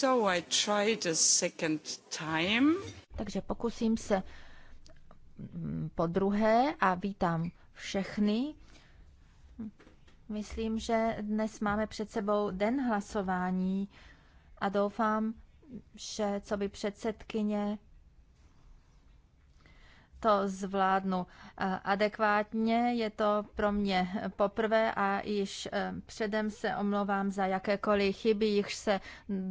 So I tried a second time. Takže pokusím se mm, po druhé a vítám všechny. Myslím, že dnes máme před sebou den hlasování a doufám, že co by předsedkyně to zvládnu eh, adekvátně. Je to pro mě poprvé a již eh, předem se omlouvám za jakékoliv chyby, jichž se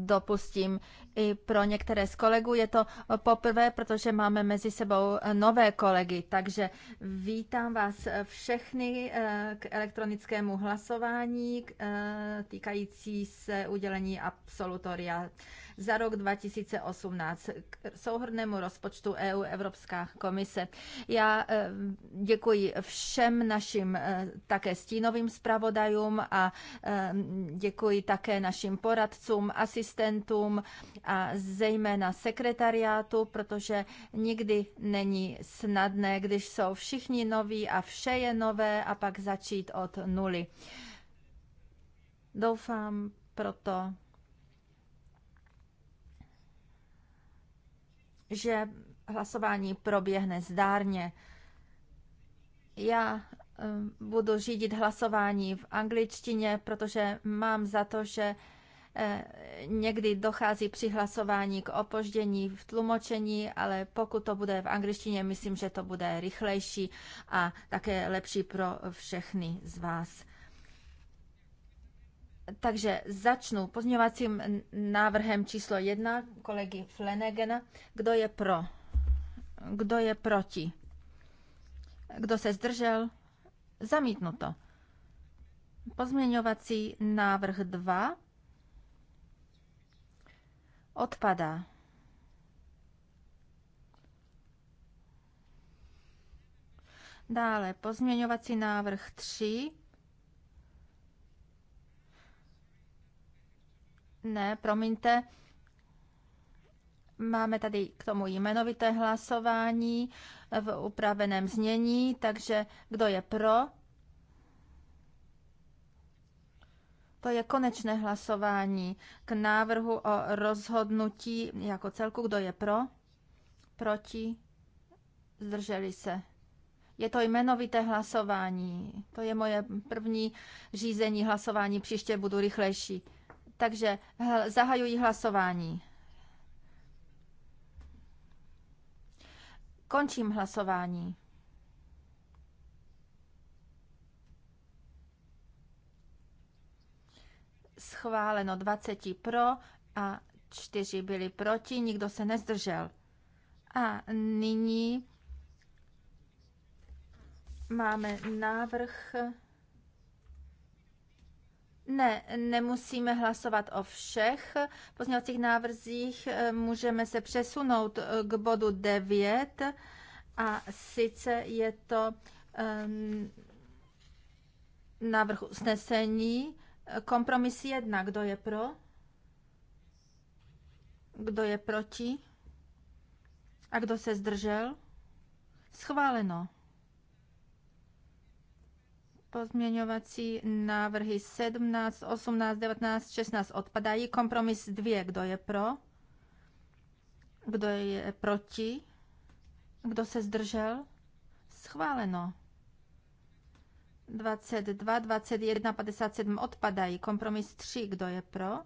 dopustím. I pro některé z kolegů je to poprvé, protože máme mezi sebou eh, nové kolegy. Takže vítám vás všechny k elektronickému hlasování týkající se udělení absolutoria za rok 2018 k souhrnému rozpočtu EU Evropská komise. Já eh, děkuji všem našim eh, také stínovým zpravodajům a eh, děkuji také našim poradcům, asistentům a zejména sekretariátu, protože nikdy není snadné, když jsou všichni noví a vše je nové a pak začít od nuly. Doufám proto, že hlasování proběhne zdárně. Já eh, budu řídit hlasování v angličtině, protože mám za to, že eh, někdy dochází při hlasování k opoždění v tlumočení, ale pokud to bude v angličtině, myslím, že to bude rychlejší a také lepší pro všechny z vás. Takže začnu pozměňovacím návrhem číslo jedna kolegy Flanagana. Kdo je pro? Kdo je proti? Kdo se zdržel? Zamítnuto. Pozměňovací návrh 2 odpadá. Dále pozměňovací návrh 3 Ne, promiňte. Máme tady k tomu jmenovité hlasování v upraveném znění, takže kdo je pro? To je konečné hlasování k návrhu o rozhodnutí jako celku. Kdo je pro? Proti? Zdrželi se. Je to jmenovité hlasování. To je moje první řízení hlasování. Příště budu rychlejší. Takže zahajuji hlasování. Končím hlasování. Schváleno 20 pro a 4 byli proti, nikdo se nezdržel. A nyní máme návrh ne, nemusíme hlasovat o všech pozměňovacích návrzích. Eh, můžeme se přesunout eh, k bodu 9 a sice je to um, návrh usnesení. Eh, kompromis 1. Kdo je pro? Kdo je proti? A kdo se zdržel? Schváleno. Pozměňovací návrhy 17, 18, 19, 16 odpadají. Kompromis 2. Kdo je pro? Kdo je proti? Kdo se zdržel? Schváleno. 22, 21, 57 odpadají. Kompromis 3. Kdo je pro?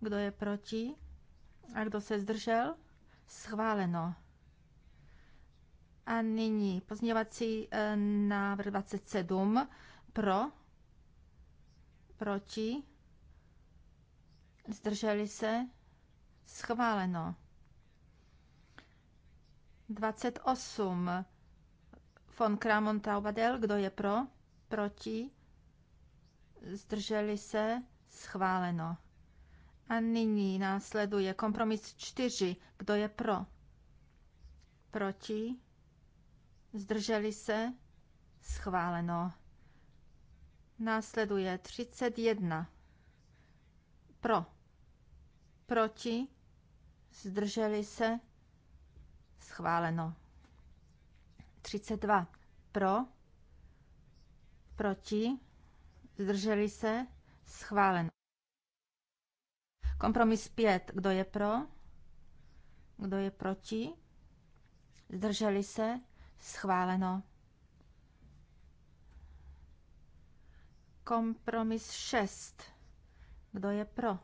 Kdo je proti? A kdo se zdržel? Schváleno. A nyní pozměňovací eh, návrh 27 pro, proti, zdrželi se, schváleno. 28 von Kramon Taubadel, kdo je pro, proti, zdrželi se, schváleno. A nyní následuje kompromis 4, kdo je pro, proti, zdrželi se, schváleno. Následuje 31. Pro, proti, zdrželi se, schváleno. 32. Pro, proti, zdrželi se, schváleno. Kompromis 5. Kdo je pro? Kdo je proti? Zdrželi se? Schváleno. Kompromis 6. Kdo je pro?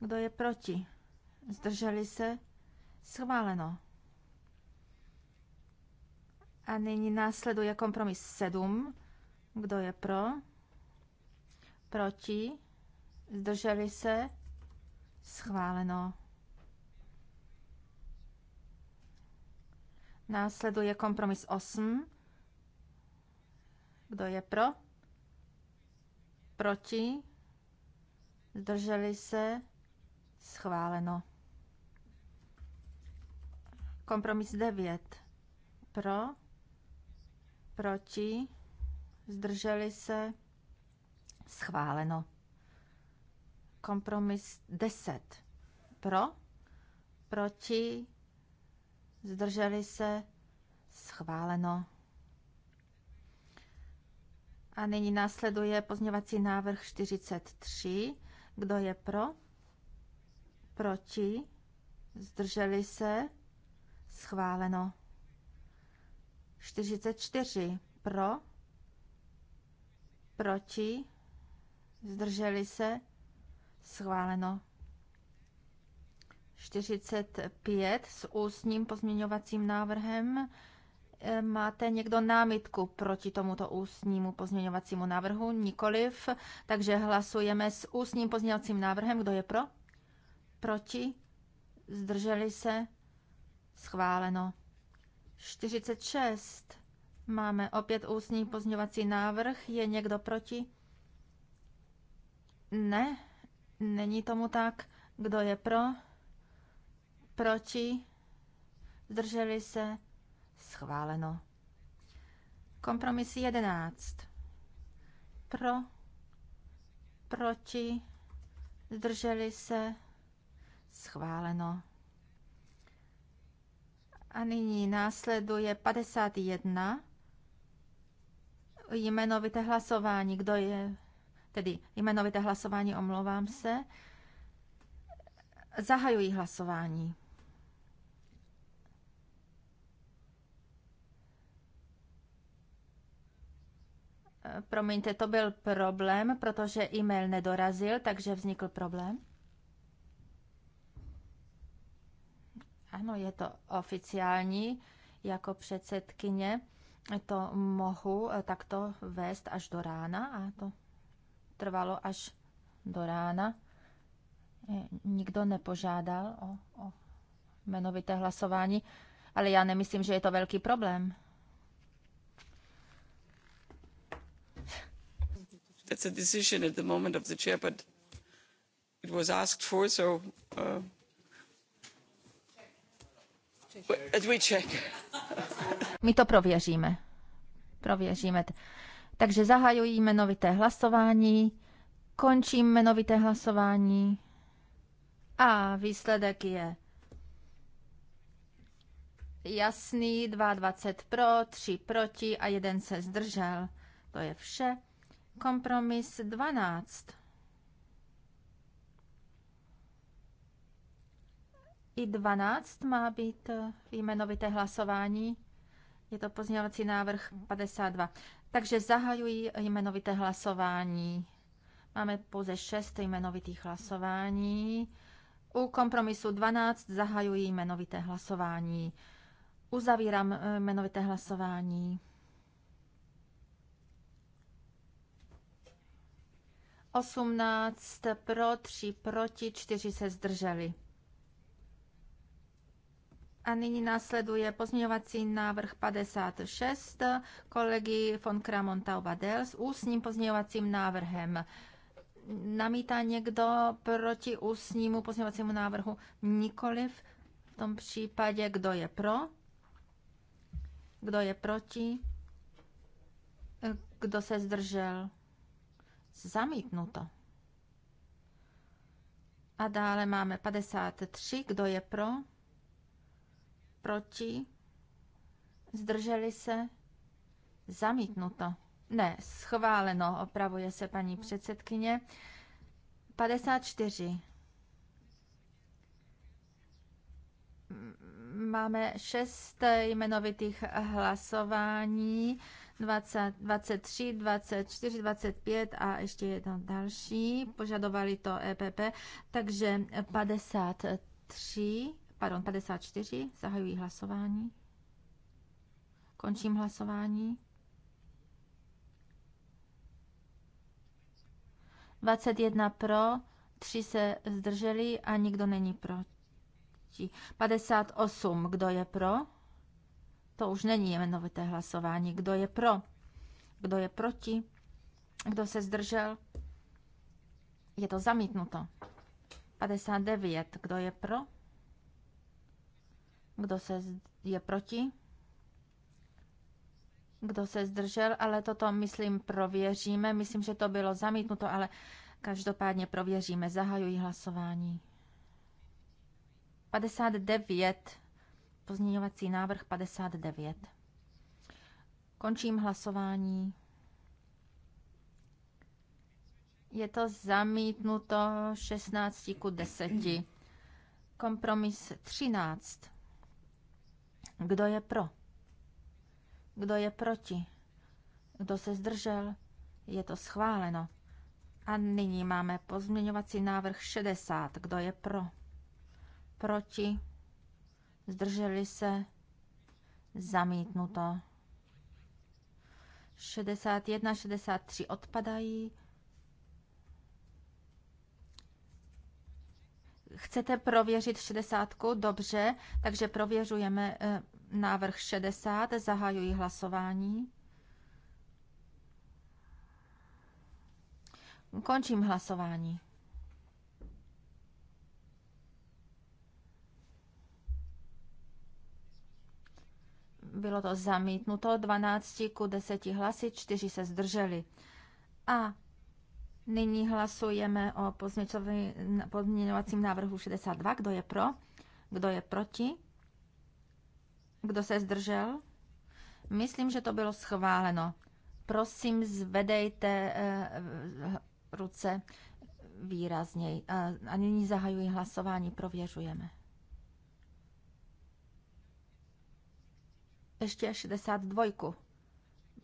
Kdo je proti? Zdrželi se? Schváleno. A nyní následuje kompromis 7. Kdo je pro? Proti? Zdrželi se? Schváleno. Následuje kompromis 8. Kdo je pro? Proti? Zdrželi se? Schváleno. Kompromis 9. Pro? Proti? Zdrželi se? Schváleno. Kompromis 10. Pro? Proti? zdrželi se, schváleno. A nyní následuje pozměvací návrh 43. Kdo je pro? Proti? Zdrželi se? Schváleno. 44. Pro? Proti? Zdrželi se? Schváleno. 45 s ústním pozměňovacím návrhem. Eh, máte někdo námitku proti tomuto ústnímu pozměňovacímu návrhu? Nikoliv. Takže hlasujeme s ústním pozměňovacím návrhem. Kdo je pro? Proti? Zdrželi se? Schváleno. 46. Máme opět ústní pozměňovací návrh. Je někdo proti? Ne, není tomu tak. Kdo je pro? proti, zdrželi se, schváleno. Kompromis 11. Pro, proti, zdrželi se, schváleno. A nyní následuje 51. Jmenovité hlasování. Kdo je? Tedy jmenovité hlasování, omlouvám se. Zahajuji hlasování. Eh, promiňte, to byl problém, protože e-mail nedorazil, takže vznikl problém. Ano, je to oficiální. Jako předsedkyně to mohu eh, takto vést až do rána a to trvalo až do rána. Eh, nikdo nepožádal o, o jmenovité hlasování, ale já nemyslím, že je to velký problém. that's a decision at the moment of the chair, but it was asked for, so uh, we check. My to prověříme. Prověříme. Takže zahajují jmenovité hlasování, končím jmenovité hlasování a výsledek je jasný, 22 pro, 3 proti a jeden se zdržel. To je vše. Kompromis 12. I 12 má být eh, jmenovité hlasování. Je to pozměňovací návrh 52. Takže zahajuji jmenovité hlasování. Máme pouze 6 jmenovitých hlasování. U kompromisu 12 zahajuji jmenovité hlasování. Uzavírám eh, jmenovité hlasování. 18 pro, 3 proti, 4 se zdrželi. A nyní následuje pozměňovací návrh 56 kolegy von Kramon Taubadel s ústním pozměňovacím návrhem. Namítá někdo proti ústnímu pozměňovacímu návrhu? Nikoliv. V tom případě, kdo je pro? Kdo je proti? Kdo se zdržel? Zamítnuto. A dále máme 53. Kdo je pro? Proti? Zdrželi se? Zamítnuto. Ne, schváleno, opravuje se paní předsedkyně. 54. Máme šest jmenovitých hlasování 20, 23, 24, 25 a ještě jedno další. Požadovali to EPP, takže 53, pardon, 54, zahajují hlasování. Končím hlasování. 21 pro, 3 se zdrželi a nikdo není proti. 58, kdo je pro? To už není jmenovité hlasování. Kdo je pro? Kdo je proti? Kdo se zdržel? Je to zamítnuto. 59. Kdo je pro? Kdo se je proti? Kdo se zdržel? Ale toto, myslím, prověříme. Myslím, že to bylo zamítnuto, ale každopádně prověříme. Zahajuji hlasování. 59. Pozměňovací návrh 59. Končím hlasování. Je to zamítnuto 16 ku 10. Kompromis 13. Kdo je pro? Kdo je proti? Kdo se zdržel? Je to schváleno. A nyní máme pozměňovací návrh 60. Kdo je pro? Proti? zdrželi se, zamítnuto. 61, 63 odpadají. Chcete prověřit 60? Dobře, takže prověřujeme eh, návrh 60, zahajuji hlasování. Končím hlasování. Bylo to zamítnuto 12 ku 10 hlasy, 4 se zdrželi. A nyní hlasujeme o pozměňovacím návrhu 62. Kdo je pro? Kdo je proti? Kdo se zdržel? Myslím, že to bylo schváleno. Prosím, zvedejte eh, ruce výrazněji. Eh, a nyní zahajuji hlasování, prověřujeme. ještě 62.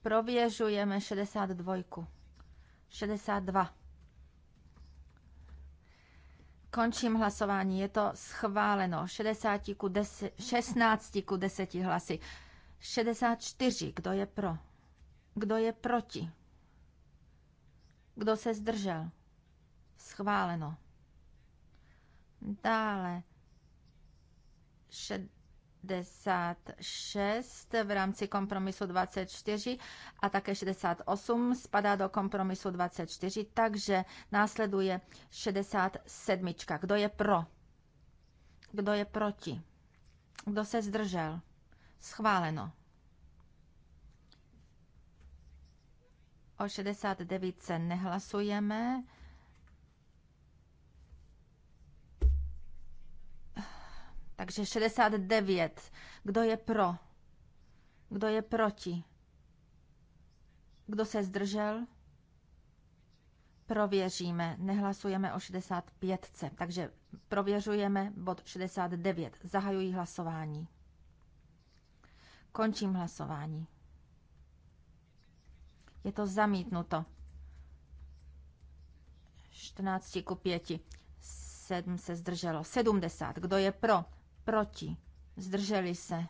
Prověřujeme 62. 62. Končím hlasování. Je to schváleno. 60 ku 10, 16 ku 10 hlasy. 64. Kdo je pro? Kdo je proti? Kdo se zdržel? Schváleno. Dále. Šed, 66 v rámci kompromisu 24 a také 68 spadá do kompromisu 24, takže následuje 67. Kdo je pro? Kdo je proti? Kdo se zdržel? Schváleno. O 69 se nehlasujeme. Takže 69. Kdo je pro? Kdo je proti? Kdo se zdržel? Prověříme. Nehlasujeme o 65. Takže prověřujeme bod 69. Zahajuji hlasování. Končím hlasování. Je to zamítnuto. 14 ku 5. 7 se zdrželo. 70. Kdo je pro? proti, zdrželi se,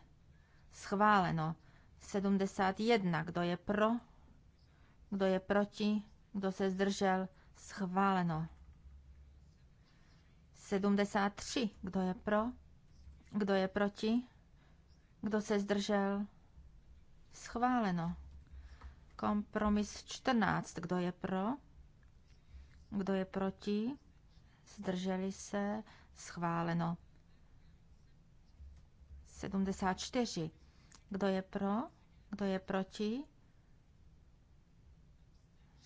schváleno. 71, kdo je pro, kdo je proti, kdo se zdržel, schváleno. 73, kdo je pro, kdo je proti, kdo se zdržel, schváleno. Kompromis 14, kdo je pro, kdo je proti, zdrželi se, schváleno. 74. Kdo je pro? Kdo je proti?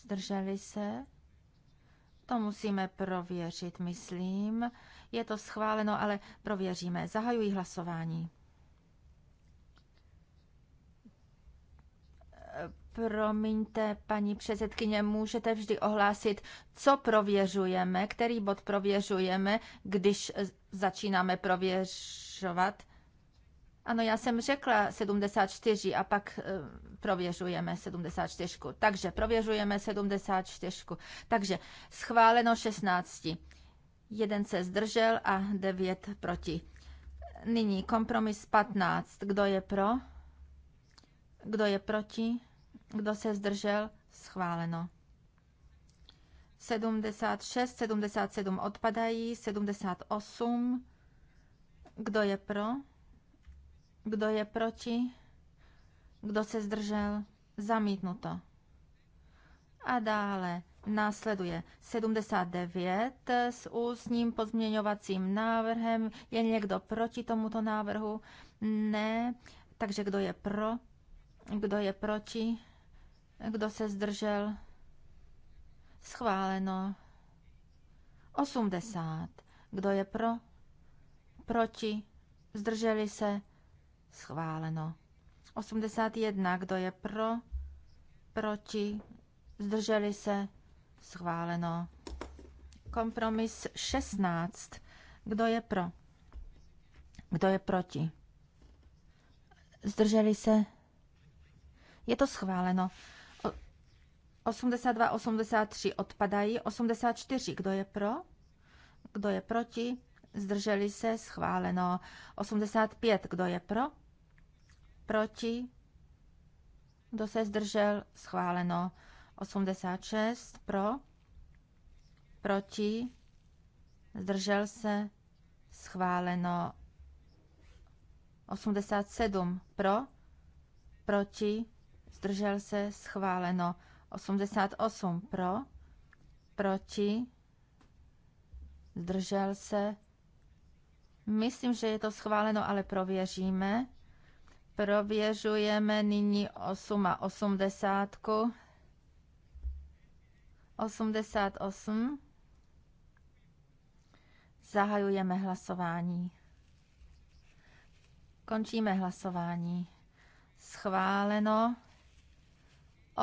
Zdrželi se? To musíme prověřit, myslím. Je to schváleno, ale prověříme. Zahajují hlasování. Promiňte, paní předsedkyně, můžete vždy ohlásit, co prověřujeme, který bod prověřujeme, když začínáme prověřovat. Ano, já jsem řekla 74 a pak eh, prověřujeme 74. Takže prověřujeme 74. Takže schváleno 16. Jeden se zdržel a 9 proti. Nyní kompromis 15. Kdo je pro? Kdo je proti? Kdo se zdržel? Schváleno. 76, 77 odpadají, 78. Kdo je pro? Kdo je proti? Kdo se zdržel? Zamítnuto. A dále následuje 79 s ústním pozměňovacím návrhem. Je někdo proti tomuto návrhu? Ne. Takže kdo je pro? Kdo je proti? Kdo se zdržel? Schváleno. 80. Kdo je pro? Proti? Zdrželi se? Schváleno. 81. Kdo je pro? Proti? Zdrželi se? Schváleno. Kompromis 16. Kdo je pro? Kdo je proti? Zdrželi se? Je to schváleno. 82, 83 odpadají. 84, kdo je pro? Kdo je proti? Zdrželi se? Schváleno. 85, kdo je pro? proti, kdo se zdržel, schváleno 86 pro, proti, zdržel se, schváleno 87 pro, proti, zdržel se, schváleno 88 pro, proti, zdržel se. Myslím, že je to schváleno, ale prověříme. Prověřujeme nyní 8 a 80. 88. Zahajujeme hlasování. Končíme hlasování. Schváleno.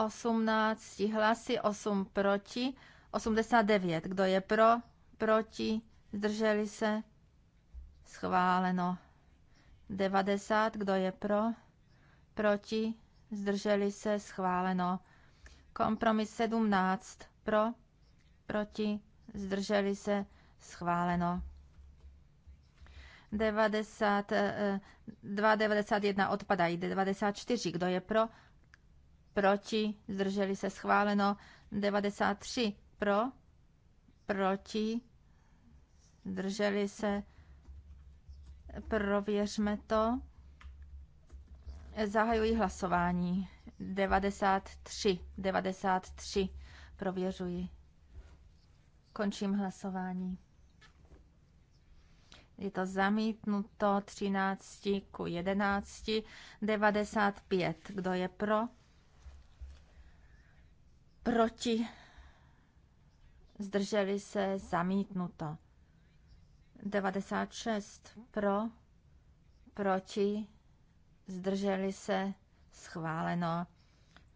18 hlasy, 8 proti, 89. Kdo je pro, proti, zdrželi se? Schváleno. 90, kdo je pro, proti, zdrželi se, schváleno. Kompromis 17, pro, proti, zdrželi se, schváleno. 90, 2, 91 odpadají, 94, kdo je pro, proti, zdrželi se, schváleno. 93, pro, proti, zdrželi se, Prověřme to. Zahajuji hlasování. 93. 93. Prověřuji. Končím hlasování. Je to zamítnuto 13 ku 11. 95. Kdo je pro? Proti? Zdrželi se zamítnuto. 96 pro, proti, zdrželi se, schváleno.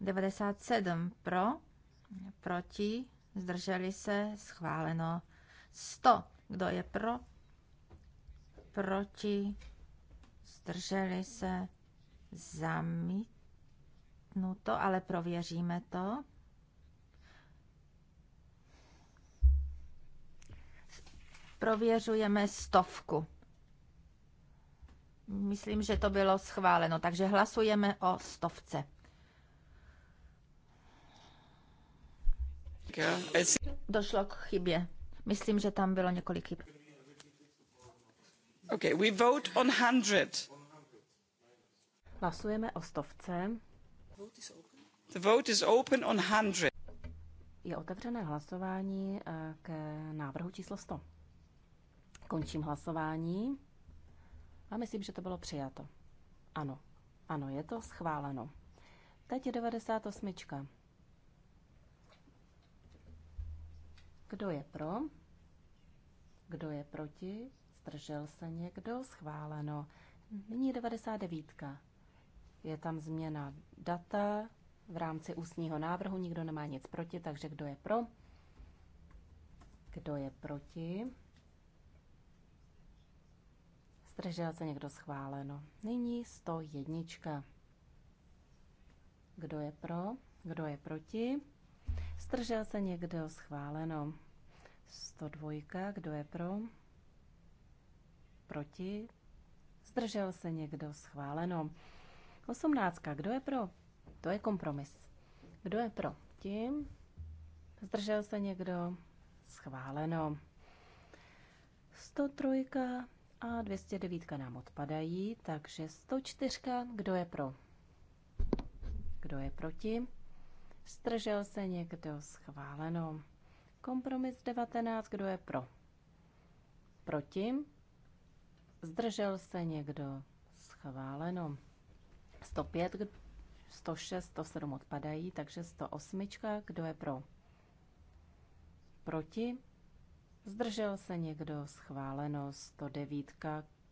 97 pro, proti, zdrželi se, schváleno. 100, kdo je pro, proti, zdrželi se, zamítnuto, ale prověříme to. Prověřujeme stovku. Myslím, že to bylo schváleno, takže hlasujeme o stovce. Došlo k chybě. Myslím, že tam bylo několik chyb. Okay, we vote on 100. Hlasujeme o stovce. The vote is open on 100. Je otevřené hlasování eh, k návrhu číslo 100. Končím hlasování. A myslím, že to bylo přijato. Ano, ano, je to schváleno. Teď je 98. Kdo je pro? Kdo je proti? Zdržel se někdo? Schváleno. Nyní 99. Je tam změna data v rámci ústního návrhu. Nikdo nemá nic proti, takže kdo je pro? Kdo je proti? Zdržel se někdo schváleno. Nyní 101. Kdo je pro? Kdo je proti? Zdržel se někdo schváleno. 102. Kdo je pro? Proti? Zdržel se někdo schváleno. 18. Kdo je pro? To je kompromis. Kdo je pro? Tím? Zdržel se někdo schváleno. 103 a 209 nám odpadají, takže 104, kdo je pro? Kdo je proti? Stržel se někdo schváleno. Kompromis 19, kdo je pro? Proti? Zdržel se někdo schváleno. 105, 106, 107 odpadají, takže 108, kdo je pro? Proti? Zdržel se někdo schváleno 109.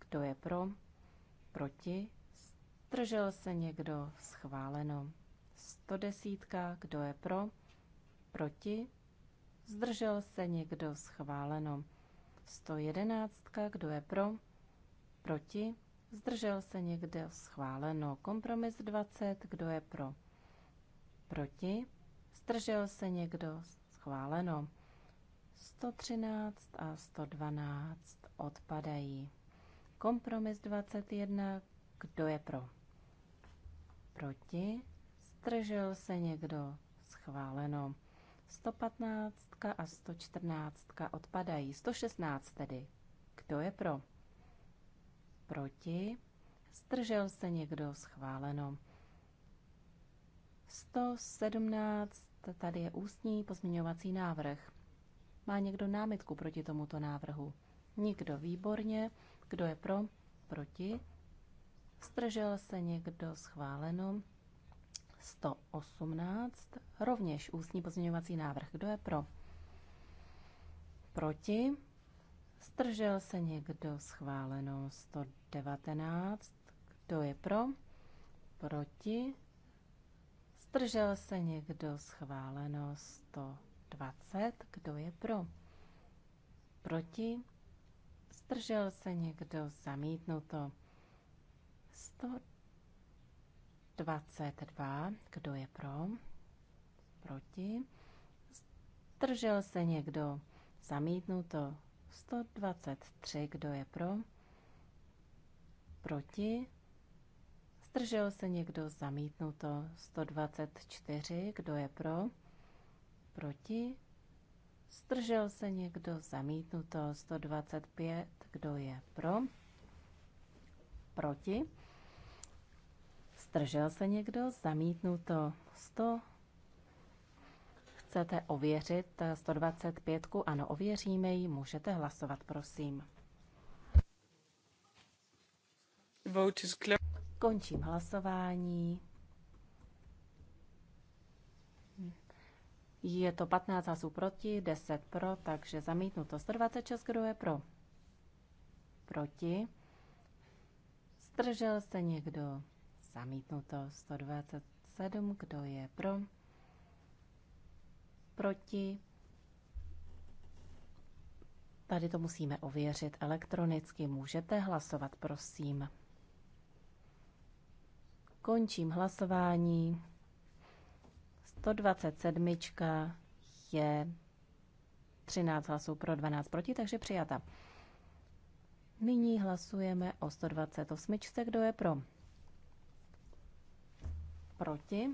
Kdo je pro? Proti? Zdržel se někdo schváleno 110. Kdo je pro? Proti? Zdržel se někdo schváleno 111. Kdo je pro? Proti? Zdržel se někdo schváleno kompromis 20. Kdo je pro? Proti? Zdržel se někdo schváleno 113 a 112 odpadají. Kompromis 21. Kdo je pro? Proti? Zdržel se někdo? Schváleno. 115 a 114 odpadají. 116 tedy. Kdo je pro? Proti? Zdržel se někdo? Schváleno. 117. Tady je ústní pozměňovací návrh. Má někdo námitku proti tomuto návrhu? Nikdo, výborně. Kdo je pro? Proti? Zdržel se někdo schváleno? 118. Rovněž ústní pozměňovací návrh. Kdo je pro? Proti? Zdržel se někdo schváleno? 119. Kdo je pro? Proti? Zdržel se někdo schváleno? 100. 20. Kdo je pro? Proti? Zdržel se někdo? Zamítnuto. 122. Kdo je pro? Proti? Zdržel se někdo? Zamítnuto. 123. Kdo je pro? Proti? Zdržel se někdo? Zamítnuto. 124. Kdo je pro? Proti? Zdržel se někdo? Zamítnuto. 125. Kdo je pro? Proti? Zdržel se někdo? Zamítnuto. 100. Chcete ověřit 125? Ano, ověříme ji. Můžete hlasovat, prosím. Vote is clear. Končím hlasování. Je to 15 hlasů proti, 10 pro, takže zamítnuto 126, kdo je pro? Proti. Zdržel se někdo? Zamítnuto 127, kdo je pro? Proti. Tady to musíme ověřit elektronicky. Můžete hlasovat, prosím. Končím hlasování. 127 je 13 hlasů pro 12 proti, takže přijata. Nyní hlasujeme o 128. Kdo je pro? Proti?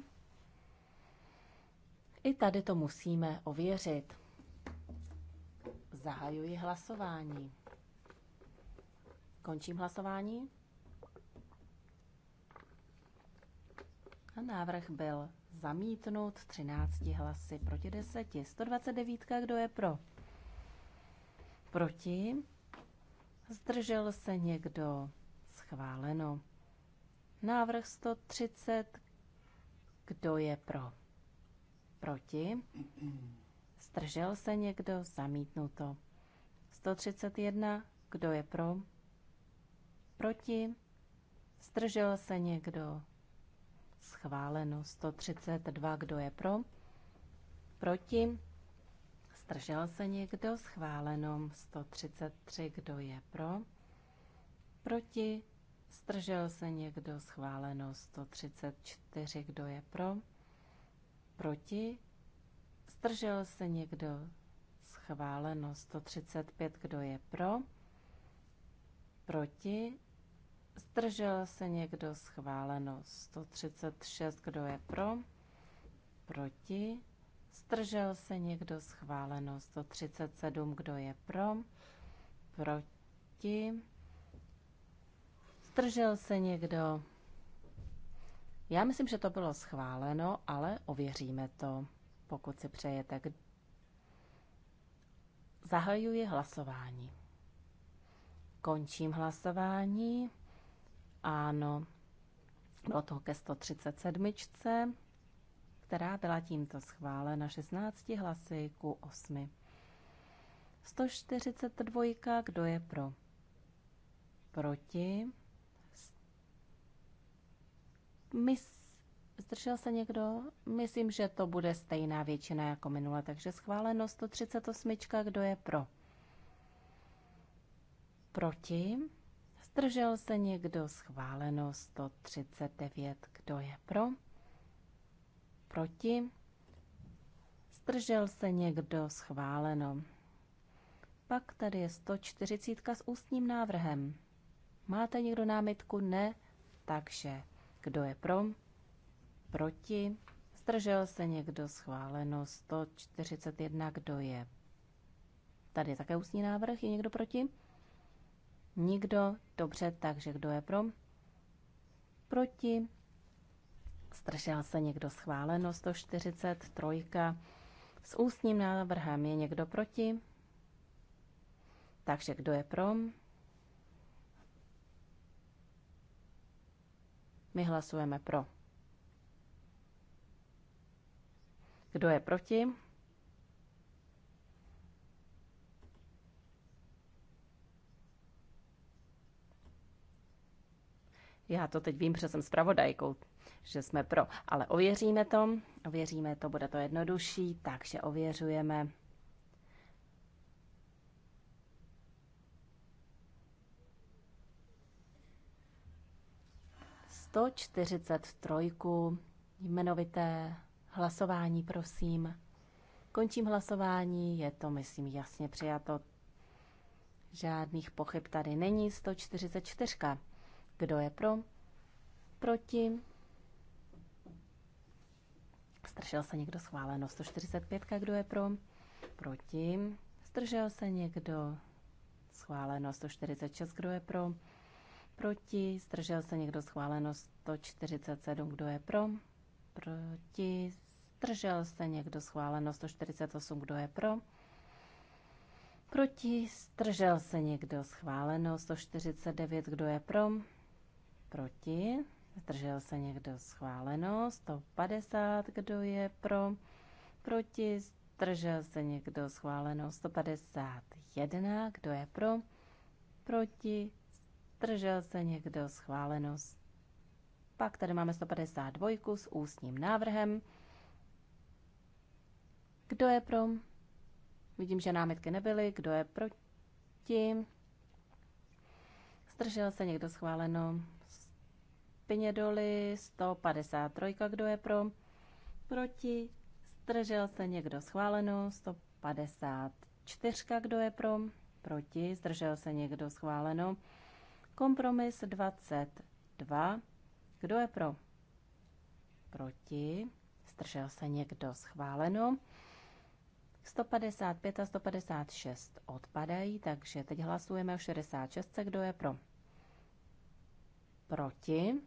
I tady to musíme ověřit. Zahajuji hlasování. Končím hlasování. A návrh byl zamítnut 13 hlasy proti 10. 129, kdo je pro? Proti? Zdržel se někdo? Schváleno. Návrh 130, kdo je pro? Proti? Zdržel se někdo? Zamítnuto. 131, kdo je pro? Proti? Zdržel se někdo? schváleno 132, kdo je pro, proti, zdržel se někdo, schváleno 133, kdo je pro, proti, zdržel se někdo, schváleno 134, kdo je pro, proti, zdržel se někdo, schváleno 135, kdo je pro, proti, Zdržel se někdo schváleno 136, kdo je pro? Proti. Zdržel se někdo schváleno 137, kdo je pro? Proti. Zdržel se někdo? Já myslím, že to bylo schváleno, ale ověříme to, pokud si přejete. Zahajuji hlasování. Končím hlasování. Ano, bylo to ke 137, která byla tímto schválena 16 hlasy ku 8. 142, kdo je pro? Proti? Mys- Zdržel se někdo? Myslím, že to bude stejná většina jako minule, takže schváleno 138, kdo je pro? Proti? Zdržel se někdo schváleno 139. Kdo je pro? Proti? Zdržel se někdo schváleno. Pak tady je 140 s ústním návrhem. Máte někdo námitku? Ne. Takže kdo je pro? Proti? Zdržel se někdo schváleno 141. Kdo je? Tady je také ústní návrh. Je někdo proti? Nikdo? Dobře, takže kdo je pro? Proti? Zdržel se někdo schváleno 143. S ústním návrhem je někdo proti? Takže kdo je pro? My hlasujeme pro. Kdo je proti? Já to teď vím, protože jsem zpravodajkou, že jsme pro. Ale ověříme to, ověříme to, bude to jednodušší, takže ověřujeme. Sto čtyřicet trojku, jmenovité hlasování, prosím. Končím hlasování, je to, myslím, jasně přijato. Žádných pochyb tady není, 144. Kdo je pro? Proti? Zdržel se někdo schváleno 145, kdo je pro? Proti? Zdržel se někdo schváleno 146, kdo je pro? Proti? Zdržel se někdo schváleno 147, kdo je pro? Proti? Zdržel se někdo schváleno 148, kdo je pro? Proti? Zdržel se někdo schváleno 149, kdo je pro? proti, zdržel se někdo schváleno, 150, kdo je pro, proti, zdržel se někdo schváleno, 151, kdo je pro, proti, zdržel se někdo schváleno. Pak tady máme 152 s ústním návrhem. Kdo je pro? Vidím, že námitky nebyly. Kdo je proti? Zdržel se někdo schváleno? Pinědoli 153, kdo je pro, proti, zdržel se někdo schváleno, 154, kdo je pro, proti, zdržel se někdo schváleno, kompromis 22, kdo je pro, proti, zdržel se někdo schváleno, 155 a 156 odpadají, takže teď hlasujeme o 66, kdo je pro. Proti.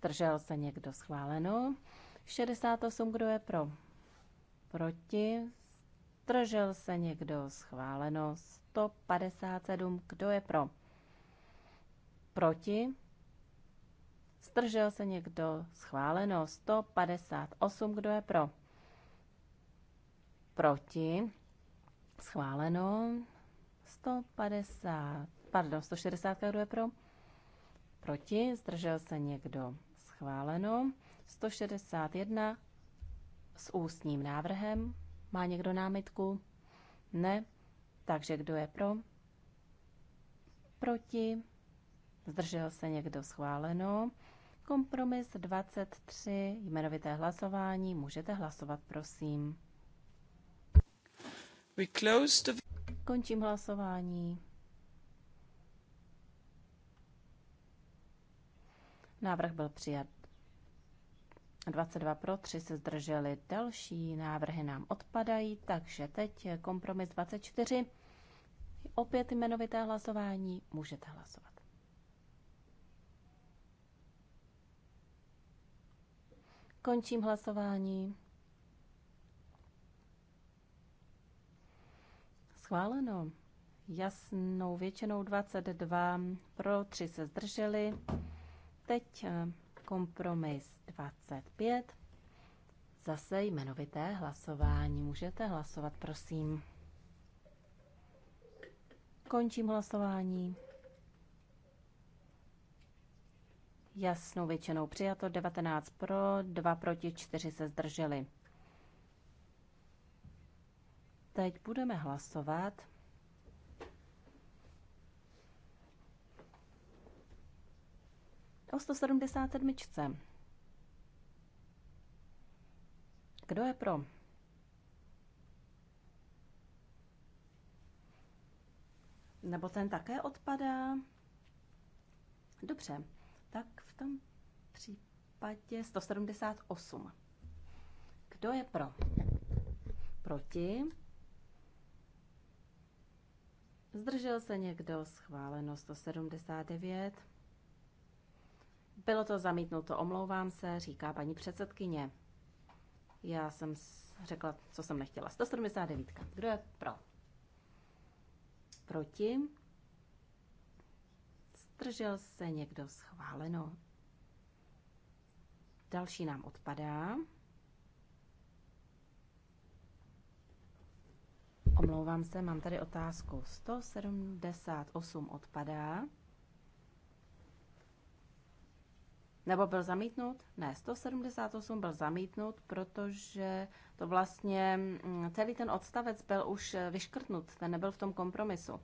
Zdržel se někdo schváleno? 68, kdo je pro? Proti? Zdržel se někdo schváleno? 157, kdo je pro? Proti? Zdržel se někdo schváleno? 158, kdo je pro? Proti? Schváleno? 150, pardon, 160, kdo je pro? Proti? Zdržel se někdo schváleno. 161 s ústním návrhem. Má někdo námitku? Ne. Takže kdo je pro? Proti? Zdržel se někdo schváleno? Kompromis 23, jmenovité hlasování. Můžete hlasovat, prosím. We close the... Končím hlasování. Návrh byl přijat. 22 pro, 3 se zdrželi. Další návrhy nám odpadají, takže teď kompromis 24. Opět jmenovité hlasování. Můžete hlasovat. Končím hlasování. Schváleno. Jasnou většinou 22 pro, 3 se zdrželi. Teď eh, kompromis 25. Zase jmenovité hlasování. Můžete hlasovat, prosím. Končím hlasování. Jasnou většinou přijato 19 pro, 2 proti, 4 se zdrželi. Teď budeme hlasovat o 177. Kdo je pro? Nebo ten také odpadá? Dobře, tak v tom případě 178. Kdo je pro? Proti? Zdržel se někdo? Schváleno 179. Bylo to zamítnuto, omlouvám se, říká paní předsedkyně. Já jsem řekla, co jsem nechtěla. 179. Kdo je pro? Proti? Zdržel se někdo schváleno? Další nám odpadá. Omlouvám se, mám tady otázku. 178 odpadá. Nebo byl zamítnut? Ne, 178 byl zamítnut, protože to vlastně mm, celý ten odstavec byl už eh, vyškrtnut, ten nebyl v tom kompromisu.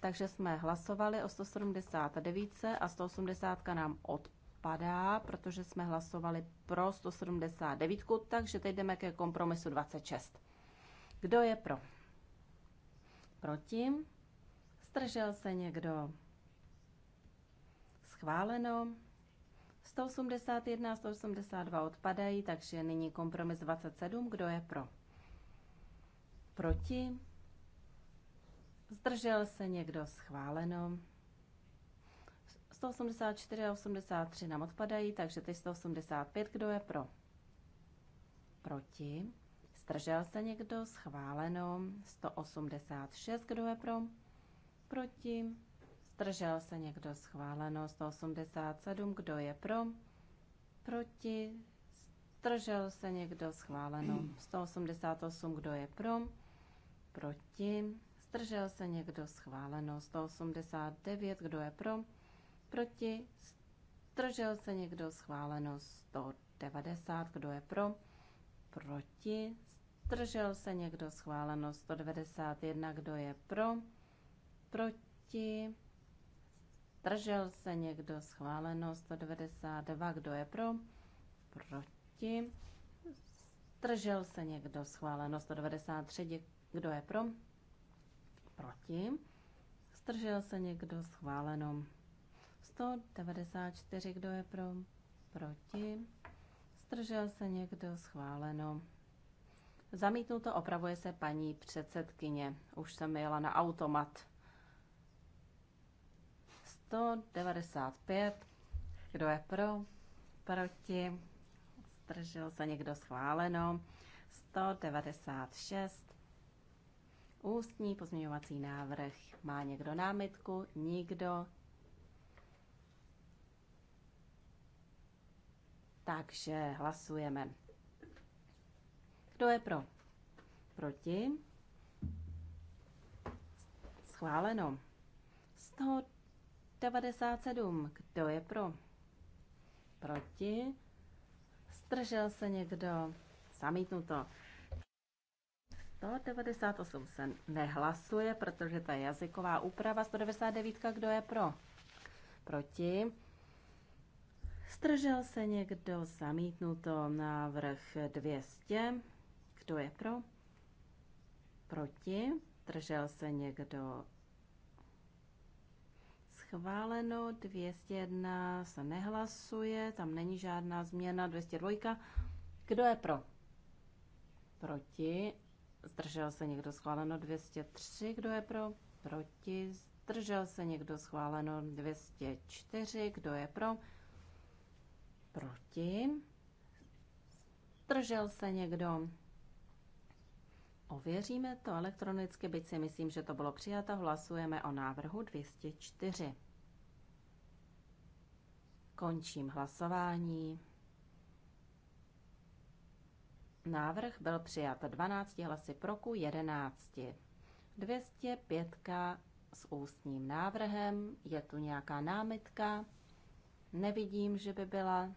Takže jsme hlasovali o 179 a 180 nám odpadá, protože jsme hlasovali pro 179, takže teď jdeme ke kompromisu 26. Kdo je pro? Proti? Zdržel se někdo? Schváleno. 181 a 182 odpadají, takže nyní kompromis 27. Kdo je pro? Proti? Zdržel se někdo schváleno? 184 a 83 nám odpadají, takže teď 185. Kdo je pro? Proti? Zdržel se někdo schváleno? 186. Kdo je pro? Proti? Zdržel se někdo schváleno 187. Kdo je pro? Proti? Zdržel se někdo schváleno 188. Kdo je pro? Proti? Zdržel se někdo schváleno 189. Kdo je pro? Proti? Zdržel se někdo schváleno 190. Kdo je pro? Proti? Zdržel se někdo schváleno 191. Kdo je pro? Proti? zdržel se někdo, schváleno 192, kdo je pro, proti, zdržel se někdo, schváleno 193, kdo je pro, proti, zdržel se někdo, schváleno 194, kdo je pro, proti, zdržel se někdo, schváleno. Zamítnuto opravuje se paní předsedkyně. Už jsem jela na automat. 195. Kdo je pro? Proti? Zdržel se někdo schváleno? 196. Ústní pozměňovací návrh. Má někdo námitku? Nikdo. Takže hlasujeme. Kdo je pro? Proti? Schváleno. 100 97. Kdo je pro? Proti? Zdržel se někdo? Zamítnuto. 198 se nehlasuje, protože ta jazyková úprava 199, kdo je pro? Proti. Stržel se někdo, zamítnuto návrh 200, kdo je pro? Proti. Držel se někdo, schváleno, 201 se nehlasuje, tam není žádná změna, 202. Kdo je pro? Proti. Zdržel se někdo schváleno 203, kdo je pro? Proti. Zdržel se někdo schváleno 204, kdo je pro? Proti. Zdržel se někdo? Ověříme to elektronicky, byť si myslím, že to bylo přijato. Hlasujeme o návrhu 204. Končím hlasování. Návrh byl přijat 12 hlasy proku 11. 205 s ústním návrhem. Je tu nějaká námitka? Nevidím, že by byla.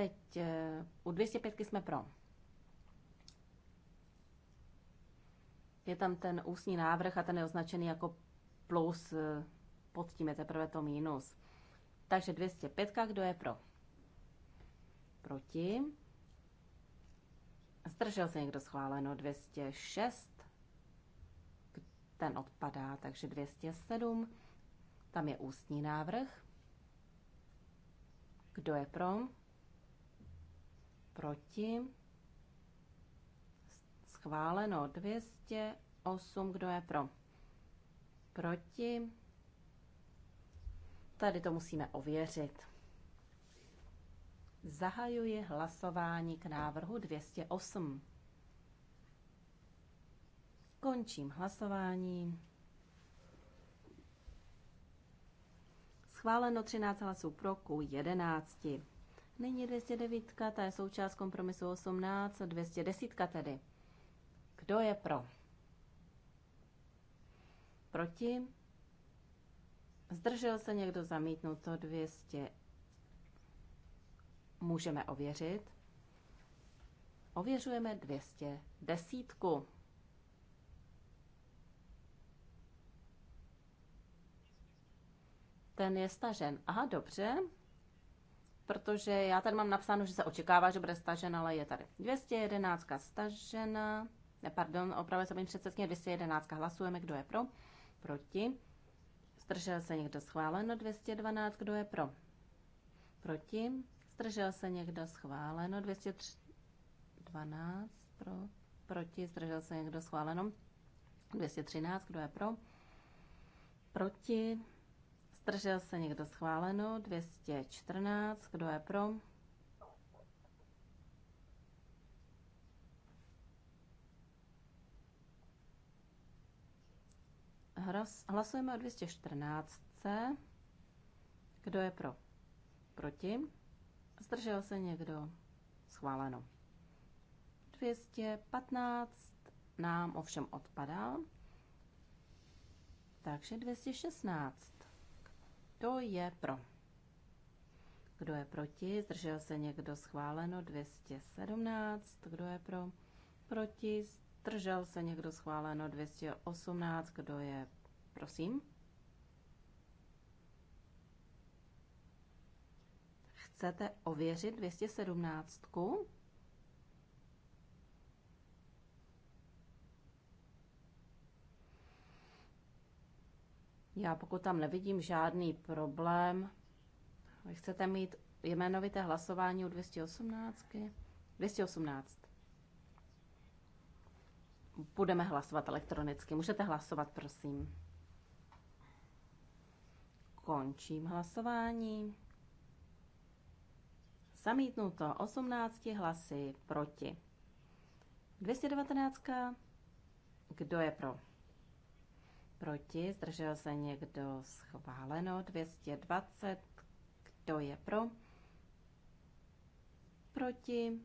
Teď eh, u 205 jsme pro. Je tam ten ústní návrh a ten je označený jako plus, eh, pod tím je teprve to minus. Takže 205, kdo je pro? Proti. Zdržel se někdo schváleno 206, ten odpadá, takže 207, tam je ústní návrh. Kdo je pro? proti? Schváleno 208, kdo je pro? Proti? Tady to musíme ověřit. Zahajuji hlasování k návrhu 208. Končím hlasování. Schváleno 13 hlasů pro ku 11. Nyní 209, ta je součást kompromisu 18, 210 tedy. Kdo je pro? Proti? Zdržel se někdo zamítnout to 200? Můžeme ověřit. Ověřujeme 210. Ten je stažen. Aha, dobře protože já tady mám napsáno, že se očekává, že bude stažen, ale je tady. 211 stažena, ne, pardon, opravdu se mi předsedkyně, 211 hlasujeme, kdo je pro, proti. Zdržel se někdo schváleno, 212, kdo je pro, proti. Zdržel se někdo schváleno, 212 pro, proti, zdržel se někdo schváleno, 213, kdo je pro, proti. Zdržel se někdo schváleno? 214. Kdo je pro? Hlasujeme o 214. Kdo je pro? Proti? Zdržel se někdo? Schváleno. 215 nám ovšem odpadá. Takže 216. Kdo je pro? Kdo je proti? Zdržel se někdo schváleno 217. Kdo je pro? Proti? Zdržel se někdo schváleno 218. Kdo je prosím? Chcete ověřit 217? Já pokud tam nevidím žádný problém, chcete mít jmenovité hlasování u 218? 218. Budeme hlasovat elektronicky. Můžete hlasovat, prosím. Končím hlasování. Zamítnuto 18 hlasy proti. 219. Kdo je pro? proti, zdržel se někdo schváleno, 220, kdo je pro, proti,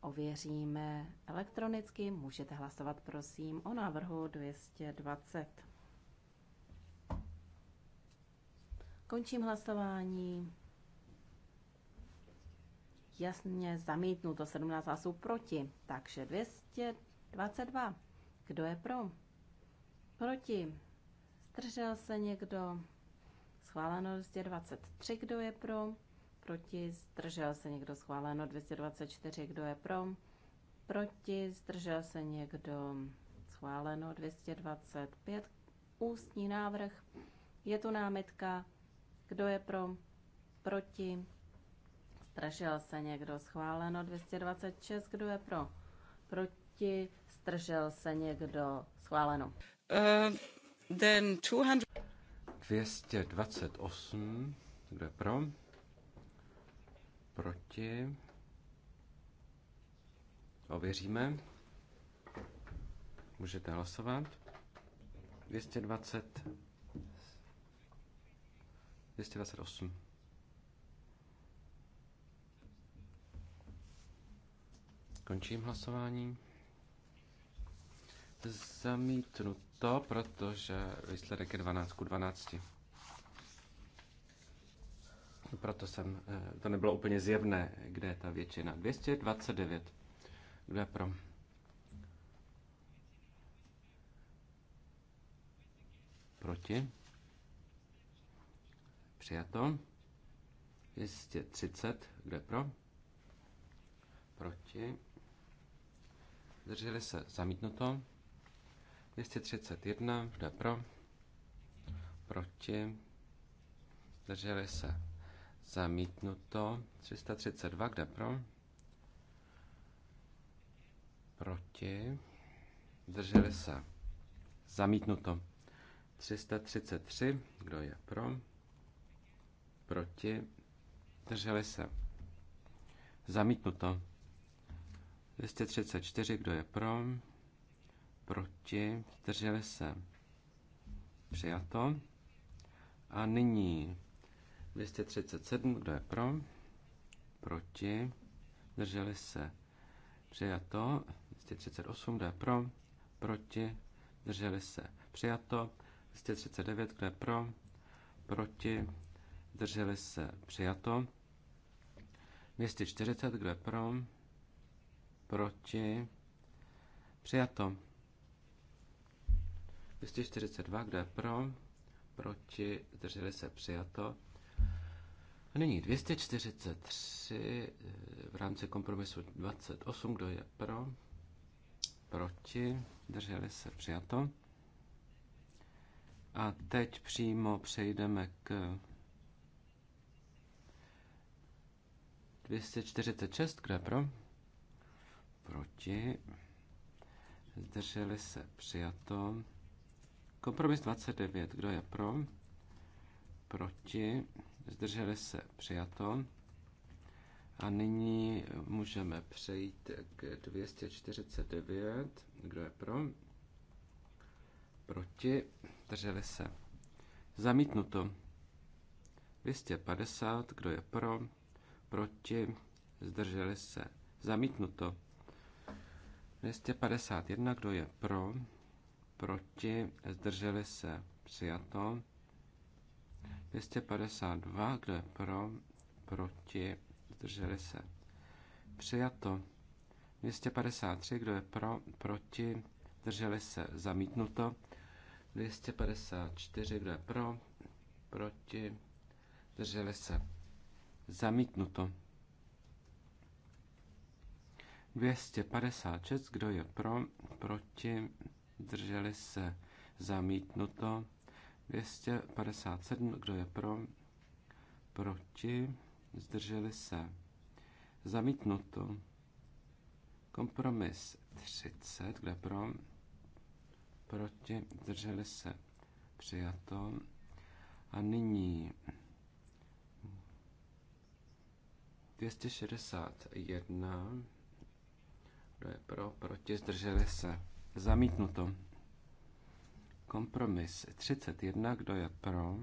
ověříme elektronicky, můžete hlasovat prosím o návrhu 220. Končím hlasování. Jasně zamítnuto 17 hlasů proti, takže 200 22. Kdo je pro? Proti? Zdržel se někdo? Schváleno 223. Kdo je pro? Proti? Zdržel se někdo? Schváleno 224. Kdo je pro? Proti? Zdržel se někdo? Schváleno 225. Ústní návrh. Je tu námitka. Kdo je pro? Proti? Zdržel se někdo? Schváleno 226. Kdo je pro? Proti? Zdržel se někdo? Schváleno. Uh, then 228. Kdo je pro? Proti? Ověříme. Můžete hlasovat. 220. 228. Končím hlasování. Zamítnuto, protože výsledek je 12 ku 12. Proto jsem, eh, to nebylo úplně zjevné, kde je ta většina. 229. Kdo je pro? Proti? Přijato. 230. Kdo je pro? Proti? Zdrželi se. Zamítnuto. 231, kdo je pro? Proti? drželi se. Zamítnuto. 332, kde pro? Proti. drželi se. Zamítnuto. 333, kdo je pro? Proti. drželi se. Zamítnuto. 234, kdo je pro? proti, zdrželi se. Přijato. A nyní 237, kdo je pro, proti, zdrželi se. Přijato. 238, kdo je pro, proti, zdrželi se. Přijato. 239, kdo je pro, proti, zdrželi se. Přijato. 240, kdo je pro, proti, přijato. 242, kdo je pro, proti, zdrželi se přijato. A nyní 243 eh, v rámci kompromisu 28, kdo je pro, proti, zdrželi se přijato. A teď přímo přejdeme k 246, kde pro? Proti. Zdrželi se přijato. Kompromis 29. Kdo je pro? Proti? Zdrželi se? Přijato. A nyní můžeme přejít k 249. Kdo je pro? Proti? Zdrželi se? Zamítnuto. 250. Kdo je pro? Proti? Zdrželi se? Zamítnuto. 251. Kdo je pro? proti, zdrželi se, přijato. 252, kdo je pro, proti, zdrželi se, přijato. 253, kdo je pro, proti, zdrželi se, zamítnuto. 254, kdo je pro, proti, zdrželi se, zamítnuto. 256, kdo je pro, proti, zdrželi se zamítnuto. 257, kdo je pro, proti, zdrželi se zamítnuto. Kompromis 30, je pro, proti, zdrželi se přijato. A nyní 261, kdo je pro, proti, zdrželi se Zamítnuto. Kompromis 31. Kdo je pro?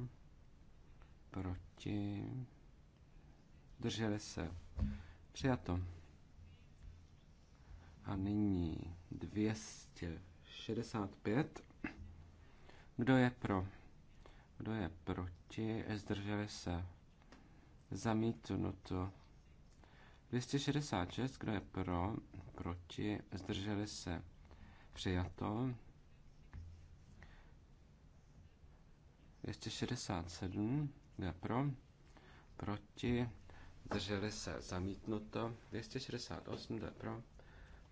Proti? Drželi se. Přijato. A nyní 265. Kdo je pro? Kdo je proti? Zdrželi se. Zamítnuto. 266. Kdo je pro? Proti? Zdrželi se. Přijato. 267 je pro, proti, drželi se zamítnuto, 268 je pro,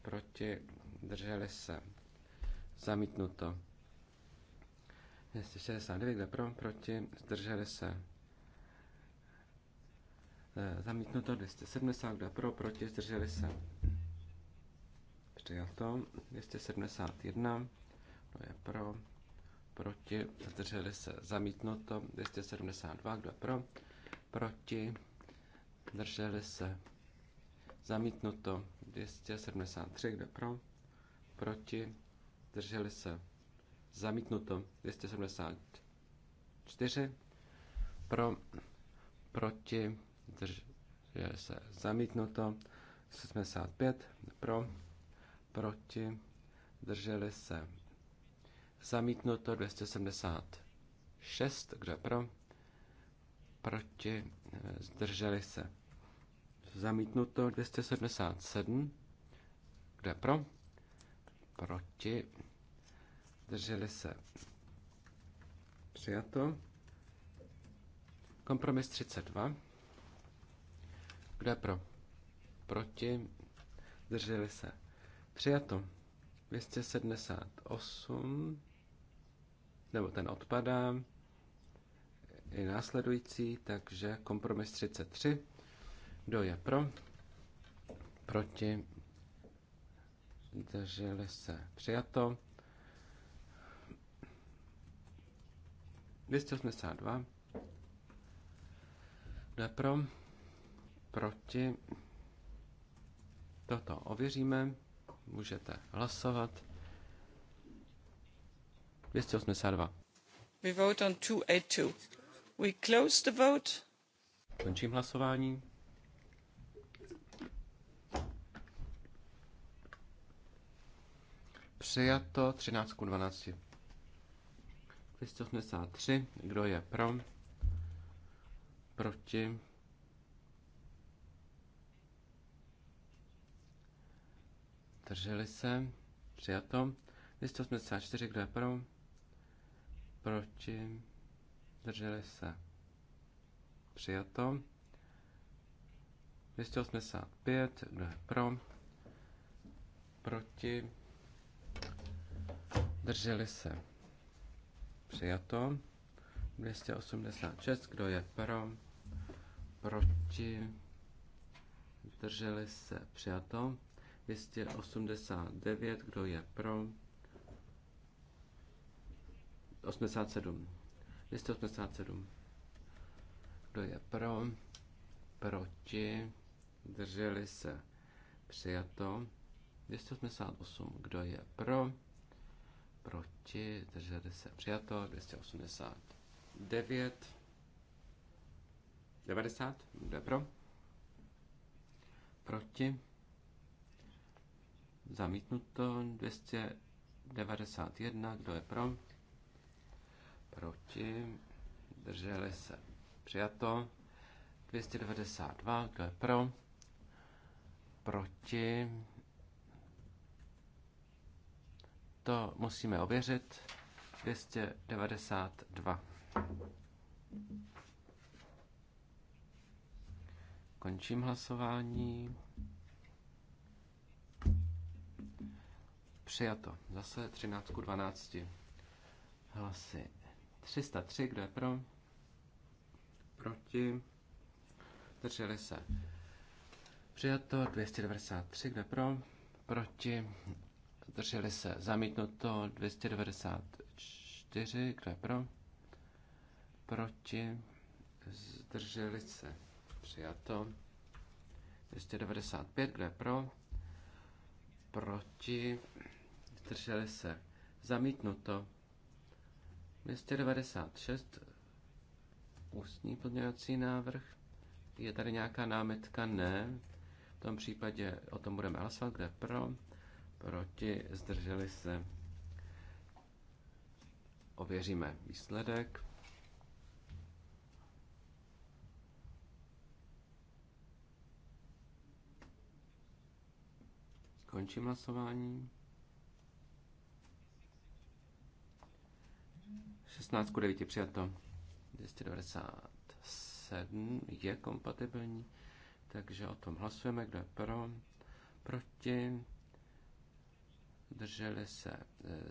proti, drželi se zamítnuto, 269 je pro, proti, zdrželi se zamítnuto, 270 je pro, proti, zdrželi se to 271, kdo je pro, proti, zdrželi se, zamítnuto. 272, kdo je pro, proti, zdrželi se, zamítnuto. 273, kdo je pro, proti, zdrželi se, zamítnuto. 274, pro, proti, zdrželi se, zamítnuto. 75 pro, proti, zdrželi se. Zamítnuto 276, kdo pro, proti, zdrželi se. Zamítnuto 277, kdo pro, proti, zdrželi se. Přijato. Kompromis 32. Kdo je pro? Proti. Zdrželi se. Přijato. 278, nebo ten odpadá, i následující, takže kompromis 33. Kdo je pro? Proti? Drželi se. Přijato. 282. Kdo je pro? Proti? Toto ověříme. Můžete hlasovat. 282. We vote on 282. We close the vote. Končím hlasování. Přijato 13 k 12. 283. Kdo je pro? Proti? Drželi se. Přijato. 284, kdo je pro? Proti. Drželi se. Přijato. 285, kdo je pro? Proti. Drželi se. Přijato. 286, kdo je pro? Proti. Drželi se. Přijato. 289, kdo je pro? 87. 287. Kdo je pro? Proti? Drželi se. Přijato. 288. Kdo je pro? Proti? Drželi se. Přijato. 289. 90. Kdo je pro? Proti? Zamítnuto 291. Kdo je pro? Proti. Drželi se. Přijato. 292. Kdo je pro? Proti. To musíme ověřit. 292. Končím hlasování. Přijato. Zase 13 ku 12. Hlasy 303, kdo je pro? Proti. Drželi se. Přijato 293, kdo je pro? Proti. Drželi se. Zamítnuto 294, kdo je pro? Proti. Zdrželi se. Přijato 295, kdo je pro? Proti zdrželi se, zamítnuto. 296, ústní pozměňovací návrh. Je tady nějaká námitka? Ne. V tom případě o tom budeme hlasovat, kde pro, proti, zdrželi se. Ověříme výsledek. Končím hlasování. 16 ku 9 přijato. 297 je kompatibilní, takže o tom hlasujeme, kdo je pro, proti, drželi se e,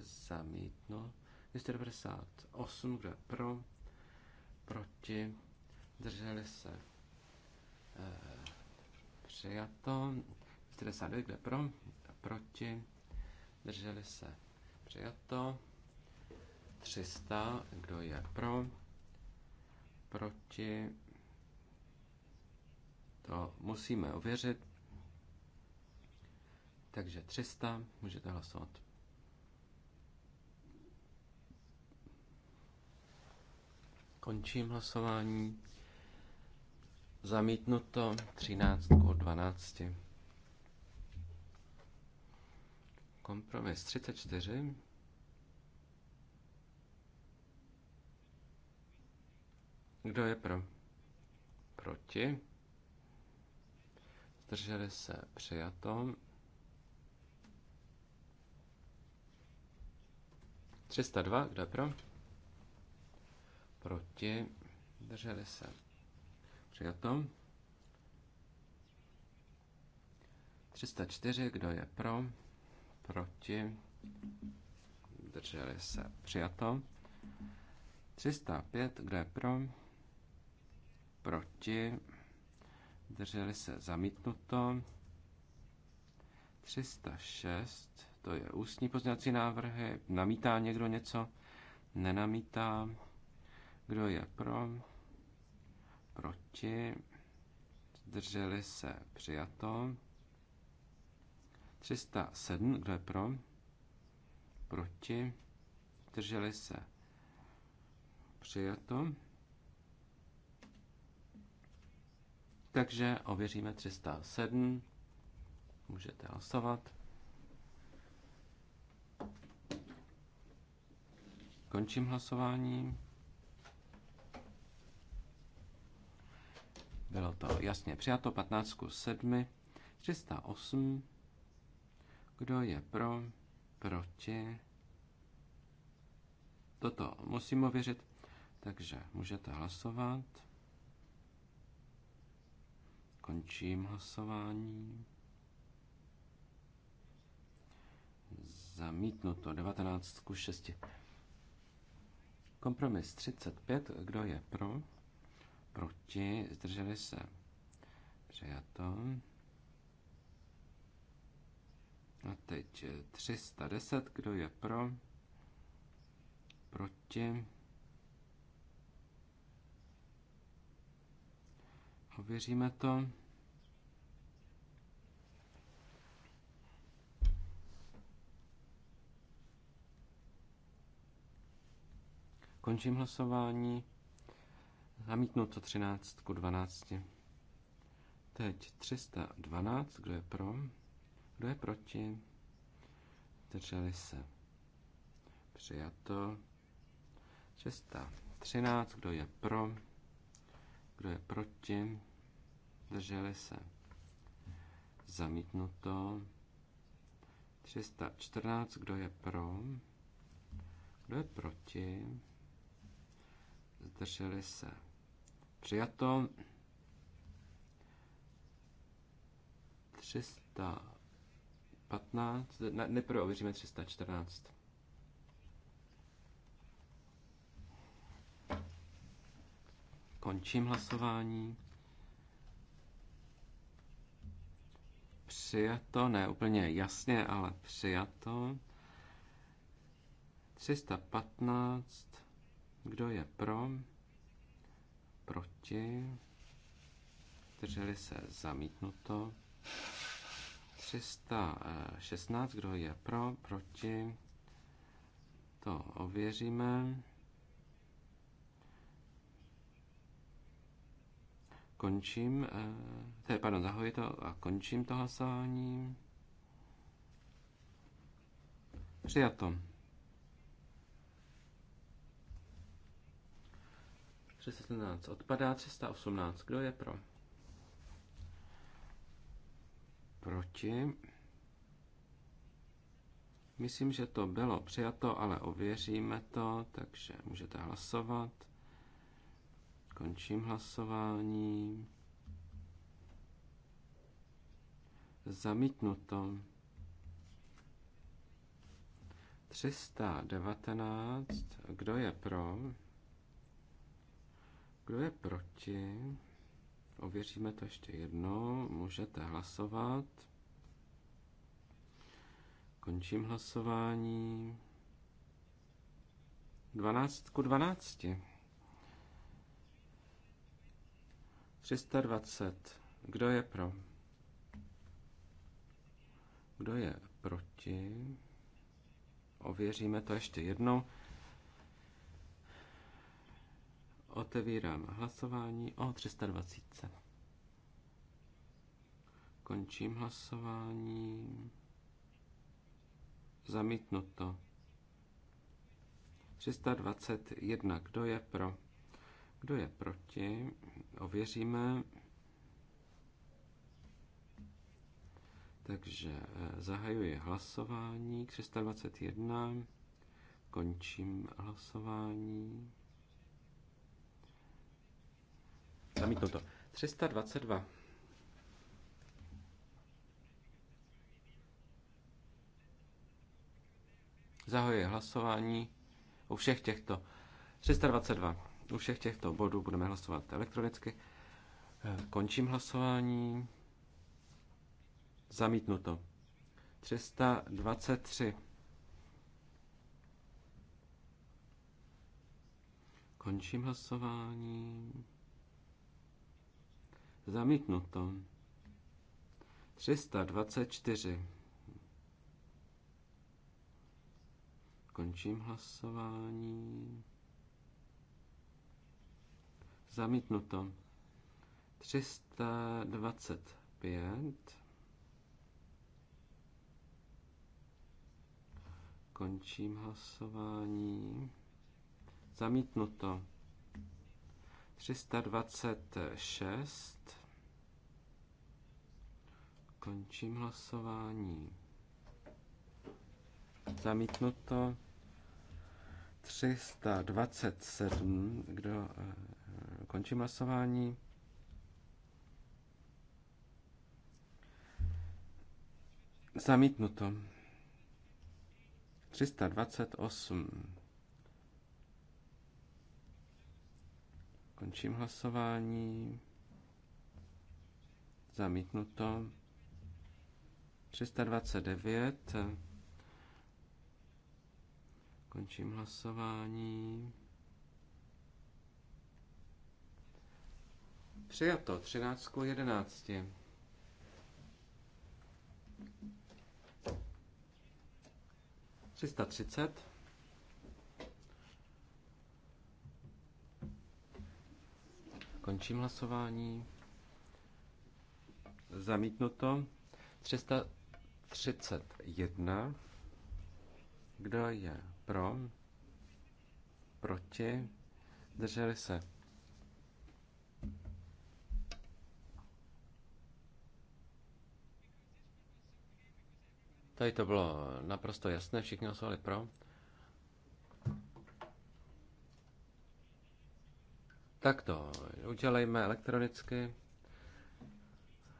zamítno. 298, kdo je pro, proti, drželi se e, přijato. 299, kdo je pro, proti, drželi se přijato. 300. Kdo je pro? Proti? To musíme ověřit. Takže 300. Můžete hlasovat. Končím hlasování. Zamítnuto 13 k 12. Kompromis 34. Kdo je pro? Proti? Zdrželi se přijato. 302, kdo je pro? Proti? Zdrželi se přijato. 304, kdo je pro? Proti? Zdrželi se přijato. 305, kdo je pro? proti, drželi se zamítnuto. 306, to je ústní pozměňovací návrhy. Namítá někdo něco? Nenamítá. Kdo je pro? Proti. Zdrželi se přijato. 307, kdo je pro? Proti. Zdrželi se přijato. Takže ověříme 307. Můžete hlasovat. Končím hlasování. Bylo to jasně přijato 15 ku 7. 308. Kdo je pro? Proti? Toto musím ověřit, takže můžete hlasovat. Končím hlasování. Zamítnuto 19 ku 6. Kompromis 35. Kdo je pro? Proti? Zdrželi se? Přijato. A teď 310. Kdo je pro? Proti? Ověříme to. Končím hlasování. to 13 ku 12. Teď 312. Kdo je pro? Kdo je proti? Drželi se. Přijato. 313. Kdo je pro? Kdo je proti? drželi se. Zamítnuto. 314, kdo je pro, kdo je proti, zdrželi se. Přijato. 315, ne, nejprve ověříme 314. Končím hlasování. přijato, ne úplně jasně, ale přijato. 315, kdo je pro, proti, drželi se zamítnuto. 316, kdo je pro, proti, to ověříme. Končím, eh, pardon, zahoji to a končím to hlasování. Přijato. odpadá, 318. Kdo je pro? Proti. Myslím, že to bylo přijato, ale ověříme to, takže můžete hlasovat. Končím hlasování. Zamítnuto. 319. Kdo je pro? Kdo je proti? Ověříme to ještě jedno. Můžete hlasovat. Končím hlasování. 12 ku 12. 320. Kdo je pro? Kdo je proti? Ověříme to ještě jednou. Otevírám hlasování o 320. Končím hlasování. Zamítnuto. 321. Kdo je pro? Kdo je proti? Ověříme. Takže eh, zahajuji hlasování 321. Končím hlasování. Zamítnu to. 322. Zahajuji hlasování u všech těchto. 322. U všech těchto bodů budeme hlasovat elektronicky. Eh, končím hlasování. Zamítnuto. 323. Končím hlasování. Zamítnuto. 324. Končím hlasování. Zamítnuto. 325. Končím hlasování. Zamítnuto. 326. Končím hlasování. Zamítnuto. 327. Kdo eh, Končím hlasování. Zamítnuto. 328. Končím hlasování. Zamítnuto. 329. Končím hlasování. Přijato 13 k 11. Třista třicet. Končím hlasování. Zamítnuto. Třista třicet jedna. Kdo je pro? Proti? Drželi se Tady to bylo naprosto jasné, všichni hlasovali pro. Tak to udělejme elektronicky.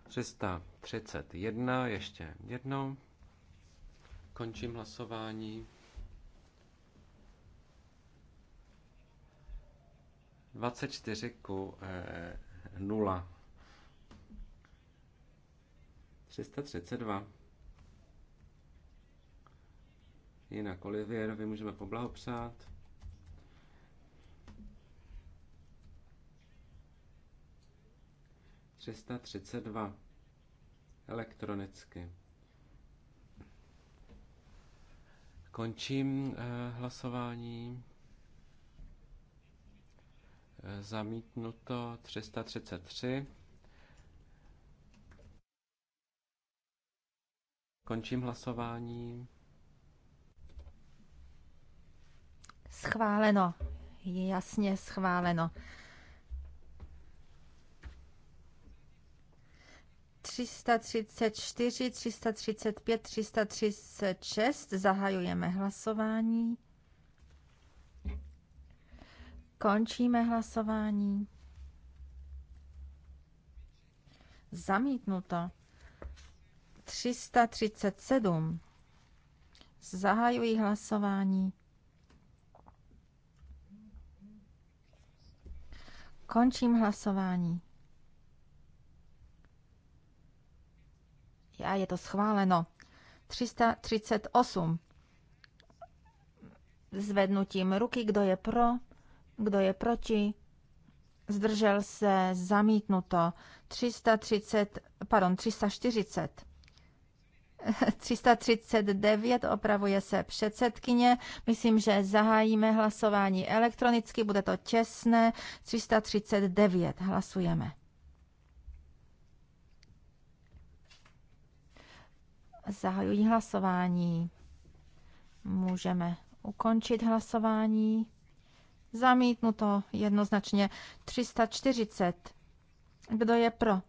331 ještě jednou. Končím hlasování. čtyři ku eh, třicet 332. Jinak Olivierovi můžeme poblahopřát. Třista třicet dva elektronicky. Končím eh, hlasování. Eh, zamítnuto 333. Končím hlasování. Schváleno. Je Jasně schváleno. 334, 335, 336. Zahajujeme hlasování. Končíme hlasování. Zamítnuto. 337. Zahajuji hlasování. Končím hlasování. Já je to schváleno. 338. Zvednutím ruky, kdo je pro, kdo je proti, zdržel se, zamítnuto. 330, pardon, 340. 339 opravuje se předsedkyně. Myslím, že zahájíme hlasování elektronicky, bude to těsné. 339 hlasujeme. Zahajují hlasování. Můžeme ukončit hlasování. Zamítnuto jednoznačně 340. Kdo je pro?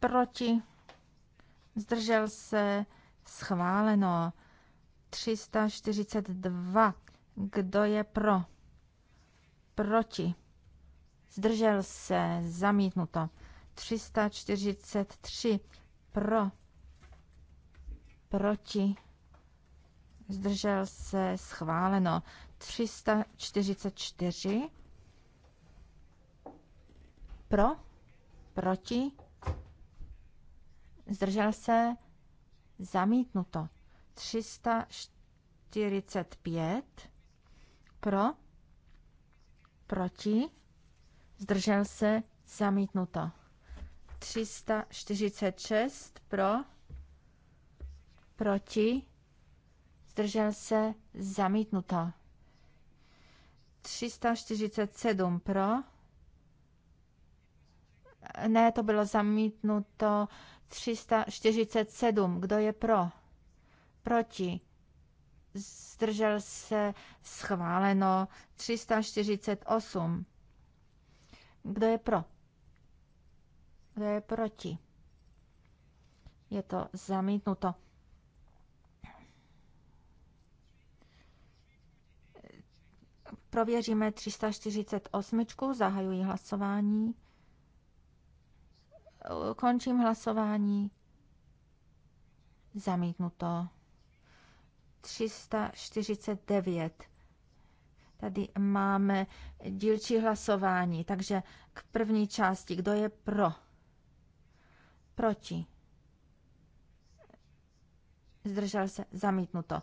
Proti? zdržel se, schváleno. 342, kdo je pro? Proti, zdržel se, zamítnuto. 343, pro, proti, zdržel se, schváleno. 344, pro, proti, zdržel se, zamítnuto. 345 pro, proti, zdržel se, zamítnuto. 346 pro, proti, zdržel se, zamítnuto. 347 pro, ne, to bylo zamítnuto 347. Kdo je pro? Proti? Zdržel se? Schváleno. 348. Kdo je pro? Kdo je proti? Je to zamítnuto. Prověříme 348. Zahajuji hlasování. Končím hlasování. Zamítnuto. 349. Tady máme dílčí hlasování, takže k první části, kdo je pro? Proti? Zdržel se? Zamítnuto.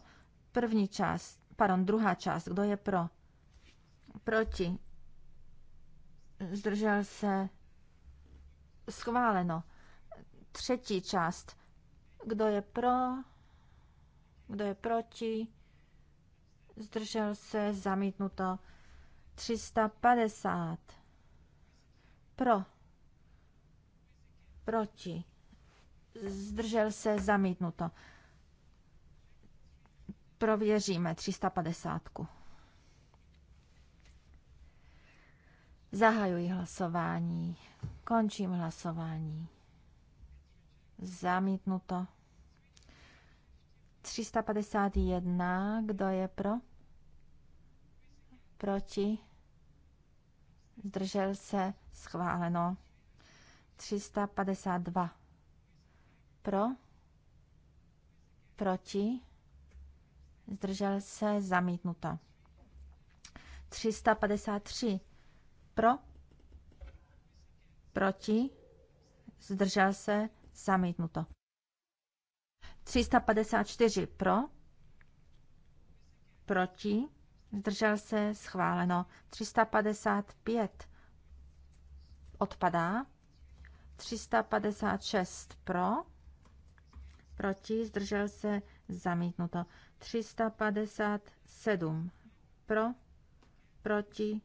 První část, pardon, druhá část, kdo je pro? Proti? Zdržel se? Schváleno. Třetí část. Kdo je pro? Kdo je proti? Zdržel se? Zamítnuto. 350. Pro. Proti. Zdržel se? Zamítnuto. Prověříme 350. Zahajuji hlasování. Končím hlasování. Zamítnuto. 351. Kdo je pro? Proti? Zdržel se? Schváleno. 352. Pro? Proti? Zdržel se? Zamítnuto. 353. Pro? proti, zdržel se, zamítnuto. 354 pro, proti, zdržel se, schváleno. 355 odpadá. 356 pro, proti, zdržel se, zamítnuto. 357 pro, proti,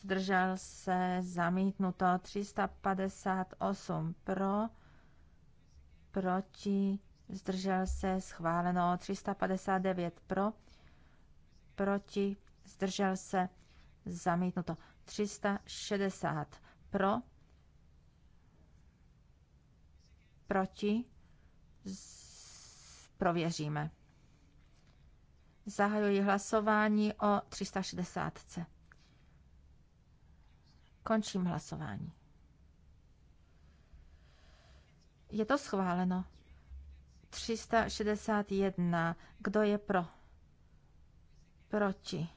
zdržel se, zamítnuto 358 pro, proti, zdržel se, schváleno 359 pro, proti, zdržel se, zamítnuto 360 pro, proti, z, prověříme. Zahajuji hlasování o 360. Končím hlasování. Je to schváleno. 361. Kdo je pro? Proti.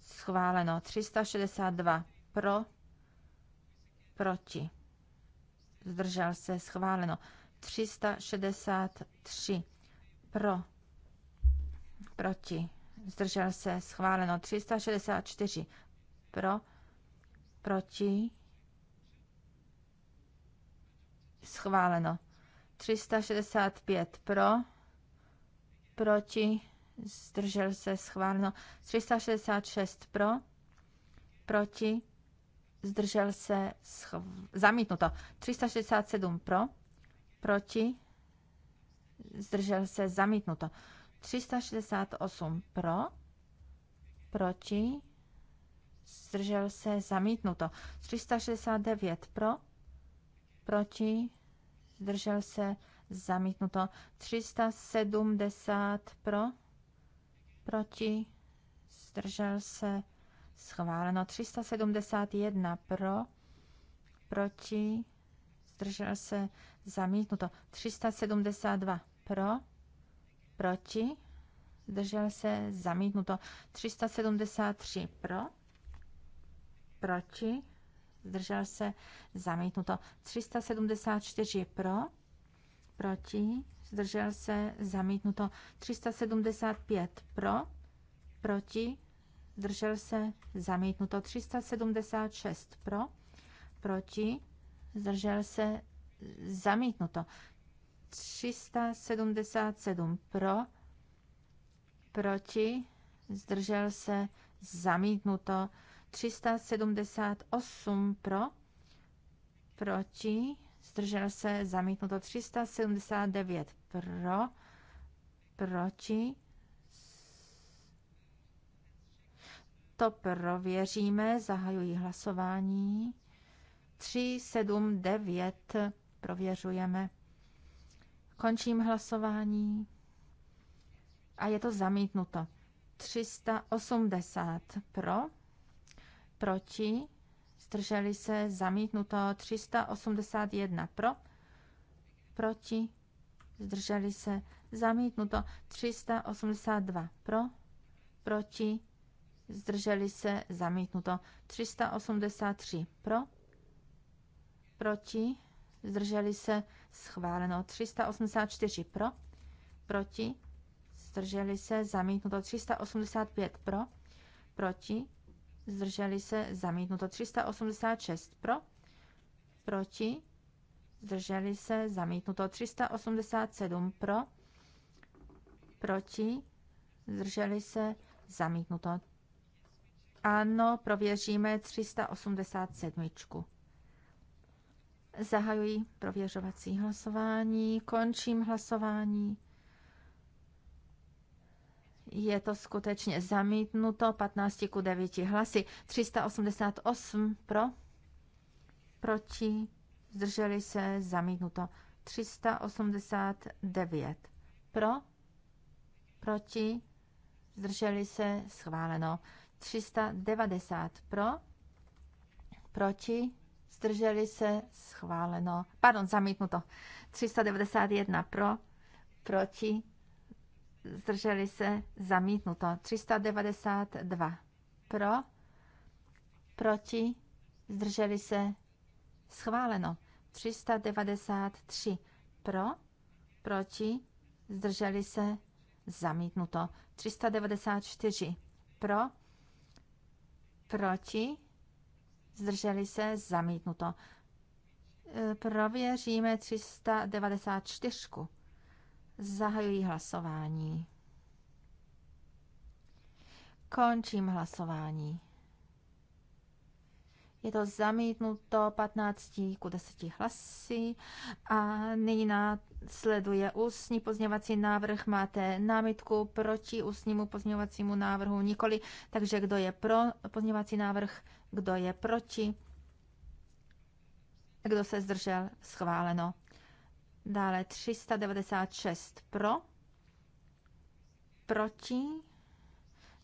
Schváleno. 362. Pro. Proti. Zdržel se. Schváleno. 363. Pro. Proti. Zdržel se. Schváleno. 364 pro, proti, schváleno. 365 pro, proti, zdržel se, schváleno. 366 pro, proti, zdržel se, schv... zamítnuto. 367 pro, proti, zdržel se, zamítnuto. 368 pro, proti, zdržel se, zamítnuto. 369 pro, proti, zdržel se, zamítnuto. 370 pro, proti, zdržel se, schváleno. 371 pro, proti, zdržel se, zamítnuto. 372 pro, proti, zdržel se, zamítnuto. 373 pro, proti, zdržel se, zamítnuto. 374 pro, proti, zdržel se, zamítnuto. 375 pro, proti, zdržel se, zamítnuto. 376 pro, proti, zdržel se, zamítnuto. 377 pro, proti, zdržel se, zamítnuto. 378 pro, proti, zdržel se, zamítnuto 379 pro, proti, to prověříme, zahajuji hlasování, 379 prověřujeme, končím hlasování a je to zamítnuto. 380 pro, proti, zdrželi se, zamítnuto 381 pro, proti, zdrželi se, zamítnuto 382 pro, proti, zdrželi se, zamítnuto 383 pro, proti, zdrželi se, schváleno 384 pro, proti, zdrželi se, zamítnuto 385 pro, proti, zdrželi se, zamítnuto 386 pro, proti, zdrželi se, zamítnuto 387 pro, proti, zdrželi se, zamítnuto. Ano, prověříme 387. Zahajuji prověřovací hlasování, končím hlasování. Je to skutečně zamítnuto 15 ku 9 hlasy. 388 pro, proti, zdrželi se, zamítnuto. 389 pro, proti, zdrželi se, schváleno. 390 pro, proti, zdrželi se, schváleno. Pardon, zamítnuto. 391 pro, proti, zdrželi se, zamítnuto. 392 pro, proti, zdrželi se, schváleno. 393 pro, proti, zdrželi se, zamítnuto. 394 pro, proti, zdrželi se, zamítnuto. E, prověříme 394. Zahajuji hlasování. Končím hlasování. Je to zamítnuto 15 ku 10 hlasy a nyní následuje ústní pozměňovací návrh. Máte námitku proti ústnímu pozměňovacímu návrhu? Nikoli. Takže kdo je pro pozměňovací návrh? Kdo je proti? Kdo se zdržel? Schváleno. Dále 396 pro, proti,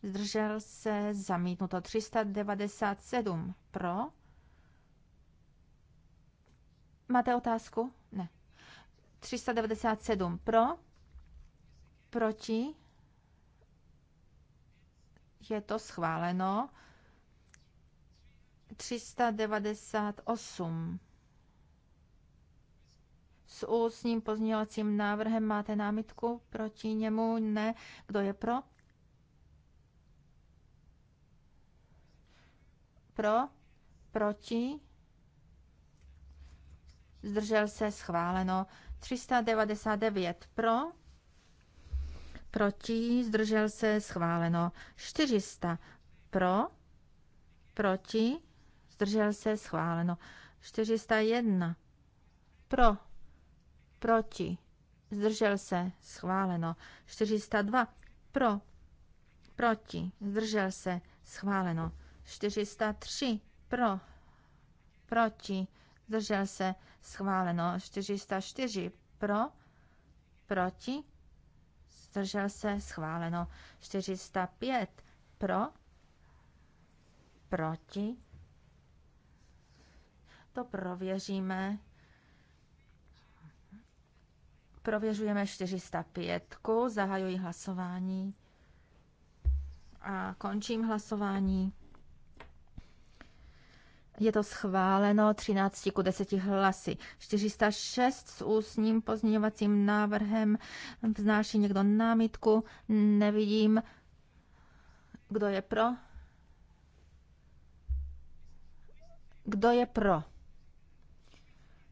zdržel se, zamítnuto 397 pro. Máte otázku? Ne. 397 pro, proti, je to schváleno. 398 s ústním pozměňovacím návrhem. Máte námitku proti němu? Ne. Kdo je pro? Pro? Proti? Zdržel se schváleno. 399 pro. Proti? Zdržel se schváleno. 400 pro. Proti? Zdržel se schváleno. 401 pro proti, zdržel se, schváleno. 402 pro, proti, zdržel se, schváleno. 403 pro, proti, zdržel se, schváleno. 404 pro, proti, zdržel se, schváleno. 405 pro, proti, to prověříme. Prověřujeme 405. Zahajuji hlasování a končím hlasování. Je to schváleno 13 ku 10 hlasy. 406 s ústním pozměňovacím návrhem. Vznáší někdo námitku? Nevidím. Kdo je pro? Kdo je pro?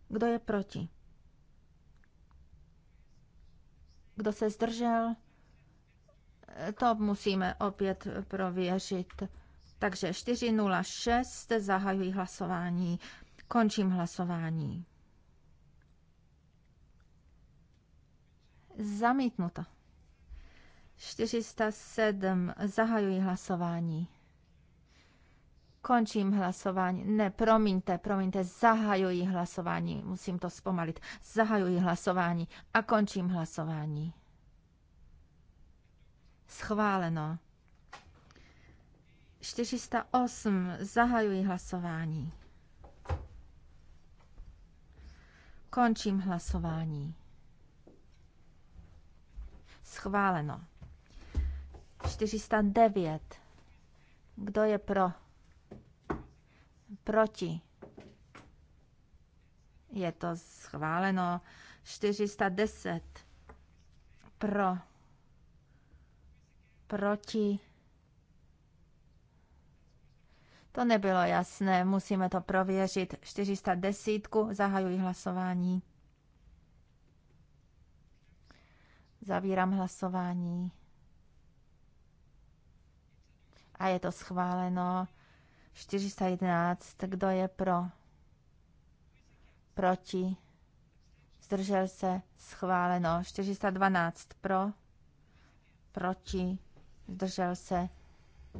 Kdo je proti? Kdo se zdržel? To musíme opět prověřit. Takže 406 zahajuji hlasování. Končím hlasování. Zamítnuto. 407 zahajuji hlasování. Končím hlasování. Ne, promiňte, promiňte, zahajuji hlasování. Musím to zpomalit. Zahajuji hlasování a končím hlasování. Schváleno. 408. Zahajuji hlasování. Končím hlasování. Schváleno. 409. Kdo je pro? proti. Je to schváleno 410 pro, proti. To nebylo jasné, musíme to prověřit. 410. Zahajuji hlasování. Zavírám hlasování. A je to schváleno 411. Kdo je pro? Proti? Zdržel se? Schváleno. 412. Pro? Proti? Zdržel se?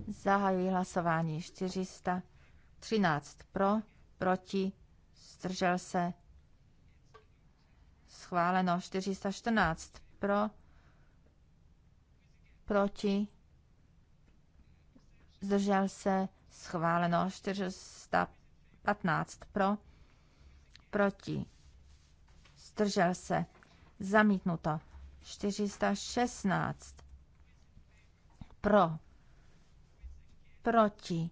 Zahajuji hlasování. 413. Pro? Proti? Zdržel se? Schváleno. 414. Pro? Proti? Zdržel se? schváleno 415 pro, proti, zdržel se, zamítnuto 416 pro, proti.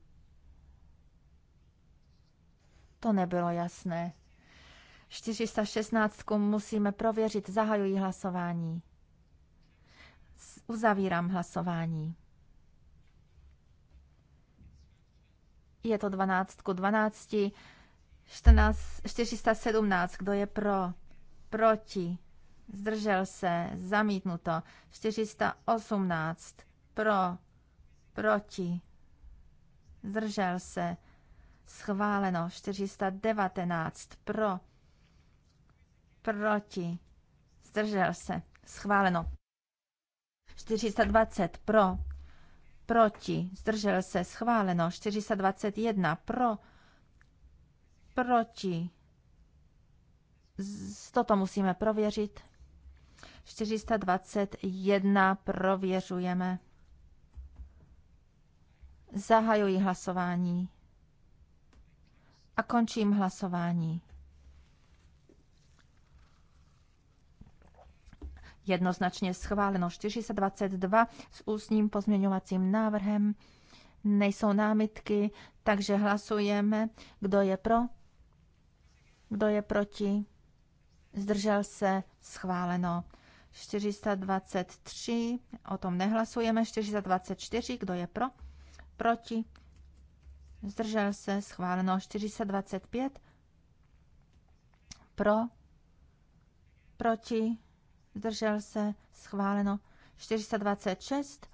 To nebylo jasné. 416 musíme prověřit. Zahajuji hlasování. Uzavírám hlasování. Je to 12 ku 12. 14, 417. Kdo je pro? Proti? Zdržel se? Zamítnuto. 418. Pro? Proti? Zdržel se? Schváleno. 419. Pro? Proti? Zdržel se? Schváleno. 420. Pro? proti, zdržel se, schváleno. 421 pro, proti, toto musíme prověřit. 421 prověřujeme. Zahajuji hlasování a končím hlasování. jednoznačně schváleno. 422 s ústním pozměňovacím návrhem. Nejsou námitky, takže hlasujeme, kdo je pro, kdo je proti, zdržel se, schváleno. 423, o tom nehlasujeme, 424, kdo je pro, proti, zdržel se, schváleno. 425, pro, proti, zdržel se, schváleno. 426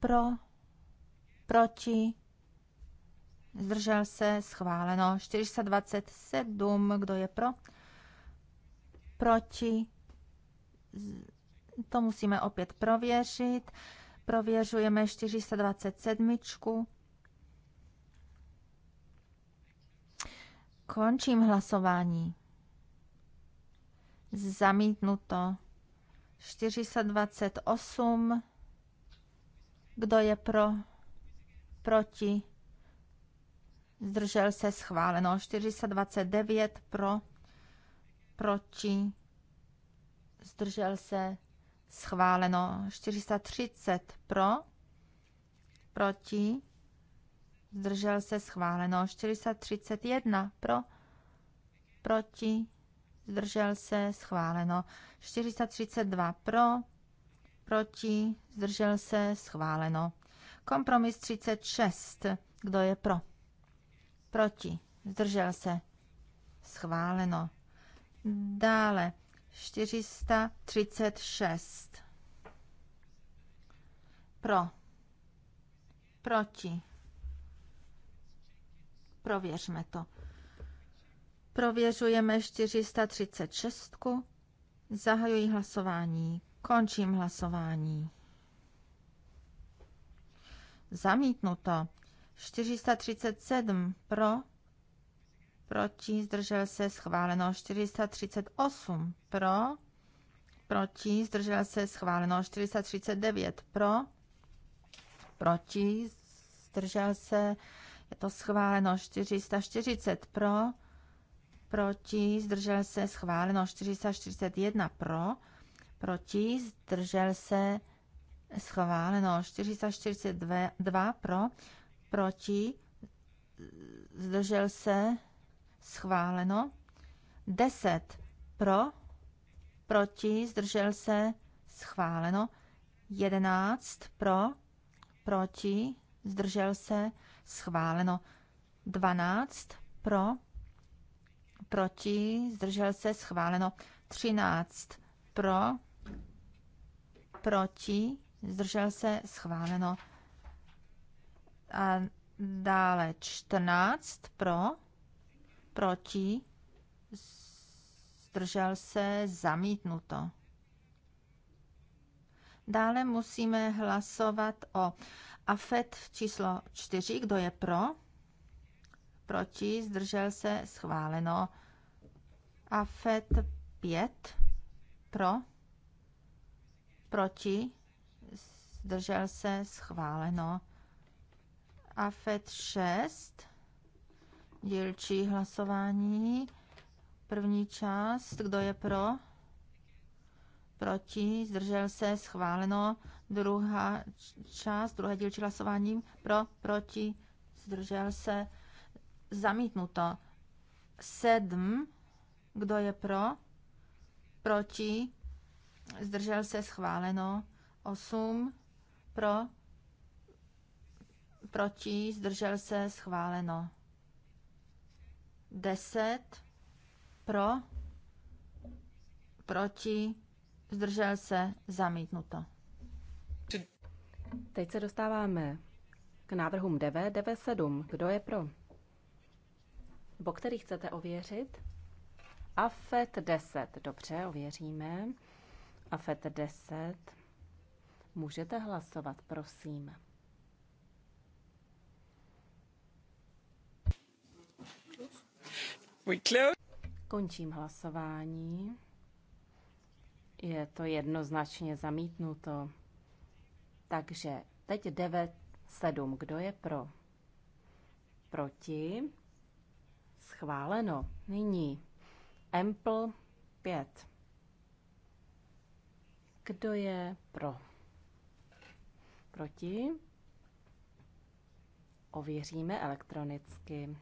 pro, proti, zdržel se, schváleno. 427, kdo je pro, proti, to musíme opět prověřit. Prověřujeme 427. Končím hlasování. Zamítnuto. 428. Kdo je pro? Proti? Zdržel se schváleno. 429 pro? Proti? Zdržel se schváleno. 430 pro? Proti? Zdržel se schváleno. 431 pro? Proti? zdržel se, schváleno. 432 pro, proti, zdržel se, schváleno. Kompromis 36, kdo je pro? Proti, zdržel se, schváleno. Dále 436 pro, proti, prověřme to. Prověřujeme 436. Zahajuji hlasování. Končím hlasování. Zamítnuto. 437 pro, proti, zdržel se, schváleno. 438 pro, proti, zdržel se, schváleno. 439 pro, proti, zdržel se, je to schváleno. 440 pro, proti, zdržel se schváleno 441 pro, proti, zdržel se schváleno 442 pro, proti, zdržel se schváleno 10 pro, proti, zdržel se schváleno 11 pro, proti, zdržel se schváleno 12 pro, proti, zdržel se, schváleno. 13 pro, proti, zdržel se, schváleno. A dále 14 pro, proti, zdržel se, zamítnuto. Dále musíme hlasovat o AFET číslo 4. Kdo je pro? Proti? Zdržel se? Schváleno. AFET 5 pro, proti, zdržel se, schváleno. AFET 6, dílčí hlasování, první část, kdo je pro, proti, zdržel se, schváleno. Druhá část, druhé dílčí hlasování, pro, proti, zdržel se, zamítnuto. Sedm kdo je pro? Proti? Zdržel se schváleno. 8 pro? Proti? Zdržel se schváleno. 10 pro? Proti? Zdržel se zamítnuto. Teď se dostáváme k návrhům 9, 9, 7. Kdo je pro? Bo který chcete ověřit? AFET 10. Dobře, ověříme. AFET 10. Můžete hlasovat, prosím. Končím hlasování. Je to jednoznačně zamítnuto. Takže teď 9, 7. Kdo je pro? Proti? Schváleno. Nyní Ample 5. Kdo je pro? Proti? Ověříme elektronicky.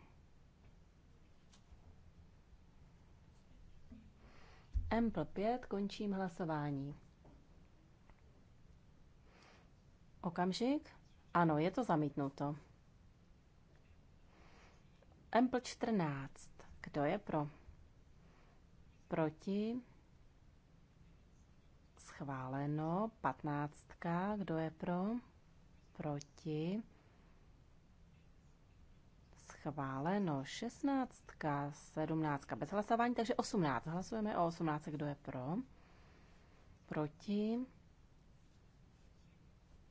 Ample 5, končím hlasování. Okamžik? Ano, je to zamítnuto. Ample 14, kdo je pro? Proti? Schváleno. Patnáctka. Kdo je pro? Proti? Schváleno. Šestnáctka. Sedmnáctka. Bez hlasování, takže osmnáct. Hlasujeme o osmnáctce. Kdo je pro? Proti?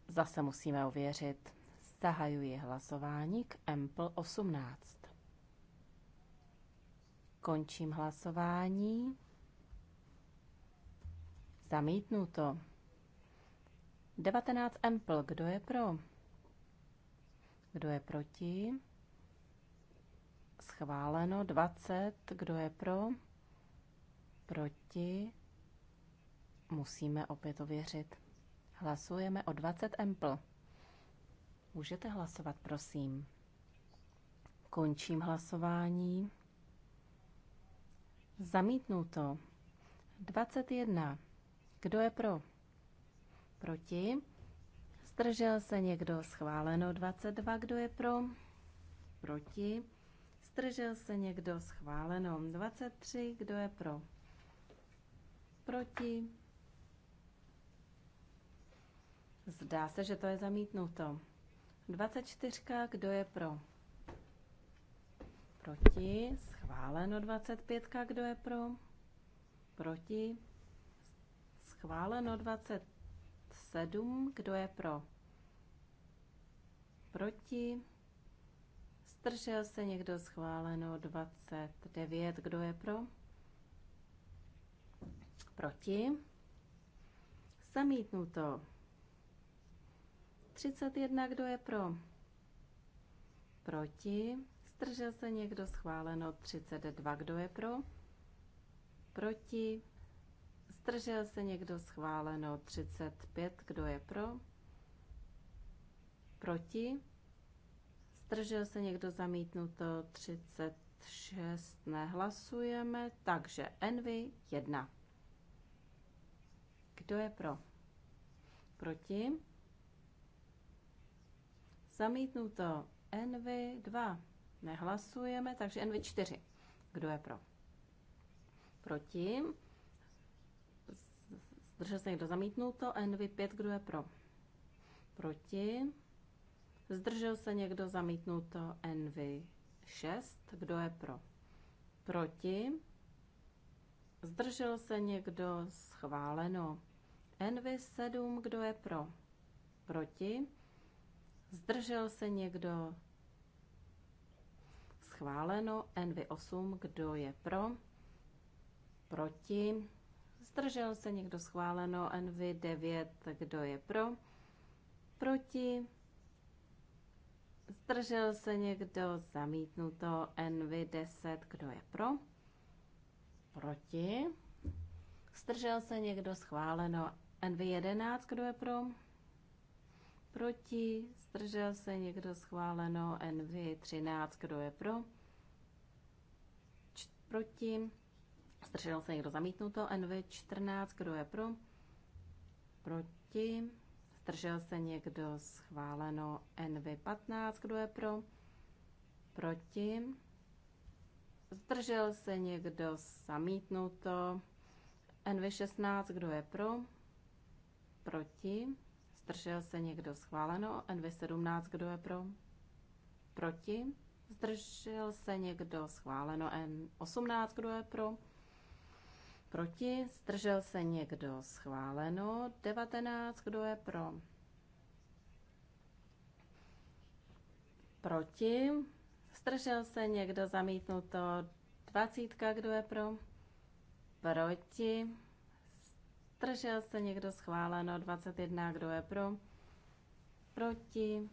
Zase musíme ověřit. Zahajuji hlasování k Ample 18. Končím hlasování. Zamítnuto. 19 Empl, kdo je pro? Kdo je proti? Schváleno 20, kdo je pro? Proti? Musíme opět ověřit. Hlasujeme o 20 Empl. Můžete hlasovat, prosím. Končím hlasování. Zamítnuto. 21. Kdo je pro? Proti. Zdržel se někdo? Schváleno. 22. Kdo je pro? Proti. Zdržel se někdo? Schváleno. 23. Kdo je pro? Proti. Zdá se, že to je zamítnuto. 24. Kdo je pro? Proti. Schváleno. Schváleno 25, kdo je pro? Proti? Schváleno 27, kdo je pro? Proti? Zdržel se někdo schváleno 29, kdo je pro? Proti? Zamítnuto. 31, kdo je pro? Proti? Zdržel se někdo schváleno 32. Kdo je pro? Proti? Zdržel se někdo schváleno 35. Kdo je pro? Proti? Zdržel se někdo zamítnuto 36. Nehlasujeme, takže Envy 1. Kdo je pro? Proti? Zamítnuto Envy 2. Nehlasujeme, takže NV4. Kdo je pro? Proti. Zdržel se někdo zamítnuto. NV5, kdo je pro? Proti. Zdržel se někdo zamítnuto. NV6, kdo je pro? Proti. Zdržel se někdo schváleno. NV7, kdo je pro? Proti. Zdržel se někdo schváleno. NV8, kdo je pro? Proti? Zdržel se někdo schváleno? NV9, kdo je pro? Proti? Zdržel se někdo? Zamítnuto. NV10, kdo je pro? Proti? Zdržel se někdo? Schváleno. NV11, kdo je pro? Proti? Zdržel se někdo schváleno? NV 13. Kdo je pro? Č- proti? Zdržel se někdo zamítnuto? NV 14. Kdo je pro? Proti? Zdržel se někdo schváleno? NV 15. Kdo je pro? Proti? Zdržel se někdo zamítnuto? NV 16. Kdo je pro? Proti? Zdržel se někdo schváleno? NV17, kdo je pro? Proti? Zdržel se někdo schváleno? N18, kdo je pro? Proti? Zdržel se někdo schváleno? 19, kdo je pro? Proti? Zdržel se někdo zamítnuto? 20, kdo je pro? Proti? Zdržel se někdo schváleno 21, kdo je pro? Proti?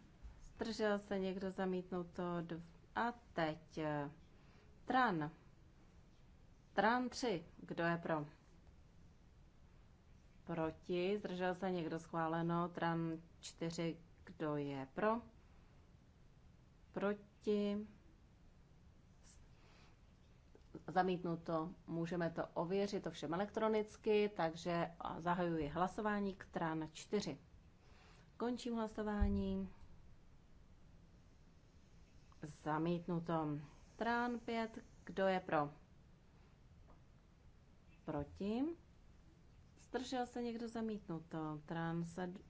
Zdržel se někdo zamítnuto dv... a teď eh, Tran. Tran 3, kdo je pro? Proti? Zdržel se někdo schváleno Tran 4, kdo je pro? Proti? Zamítnuto. Můžeme to ověřit ovšem elektronicky, takže zahajuji hlasování k trán 4. Končím hlasování. Zamítnuto. Trán 5. Kdo je pro? Proti. Zdržel se někdo zamítnuto. Trán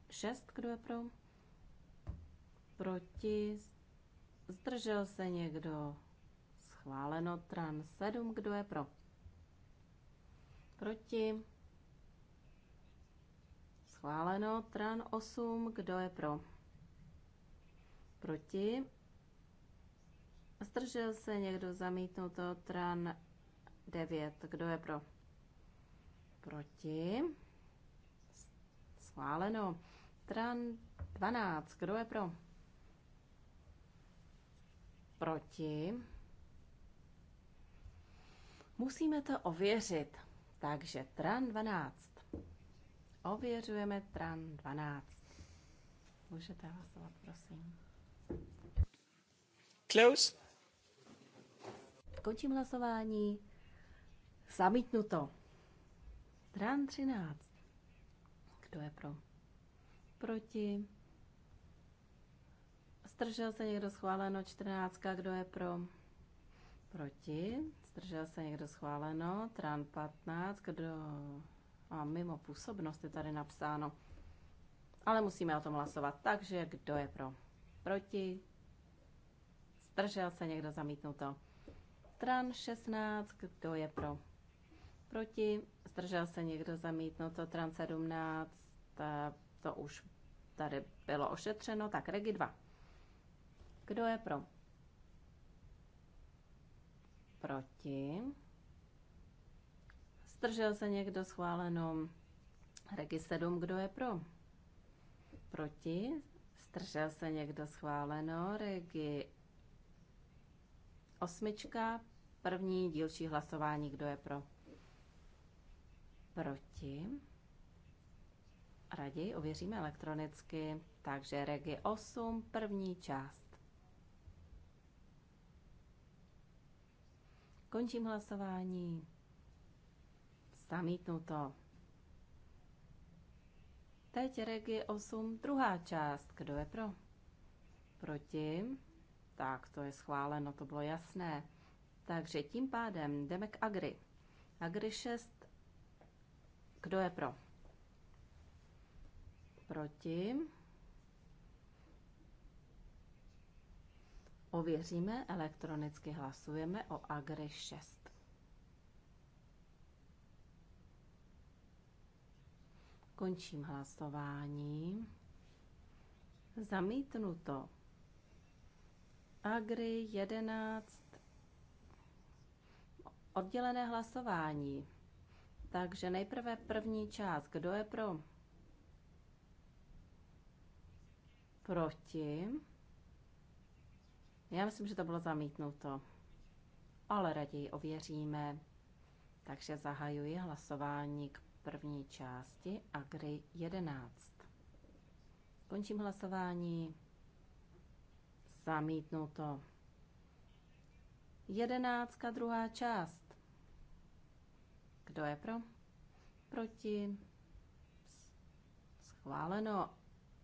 6. Kdo je pro? Proti. Zdržel se někdo Schváleno tran 7, kdo je pro? Proti? Schváleno tran 8, kdo je pro? Proti? Zdržel se někdo zamítnout to tran 9, kdo je pro? Proti? Schváleno tran 12, kdo je pro? Proti? Musíme to ověřit. Takže tran 12. Ověřujeme tran 12. Můžete hlasovat, prosím. Close. Končím hlasování. Zamítnuto. Tran 13. Kdo je pro? Proti. Zdržel se někdo schváleno 14. Kdo je pro? Proti. Zdržel se někdo schváleno? Tran 15, kdo... A mimo působnost je tady napsáno. Ale musíme o tom hlasovat. Takže kdo je pro? Proti? Zdržel se někdo zamítnuto? Tran 16, kdo je pro? Proti? Zdržel se někdo zamítnuto? Tran 17, to už tady bylo ošetřeno. Tak Regi 2. Kdo je pro? proti. Zdržel se někdo schváleno regi 7, kdo je pro? Proti. Zdržel se někdo schváleno regi 8, první dílčí hlasování, kdo je pro? Proti. Raději ověříme elektronicky, takže regi 8, první část. Končím hlasování. Zamítnuto. Teď regi 8, druhá část. Kdo je pro? Proti? Tak, to je schváleno, to bylo jasné. Takže tím pádem jdeme k Agri. Agri 6. Kdo je pro? Proti? Ověříme, elektronicky hlasujeme o Agri 6. Končím hlasování. Zamítnuto. Agri 11. Oddělené hlasování. Takže nejprve první část. Kdo je pro? Proti. Já myslím, že to bylo zamítnuto, ale raději ověříme. Takže zahajuji hlasování k první části Agri 11. Končím hlasování. Zamítnuto. Jedenáctka, druhá část. Kdo je pro? Proti? Schváleno.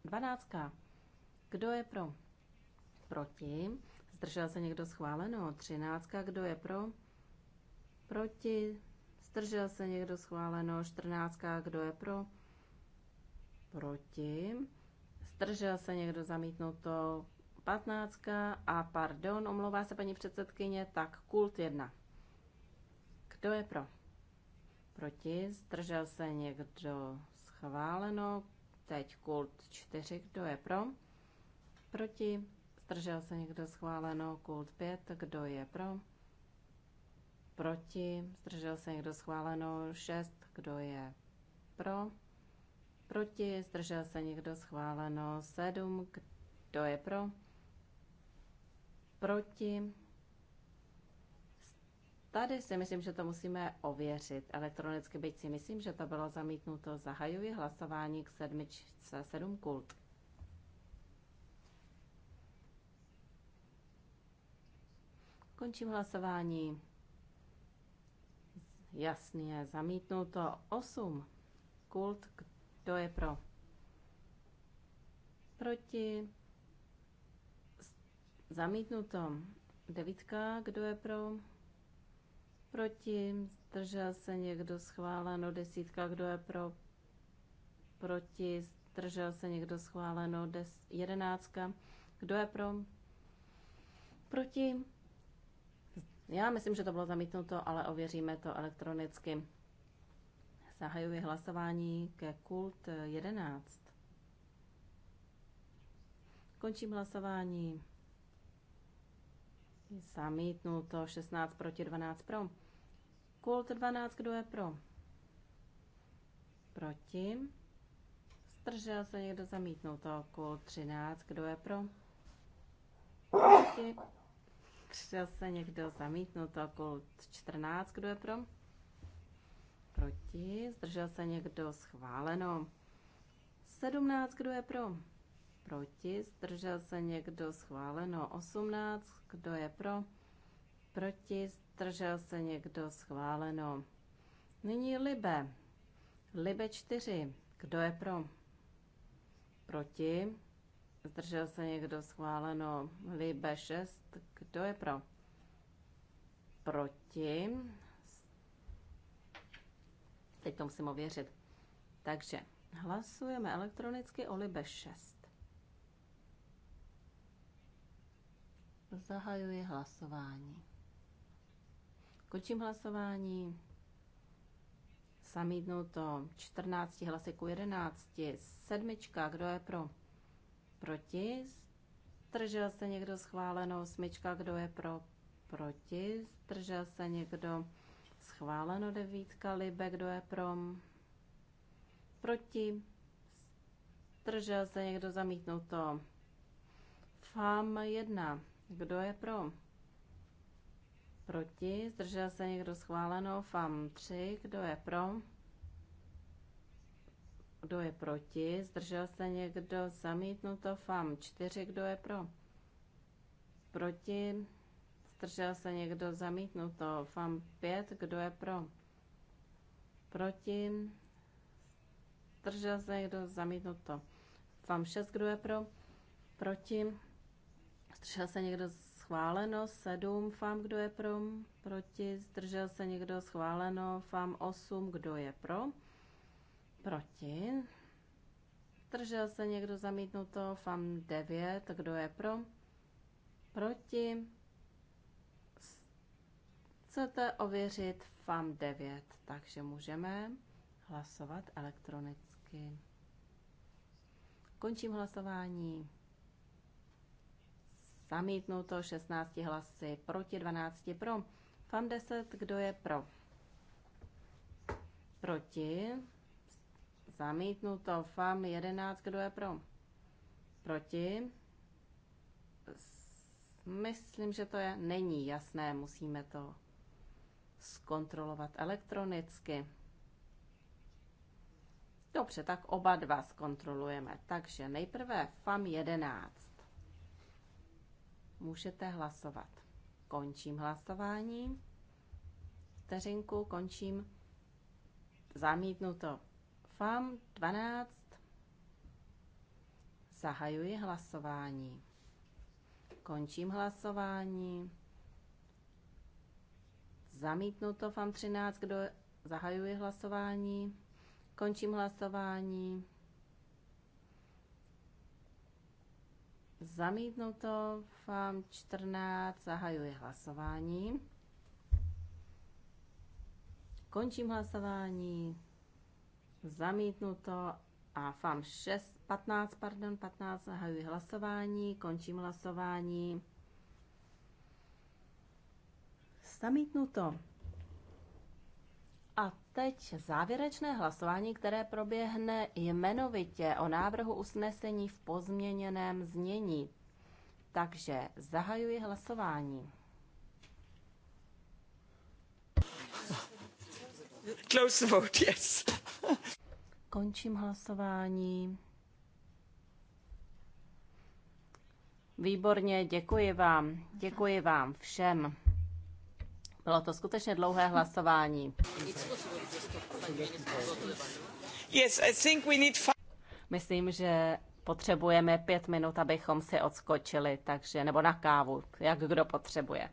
Dvanáctka. Kdo je pro? Proti? Zdržel se někdo schváleno? 13. Kdo je pro? Proti? Zdržel se někdo schváleno? 14. Kdo je pro? Proti? Zdržel se někdo zamítnuto? 15. A pardon, omlouvá se paní předsedkyně, tak kult 1. Kdo je pro? Proti? Zdržel se někdo schváleno? Teď kult 4. Kdo je pro? Proti? Zdržel se někdo schváleno? Kult 5. Kdo je pro? Proti? Zdržel se někdo schváleno? 6. Kdo je pro? Proti? Zdržel se někdo schváleno? 7. Kdo je pro? Proti? Tady si myslím, že to musíme ověřit elektronicky, byť si myslím, že to bylo zamítnuto. Zahajuji hlasování k sedmičce 7 kult. Končím hlasování. Jasně, zamítnuto 8. Kult, kdo je pro? Proti. Zamítnuto devítka, kdo je pro? Proti. Zdržel se někdo schváleno desítka, kdo je pro? Proti. Zdržel se někdo schváleno des, jedenáctka, kdo je pro? Proti. Já myslím, že to bylo zamítnuto, ale ověříme to elektronicky. Zahajuji hlasování ke kult 11. Končím hlasování. Zamítnuto 16 proti 12 pro. Kult 12, kdo je pro? Proti. Zdržel se někdo zamítnuto. Kult 13, kdo je pro? Proti. Zdržel se někdo zamítnuto. Jako Kult 14, kdo je pro? Proti. Zdržel se někdo schváleno. 17, kdo je pro? Proti. Zdržel se někdo schváleno. 18, kdo je pro? Proti. Zdržel se někdo schváleno. Nyní Libe. Libe 4. Kdo je pro? Proti. Zdržel se někdo schváleno Libe 6. Kdo je pro? Proti. Teď to musím ověřit. Takže hlasujeme elektronicky o Libe 6. Zahajuji hlasování. Končím hlasování. Zamítnuto 14 hlasy ku 11. Sedmička, kdo je pro? proti, zdržel se někdo schválenou osmička, kdo je pro, proti, zdržel se někdo schváleno, devítka, libe, kdo je pro, proti, zdržel se někdo zamítnuto, fam jedna, kdo je pro, proti, zdržel se někdo schváleno, fam tři, kdo je pro, kdo je proti? Zdržel se někdo? Zamítnuto FAM 4. Kdo je pro? Proti? Zdržel se někdo? Zamítnuto FAM 5. Kdo je pro? Proti? Zdržel se někdo? Zamítnuto FAM 6. Kdo je pro? Proti? Zdržel se někdo? Schváleno 7. FAM kdo je pro? Proti? Zdržel se někdo? Schváleno FAM 8. Kdo je pro? Proti. Držel se někdo zamítnuto? FAM 9. Kdo je pro? Proti. Chcete ověřit FAM 9, takže můžeme hlasovat elektronicky. Končím hlasování. Zamítnuto 16 hlasy proti 12 pro. FAM 10, kdo je pro? Proti. Zamítnuto. FAM 11. Kdo je pro? Proti? Myslím, že to je, není jasné. Musíme to zkontrolovat elektronicky. Dobře, tak oba dva zkontrolujeme. Takže nejprve FAM 11. Můžete hlasovat. Končím hlasování. Vteřinku končím. Zamítnuto. FAM 12. Zahajuji hlasování. Končím hlasování. Zamítnuto FAM 13. Kdo zahajuji hlasování? Končím hlasování. Zamítnuto FAM 14. Zahajuji hlasování. Končím hlasování zamítnuto a FAM 6, 15, pardon, 15, zahajuji hlasování, končím hlasování. Zamítnuto. A teď závěrečné hlasování, které proběhne jmenovitě o návrhu usnesení v pozměněném znění. Takže zahajuji hlasování. Close the vote, yes. Končím hlasování. Výborně, děkuji vám. Děkuji vám všem. Bylo to skutečně dlouhé hlasování. Myslím, že potřebujeme pět minut, abychom si odskočili, takže nebo na kávu, jak kdo potřebuje.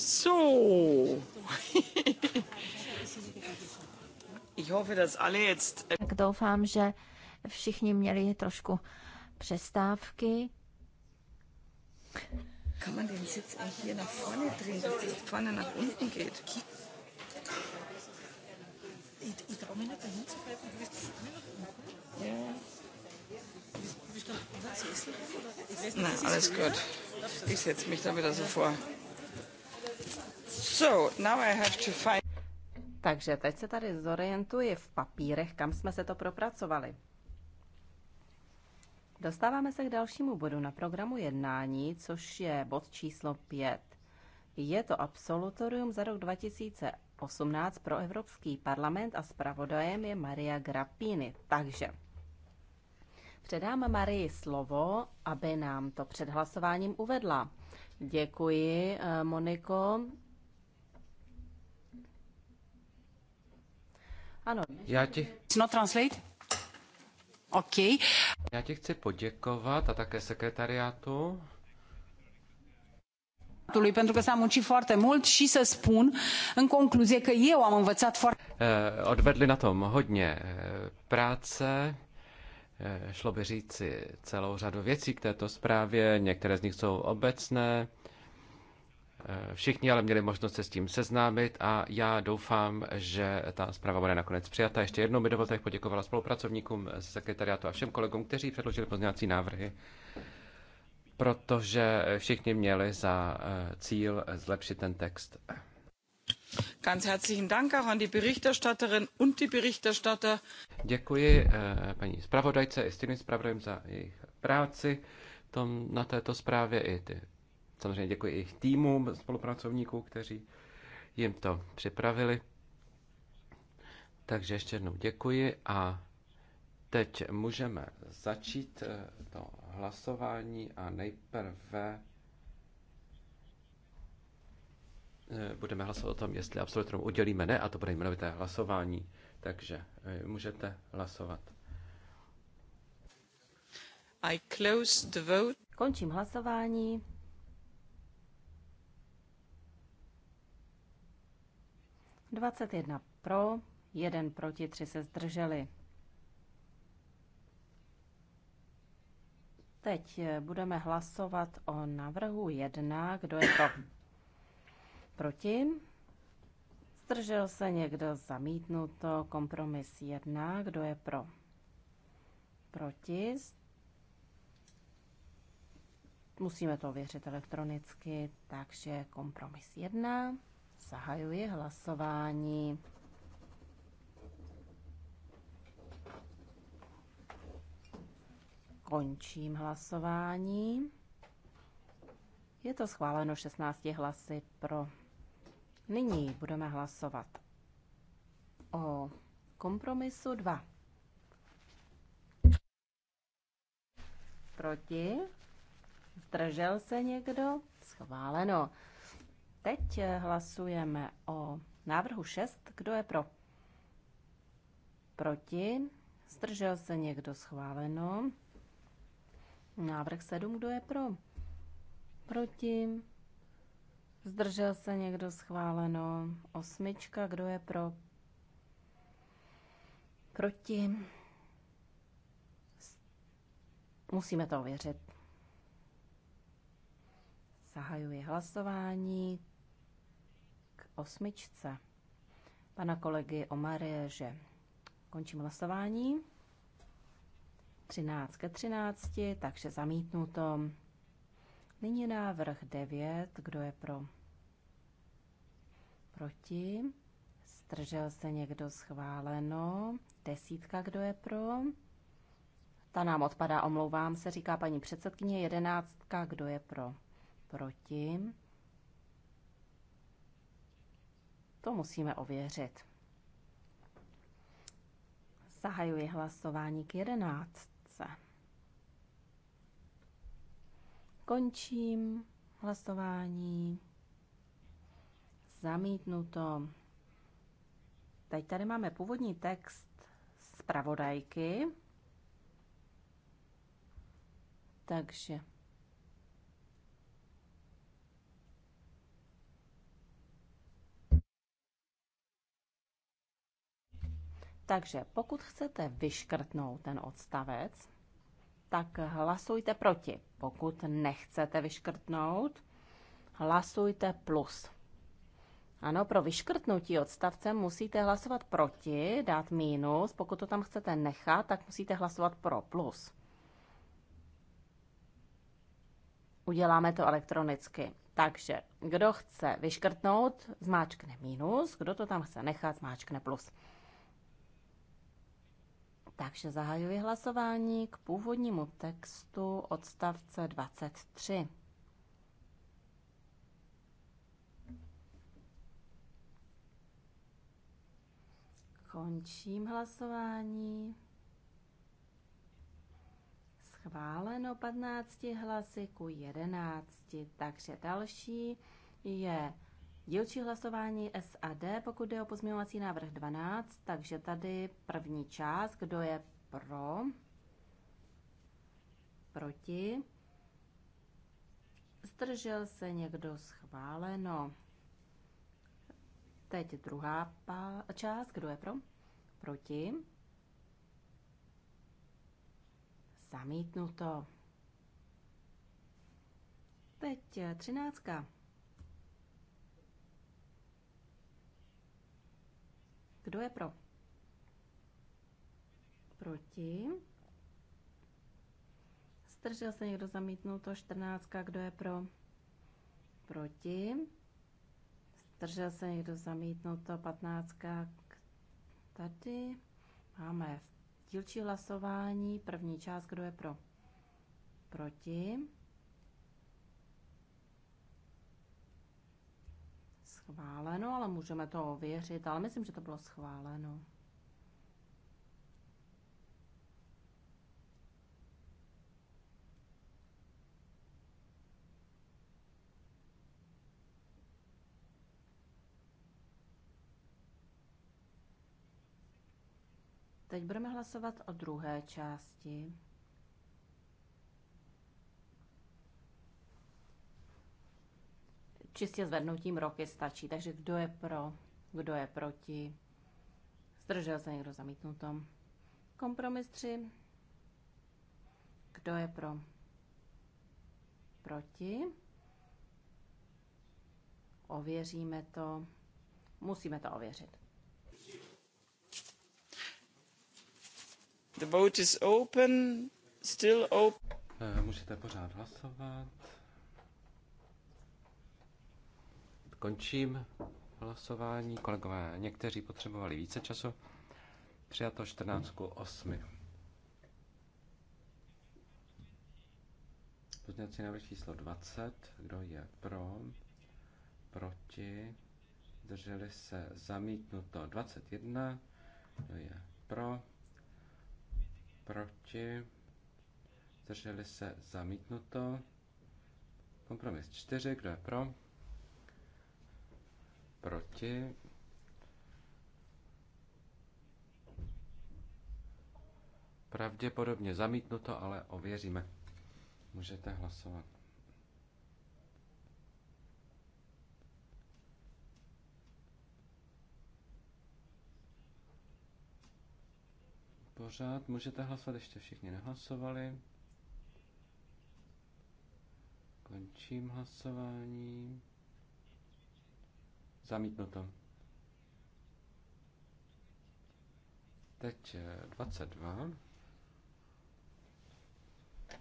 So. Äh, tak doufám, že všichni měli trošku přestávky. Kann man den Sitz eigentlich hier nach vorne drehen, dass das vorne nach unten geht? Ich, ich traue mich nicht, da hinzugreifen. Du bist Ja. Nein, alles gut. Ich setze mich da wieder so vor. Takže teď se tady zorientuji v papírech, kam jsme se to propracovali. Dostáváme se k dalšímu bodu na programu jednání, což je bod číslo 5. Je to absolutorium za rok 2018 pro Evropský parlament a zpravodajem je Maria Grappini. Takže předám Marii slovo, aby nám to před hlasováním uvedla. Děkuji, eh, Moniko. Ano. Já ti... It's not translate? OK. Já ti chci poděkovat a také sekretariátu pentru că s-a muncit foarte mult și să spun în concluzie că eu am învățat foarte... Eh, odvedli na tom hodně eh, práce, eh, šlo by říci celou řadu věcí k této zprávě, některé z nich jsou obecné, Eh, všichni ale měli možnost se s tím seznámit a já doufám, že ta zpráva bude nakonec přijata. Ještě jednou mi dovolte poděkovala spolupracovníkům z sekretariátu a všem kolegům, kteří předložili pozměňovací návrhy, protože všichni měli za eh, cíl zlepšit ten text. Ganz herzlichen Dank auch an die Berichterstatterin und die Berichterstatter. Děkuji eh, paní zpravodajce i stejným zpravodajům za jejich práci tom, na této zprávě i ty Samozřejmě děkuji i týmům spolupracovníků, kteří jim to připravili. Takže ještě jednou děkuji a teď můžeme začít eh, to hlasování a nejprve eh, budeme hlasovat o tom, jestli absolutorum udělíme ne, a to bude jmenovité hlasování, takže eh, můžete hlasovat. I close the vote. Končím hlasování. 21 pro, 1 proti, 3 se zdrželi. Teď eh, budeme hlasovat o návrhu 1. Kdo je pro? Proti? Zdržel se někdo zamítnuto? Kompromis 1. Kdo je pro? Proti? Musíme to ověřit elektronicky, takže kompromis 1. Zahajuji hlasování. Končím hlasování. Je to schváleno 16 hlasy pro. Nyní budeme hlasovat o kompromisu 2. Proti? Zdržel se někdo? Schváleno. Teď eh, hlasujeme o návrhu 6. Kdo je pro? Proti? Zdržel se někdo schváleno? Návrh 7. Kdo je pro? Proti? Zdržel se někdo schváleno? Osmička. Kdo je pro? Proti? Musíme to ověřit. Zahajuji hlasování osmičce pana kolegy Omarie, že končím hlasování. 13 ke 13, takže zamítnuto. Nyní návrh 9, kdo je pro? Proti. Stržel se někdo schváleno. Desítka, kdo je pro? Ta nám odpadá, omlouvám se, říká paní předsedkyně. Jedenáctka, kdo je pro? Proti. To musíme ověřit. Zahajuji hlasování k jedenáctce. Končím hlasování. Zamítnuto. Teď tady máme původní text zpravodajky. Takže Takže pokud chcete vyškrtnout ten odstavec, tak hlasujte proti. Pokud nechcete vyškrtnout, hlasujte plus. Ano, pro vyškrtnutí odstavce musíte hlasovat proti, dát mínus. Pokud to tam chcete nechat, tak musíte hlasovat pro plus. Uděláme to elektronicky. Takže kdo chce vyškrtnout, zmáčkne mínus, kdo to tam chce nechat, zmáčkne plus. Takže zahajuji hlasování k původnímu textu odstavce 23. Končím hlasování. Schváleno 15 hlasy ku 11, takže další je Dělčí hlasování SAD, pokud jde o pozměňovací návrh 12, takže tady první část, kdo je pro, proti, zdržel se někdo schváleno. Teď druhá část, kdo je pro, proti, zamítnuto. Teď třináctka. Kdo je pro? Proti. Zdržel se někdo to 14. Kdo je pro? Proti. Zdržel se někdo to 15. Tady máme dílčí hlasování. První část, kdo je pro? Proti. schváleno, ale můžeme to ověřit, ale myslím, že to bylo schváleno. Teď budeme hlasovat o druhé části. Čistě zvednutím roky stačí. Takže kdo je pro, kdo je proti? Zdržel se někdo zamítnutom? Kompromis 3. Kdo je pro? Proti? Ověříme to. Musíme to ověřit. The vote is open, still open. Eh, můžete pořád hlasovat. Končím hlasování. Kolegové, někteří potřebovali více času. Přijato 14 8. Pozměňovací návrh číslo 20. Kdo je pro? Proti? Drželi se zamítnuto 21. Kdo je pro? Proti? Drželi se zamítnuto. Kompromis 4. Kdo je pro? Proti. Pravděpodobně zamítnuto, ale ověříme. Můžete hlasovat. Pořád můžete hlasovat, ještě všichni nehlasovali. Končím hlasování. Zamítnuto. Teď 22. Eh,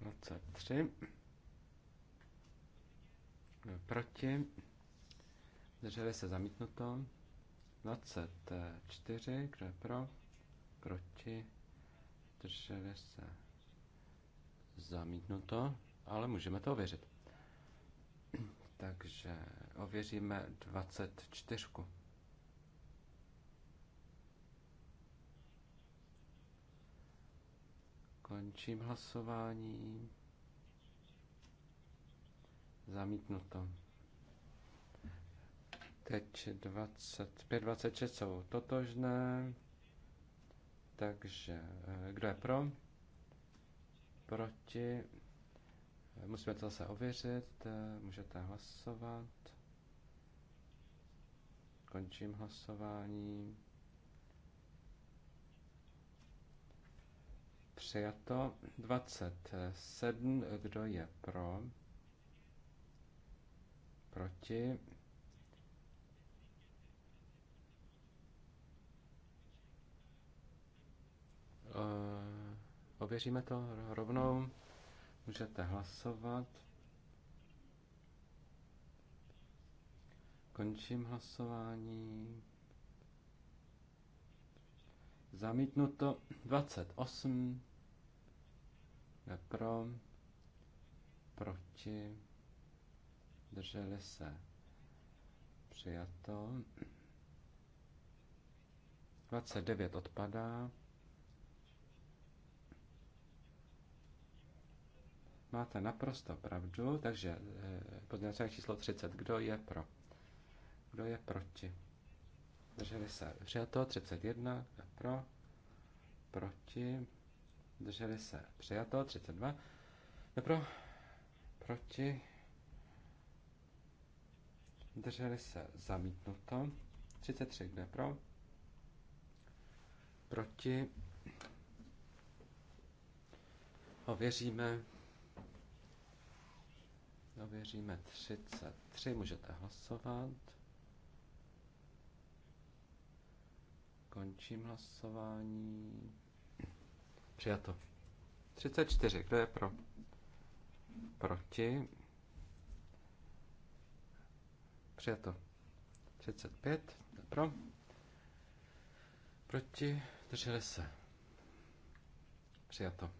23. Proti. Drželi se zamítnuto. 24. Kdo je pro? Proti. Drželi se zamítnuto. Ale můžeme to ověřit. Takže ověříme 24. Končím hlasování. Zamítnuto. Teď 25, 26 jsou totožné. Takže eh, kdo je pro? Proti? Musíme to zase ověřit. Eh, můžete hlasovat. Končím hlasování. Přijato 27. Kdo je pro? Proti? Eh, ověříme to rovnou. Můžete hlasovat. Končím hlasování. Zamítnuto 28. Je pro. Proti. Drželi se. Přijato. 29 odpadá. Máte naprosto pravdu, takže eh, pozměňovací číslo 30. Kdo je pro? Kdo je proti? Drželi se přijato 31. Pro? Proti? Drželi se přijato 32. pro, Proti? Drželi se zamítnuto 33. je pro? Proti? Ověříme Dověříme 33, můžete hlasovat. Končím hlasování. Přijato. 34, kdo je pro? Proti. Přijato. 35, kdo je pro. Proti, drželi se. Přijato.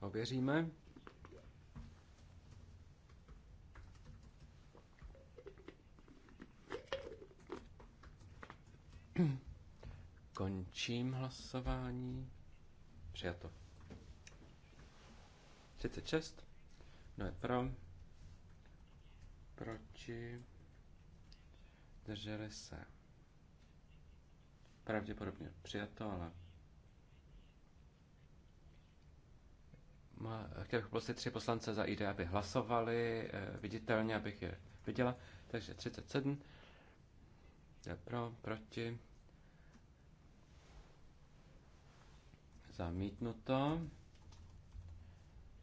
Ověříme. Končím hlasování. Přijato. 36. No je pro? Proti? Drželi se. Pravděpodobně přijato, ale chtěl bych poprosit tři poslance za ID, aby hlasovali eh, viditelně, abych je viděla. Takže 37. Pro, proti. Zamítnuto.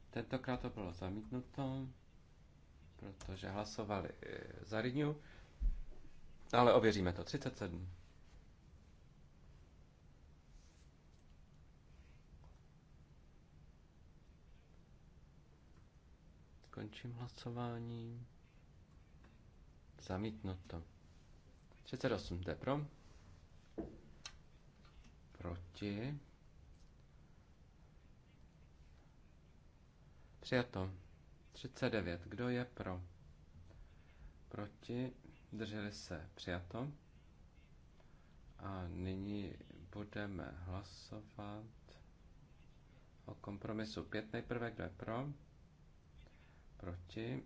Tentokrát to bylo zamítnuto, protože hlasovali eh, za Renew, ale ověříme to. 37. Končím hlasování. Zamítnuto. 38 jde pro. Proti. Přijato. 39. Kdo je pro? Proti. Drželi se. Přijato. A nyní budeme hlasovat o kompromisu 5. Nejprve, kdo je pro? Proti.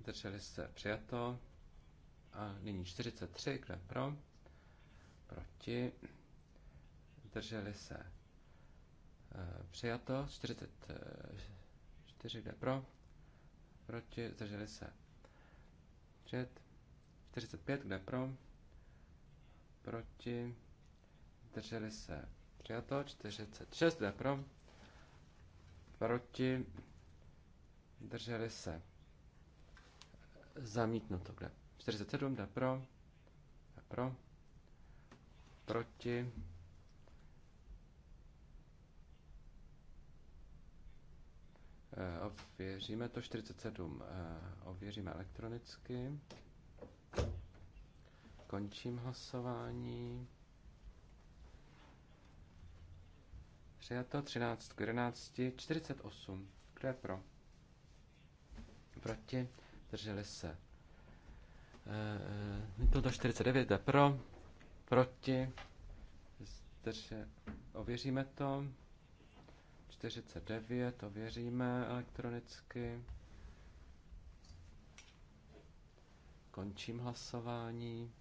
Drželi se. Přijato. A nyní 43, kde pro? Proti. Drželi e, se. Přijato. 44, kde pro? Proti. Drželi se. Přijat. 45, kde pro? Proti. Drželi se. Přijato. 46, kde pro? Proti. Drželi se. Zamítnuto, kde 47 jde pro, jde pro, proti, eh, Ověříme to 47. Eh, ověříme elektronicky. Končím hlasování. Přijato 13 k 11, 48. Kdo je pro? Proti? Drželi se. Je to do 49, je pro, proti, takže ověříme to. 49, ověříme elektronicky. Končím hlasování.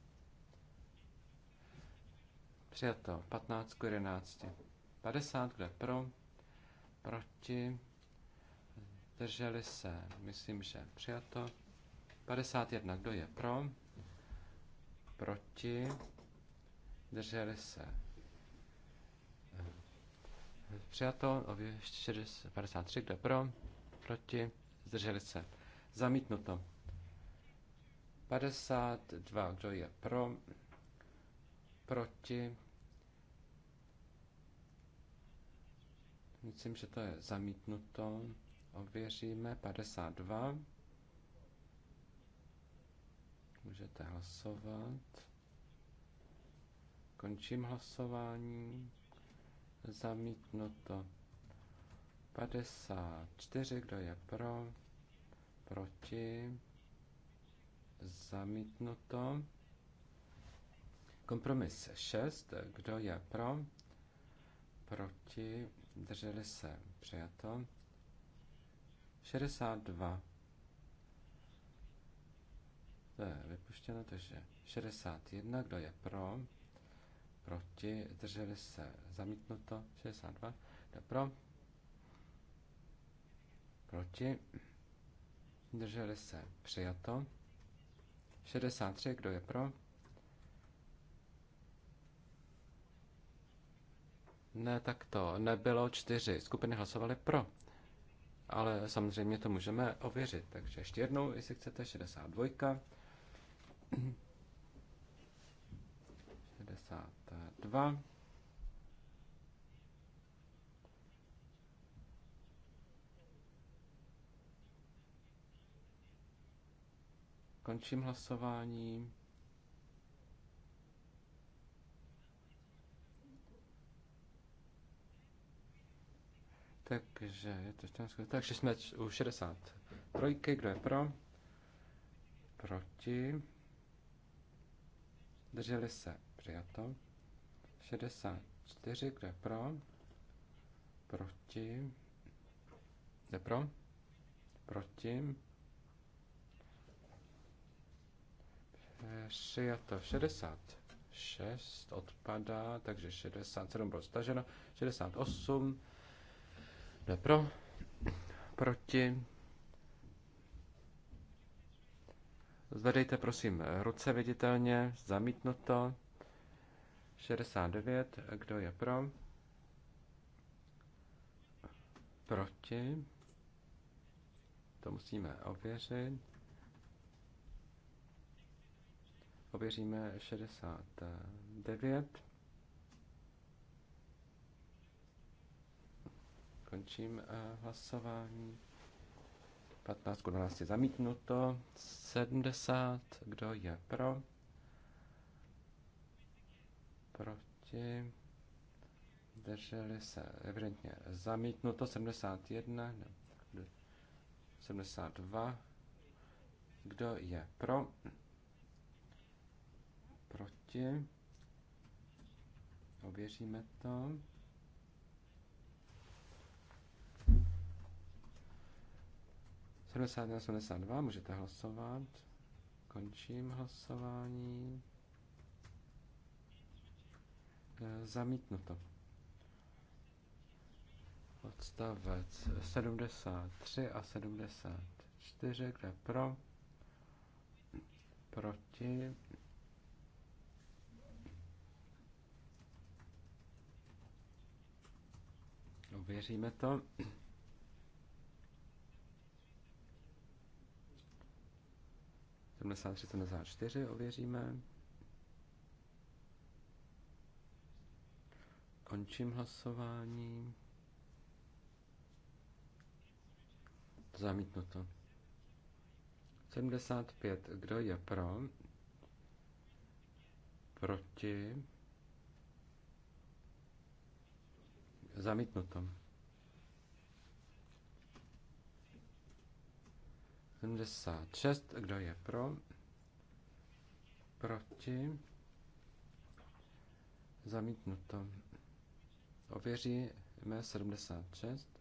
Přijato 15 k 11. 50, kde pro, proti, drželi se, myslím, že přijato. 51. Kdo je pro? Proti? Drželi se. Přijato. 53. Kdo je pro? Proti? Zdrželi se. Zamítnuto. 52. Kdo je pro? Proti? Myslím, že to je zamítnuto. Ověříme. 52. Můžete hlasovat. Končím hlasování. Zamítnuto. 54, kdo je pro? Proti? Zamítnuto. Kompromis 6, kdo je pro? Proti? Drželi se. Přijato. 62 je vypuštěno, takže 61, kdo je pro, proti, drželi se, zamítnuto, 62, kdo je pro, proti, drželi se, přijato, 63, kdo je pro, Ne, tak to nebylo 4, Skupiny hlasovaly pro. Ale samozřejmě to můžeme ověřit. Takže ještě jednou, jestli chcete, 62. 62. Končím hlasování. Takže je to 14. Takže jsme u 63. Kdo je pro? Proti. Drželi se přijato. 64, kdo je pro? Proti. Jde pro? Proti. Přijato 66 odpadá, takže 67 bylo staženo, 68 jde pro, proti, Zvedejte prosím ruce viditelně, zamítnuto. 69, kdo je pro? Proti. To musíme ověřit. Ověříme 69. Končím eh, hlasování. 15 k 12 je zamítnuto. 70, kdo je pro? Proti. Drželi se evidentně zamítnuto. 71, 72. Kdo je pro? Proti. Ověříme to. 71, 72, můžete hlasovat. Končím hlasování. E, zamítnuto. Odstavec 73 a 74, kde pro, proti, Věříme to. 73, 74 ověříme. Končím hlasování. Zamítnuto. 75. Kdo je pro? Proti? Zamítnuto. 76. Kdo je pro? Proti? Zamítnuto. Ověříme 76.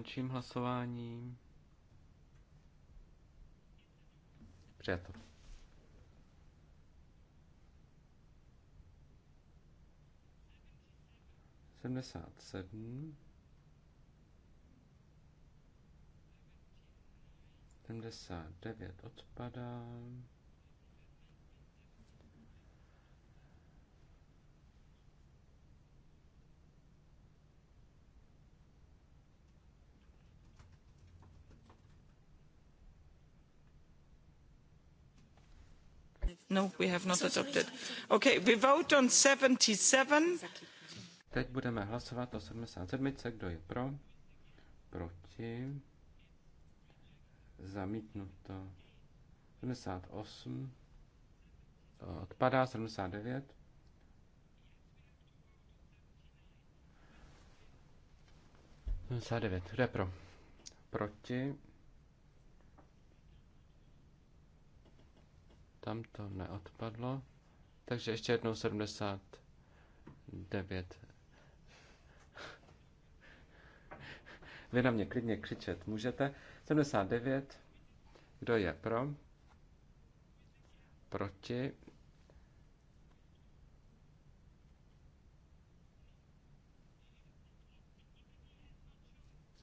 Končím hlasování. Přijato. Sedmdesát sedm. Sedmdesát devět odpadá. No, we have not adopted. Okay, we vote on 77. Teď budeme hlasovat o 77. Kdo je pro? Proti? Zamítnuto. 78. odpadá 79. Kdo je pro? Proti? Tam to neodpadlo. Takže ještě jednou 79. Vy na mě klidně křičet můžete. 79. Kdo je pro? Proti?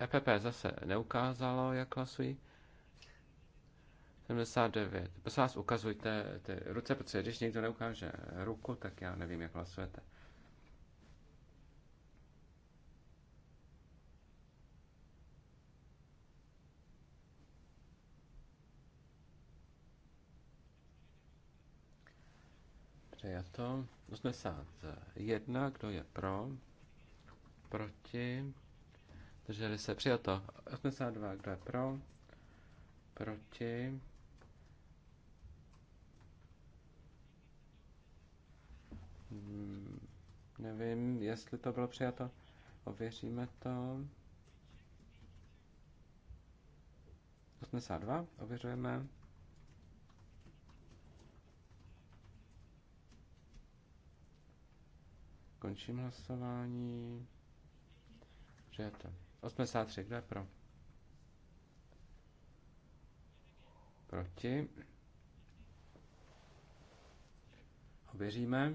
EPP zase neukázalo, jak hlasují. 79. Prosím vás, ukazujte ty ruce, protože když někdo neukáže ruku, tak já nevím, jak hlasujete. to? 81. Kdo je pro? Proti? Drželi se. Přijato. 82. Kdo je pro? Proti? Mm, nevím, jestli to bylo přijato. Ověříme to. 82, ověřujeme. Končím hlasování. Přijato. 83, kdo je pro? Proti. Ověříme.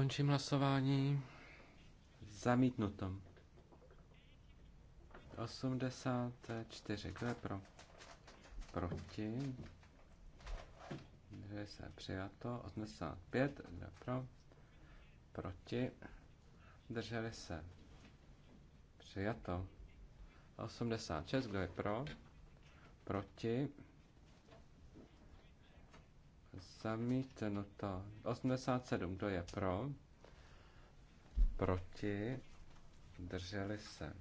Končím hlasování. Zamítnuto. 84. Kdo je pro? Proti. Dvě se přijato. 85. Kdo je pro? Proti. Drželi se. Přijato. 86. Kdo je pro? Proti Zamítnuto. 87. Kdo je pro? Proti? Drželi se.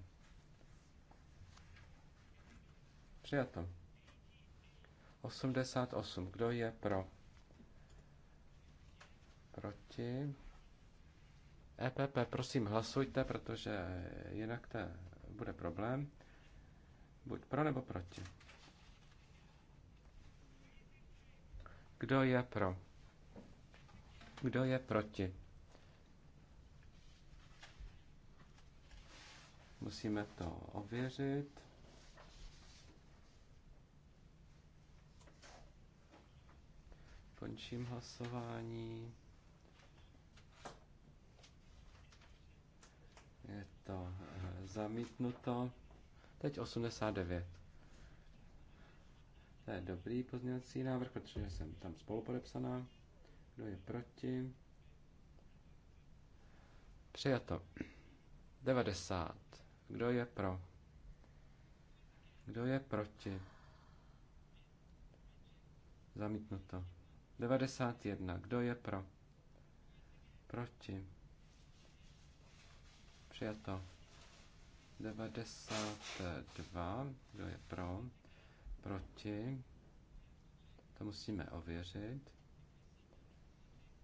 Přijato. 88. Kdo je pro? Proti? EPP, prosím, hlasujte, protože jinak to bude problém. Buď pro nebo proti. Kdo je pro? Kdo je proti? Musíme to ověřit. Končím hlasování. Je to eh, zamítnuto. Teď 89. To je dobrý pozměňovací návrh, protože jsem tam spolupodepsaná. Kdo je proti? Přijato. 90. Kdo je pro? Kdo je proti? Zamítnuto. 91. Kdo je pro? Proti. Přijato. 92. Kdo je pro? proti, to musíme ověřit.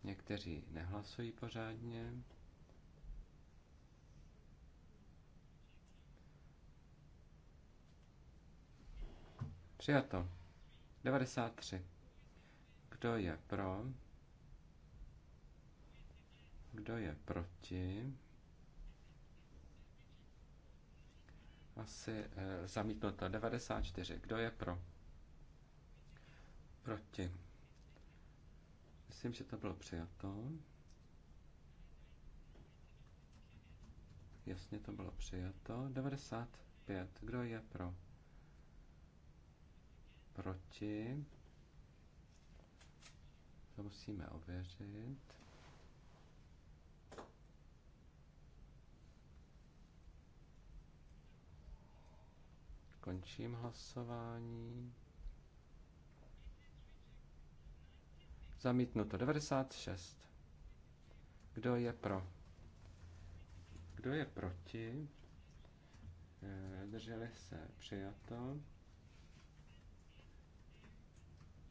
Někteří nehlasují pořádně. Přijato. 93. Kdo je pro? Kdo je proti? Asi eh, zamítnuto 94. Kdo je pro? Proti. Myslím, že to bylo přijato. Jasně to bylo přijato. 95. Kdo je pro? Proti. To musíme ověřit. Končím hlasování. Zamítnuto 96. Kdo je pro? Kdo je proti? Eh, drželi se přijato.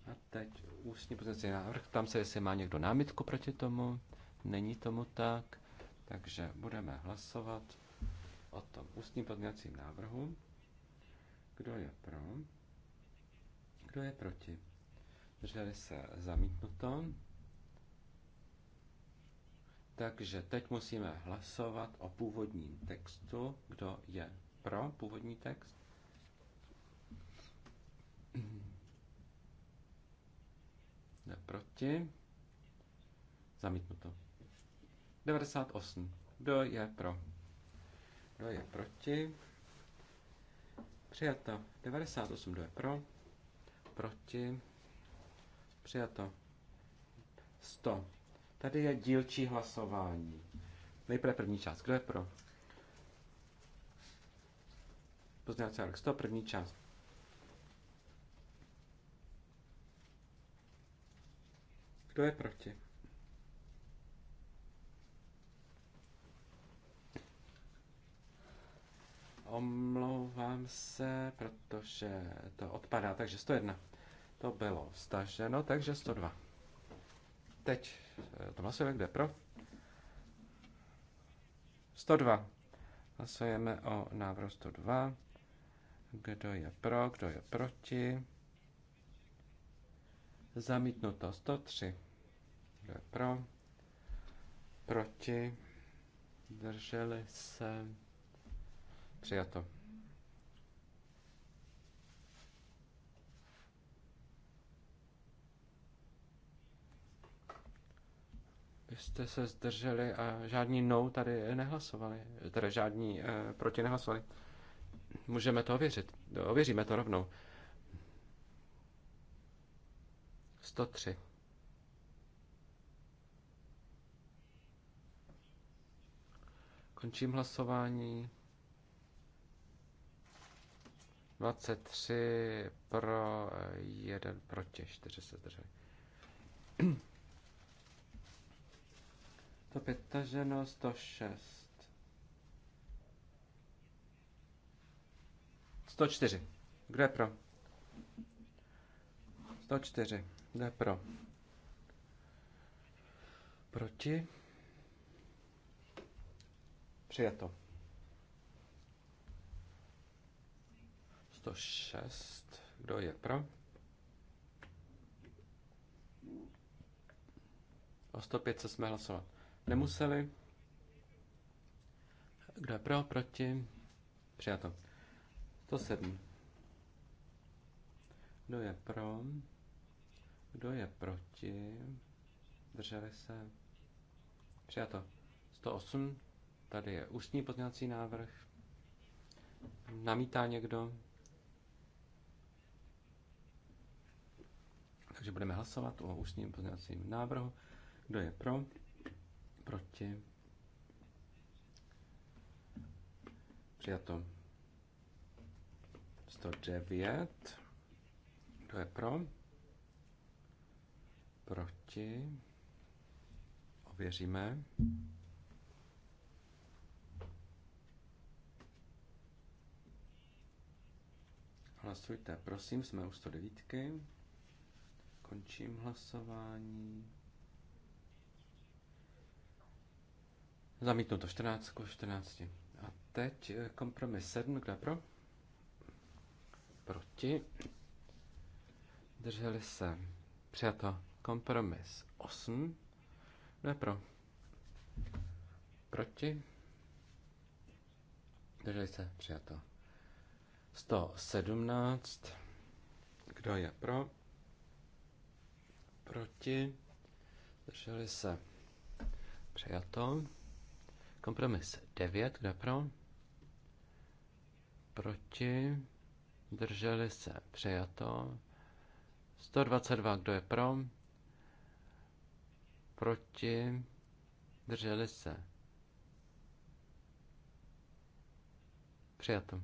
A teď ústní pozici návrh. Tam se, jestli má někdo námitku proti tomu. Není tomu tak. Takže budeme hlasovat o tom ústním pozměňovacím návrhu. Kdo je pro? Kdo je proti? Drželi se zamítnuto. Takže teď musíme hlasovat o původním textu. Kdo je pro původní text? Ne proti. Zamítnuto. 98. Kdo je pro? Kdo je proti? Přijato. 98, kdo je pro? Proti? Přijato. 100. Tady je dílčí hlasování. Nejprve první část. Kdo je pro? Poznávací návrh 100, první část. Kdo je proti? Omlouvám se, protože to odpadá, takže 101. To bylo staženo, takže 102. Teď eh, to hlasujeme kde pro? 102. Hlasujeme o návrhu 102. Kdo je pro, kdo je proti? Zamítnuto 103. Kdo je pro? Proti? Drželi se Přijato. Vy jste se zdrželi a žádní no tady nehlasovali, teda žádní e, proti nehlasovali. Můžeme to ověřit, ověříme to rovnou. 103. Končím hlasování. 23 pro, 1 proti, 4 se drží. To pět 106. 104. Kdo je pro? 104. Kdo je pro? Proti? Přijato. 106. Kdo je pro? O 105 se jsme hlasovat nemuseli. Kdo je pro, proti? Přijato. 107. Kdo je pro? Kdo je proti? Drželi se. Přijato. 108. Tady je ústní pozměňovací návrh. Namítá někdo? Takže budeme hlasovat o ústním pozměňovacím návrhu. Kdo je pro? Proti? Přijato 109. Kdo je pro? Proti? Ověříme. Hlasujte, prosím, jsme u 109. Končím hlasování. to 14 k 14. A teď eh, kompromis 7, Kdo je pro? Proti. Drželi se. Přijato. Kompromis 8. Kdo je pro? Proti. Drželi se. Přijato. 117. Kdo je pro? Proti. Drželi se. Přijato. Kompromis 9. Kdo pro? Proti. Drželi se. Přijato. 122. Kdo je pro? Proti. Drželi se. Přijato.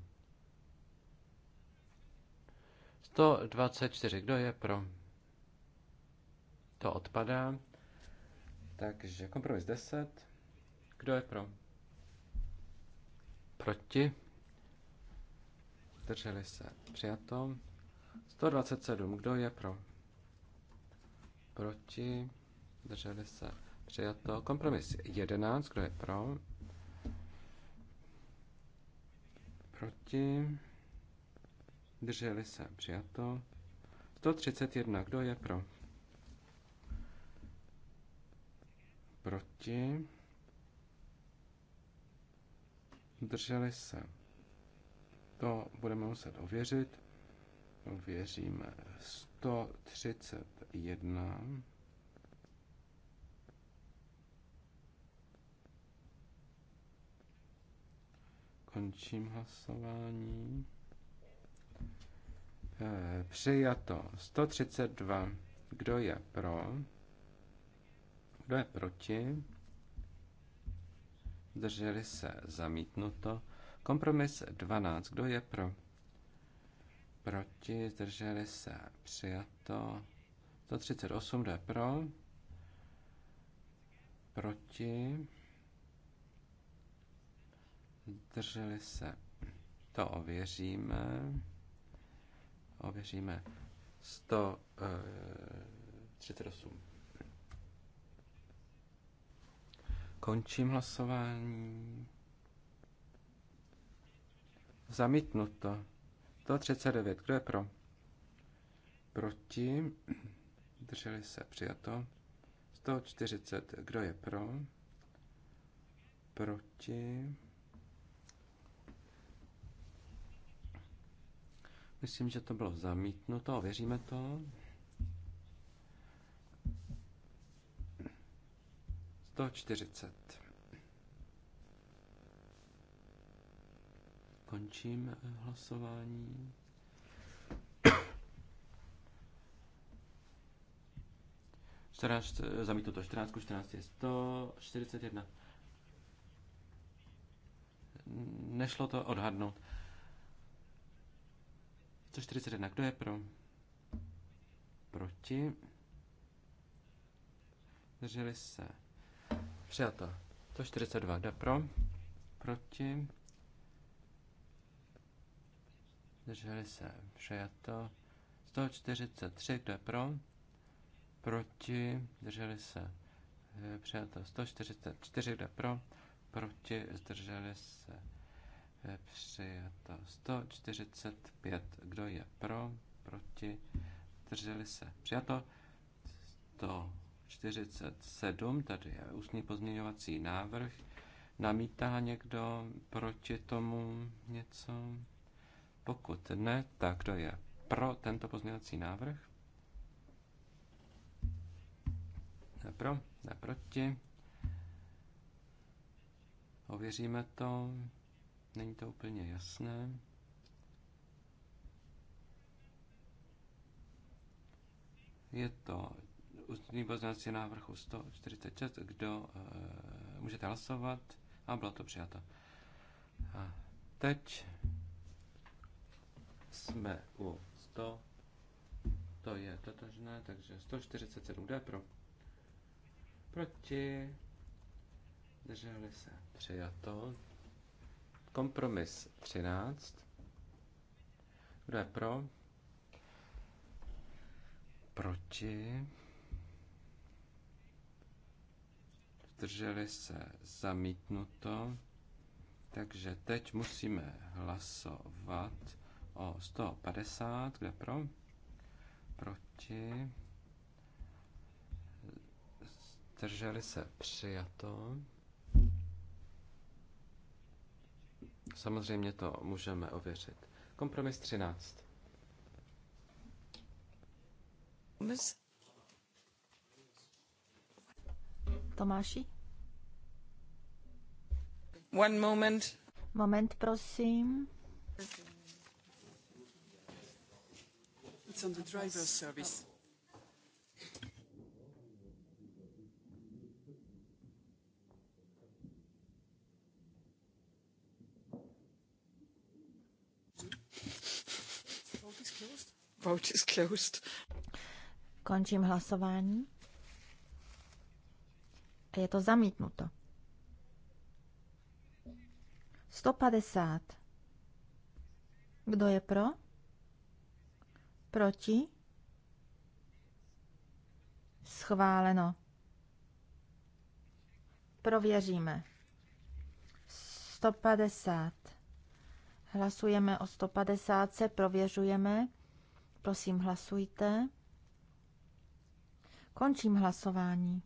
124. Kdo je pro? To odpadá. Takže kompromis 10. Kdo je pro? Proti? Drželi se. Přijato. 127. Kdo je pro? Proti? Drželi se. Přijato. Kompromis 11. Kdo je pro? Proti? Drželi se. Přijato. 131. Kdo je pro? proti, drželi se. To budeme muset ověřit. Ověříme 131. Končím hlasování. Eh, přijato 132. Kdo je pro? Kdo je proti? Zdrželi se zamítnuto. Kompromis 12. Kdo je pro? Proti, zdrželi se, přijato. 138 je pro. Proti. Zdrželi se. To ověříme. Ověříme. 138. Končím hlasování. Zamítnuto. 139. Kdo je pro? Proti. Drželi se. Přijato. 140. Kdo je pro? Proti. Myslím, že to bylo zamítnuto. Věříme to. 140. Končím eh, hlasování. Zamítnu to 14, 14 je 141. Nešlo to odhadnout. 141, kdo je pro? Proti. Drželi se Přijato. 142 jde pro, proti. Drželi se. Přijato. 143 kde pro, proti. Drželi se. Přijato. 144 kde pro, proti. Zdrželi se. Přijato. 145 kdo je pro, proti. Drželi eh, eh, se. Přijato. 100 47, tady je ústní pozměňovací návrh. Namítá někdo proti tomu něco? Pokud ne, tak kdo je pro tento pozměňovací návrh? Ne pro, ne proti. Ověříme to. Není to úplně jasné. Je to ústní pozdělací návrh 146, kdo e, můžete hlasovat a bylo to přijato. A teď jsme u 100, to je totožné, takže 147 jde pro. Proti, drželi se, přijato. Kompromis 13, kdo je pro? Proti zdrželi se zamítnuto. Takže teď musíme hlasovat o 150, kde pro, proti, zdrželi se přijato. Samozřejmě to můžeme ověřit. Kompromis 13. Kompromis Tomáši? One moment. Moment, prosím. It's on the driver's service. Vote is closed. Vote is closed. Končím hlasování je to zamítnuto. 150. Kdo je pro? Proti? Schváleno. Prověříme. 150. Hlasujeme o 150, se prověřujeme. Prosím, hlasujte. Končím hlasování.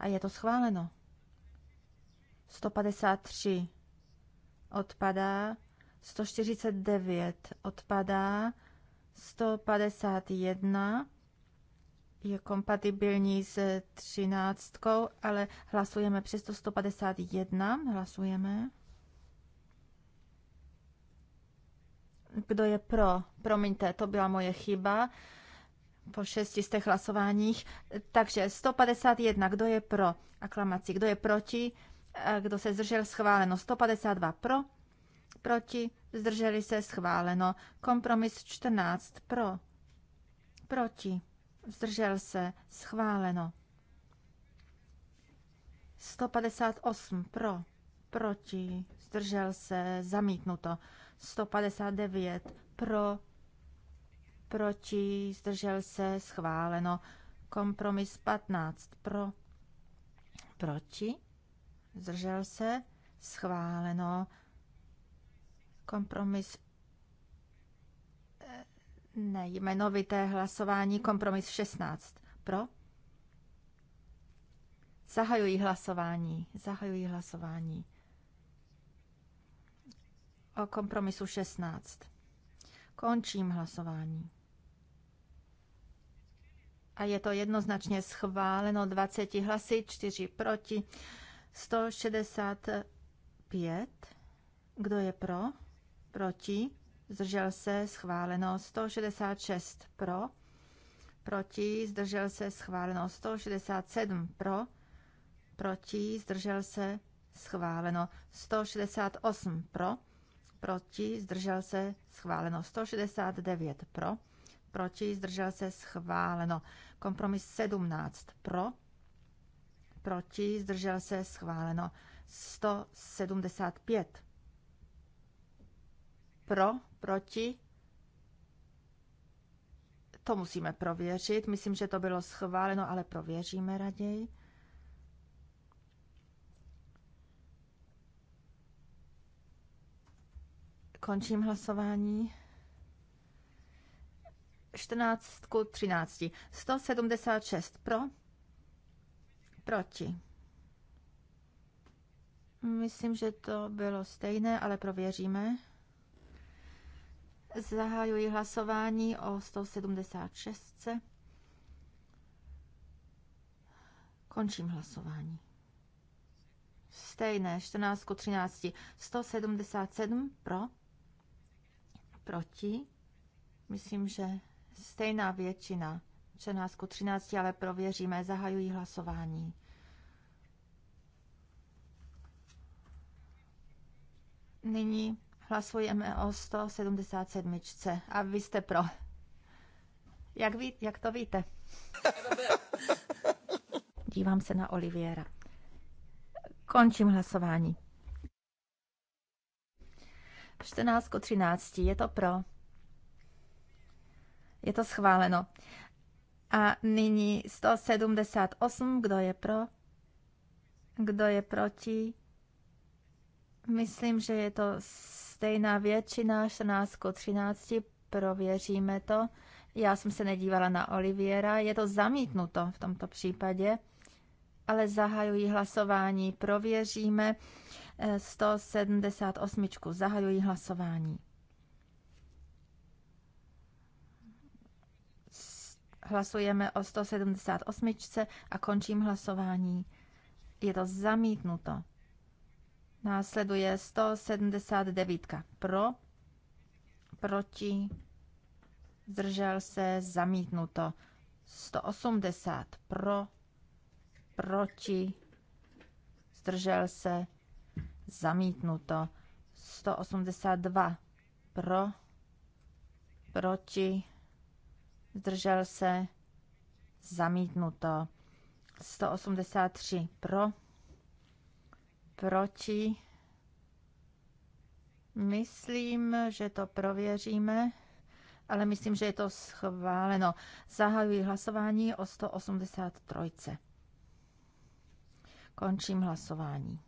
A je to schváleno. 153 odpadá, 149 odpadá, 151 je kompatibilní s 13, ale hlasujeme přes to 151. Hlasujeme. Kdo je pro? Promiňte, to byla moje chyba po šestistech hlasováních. Takže 151, kdo je pro aklamaci, kdo je proti, kdo se zdržel schváleno, 152 pro, proti, zdrželi se schváleno, kompromis 14 pro, proti, zdržel se schváleno, 158 pro, proti, zdržel se zamítnuto, 159 pro, proti, zdržel se, schváleno. Kompromis 15 pro, proti, zdržel se, schváleno. Kompromis eh, nejmenovité hlasování, kompromis 16 pro. Zahajují hlasování, zahajují hlasování o kompromisu 16. Končím hlasování a je to jednoznačně schváleno 20 hlasy, 4 proti, 165. Kdo je pro? Proti? Zdržel se? Schváleno 166 pro. Proti? Zdržel se? Schváleno 167 pro. Proti? Zdržel se? Schváleno 168 pro. Proti? Zdržel se? Schváleno 169 pro proti, zdržel se schváleno. Kompromis 17 pro, proti, zdržel se schváleno. 175 pro, proti, to musíme prověřit. Myslím, že to bylo schváleno, ale prověříme raději. Končím hlasování. 14 ku 13. 176 pro, proti. Myslím, že to bylo stejné, ale prověříme. Zahajuji hlasování o 176. Končím hlasování. Stejné, 14 ku 13. 177 pro, proti. Myslím, že Stejná většina, 13 13, ale prověříme, zahajují hlasování. Nyní hlasujeme o 177. A vy jste pro. Jak, ví, jak to víte? Dívám se na Oliviera. Končím hlasování. 14 13. Je to pro. Je to schváleno. A nyní 178, kdo je pro? Kdo je proti? Myslím, že je to stejná většina, 14 k 13, prověříme to. Já jsem se nedívala na Oliviera, je to zamítnuto v tomto případě, ale zahajují hlasování, prověříme 178. Eh, zahajují hlasování. Hlasujeme o 178 a končím hlasování. Je to zamítnuto. Následuje 179 pro, proti, zdržel se, zamítnuto. 180 pro, proti, zdržel se, zamítnuto. 182 pro, proti, zdržel se, zamítnuto. 183 pro, proti, myslím, že to prověříme, ale myslím, že je to schváleno. Zahajuji hlasování o 183. Končím hlasování.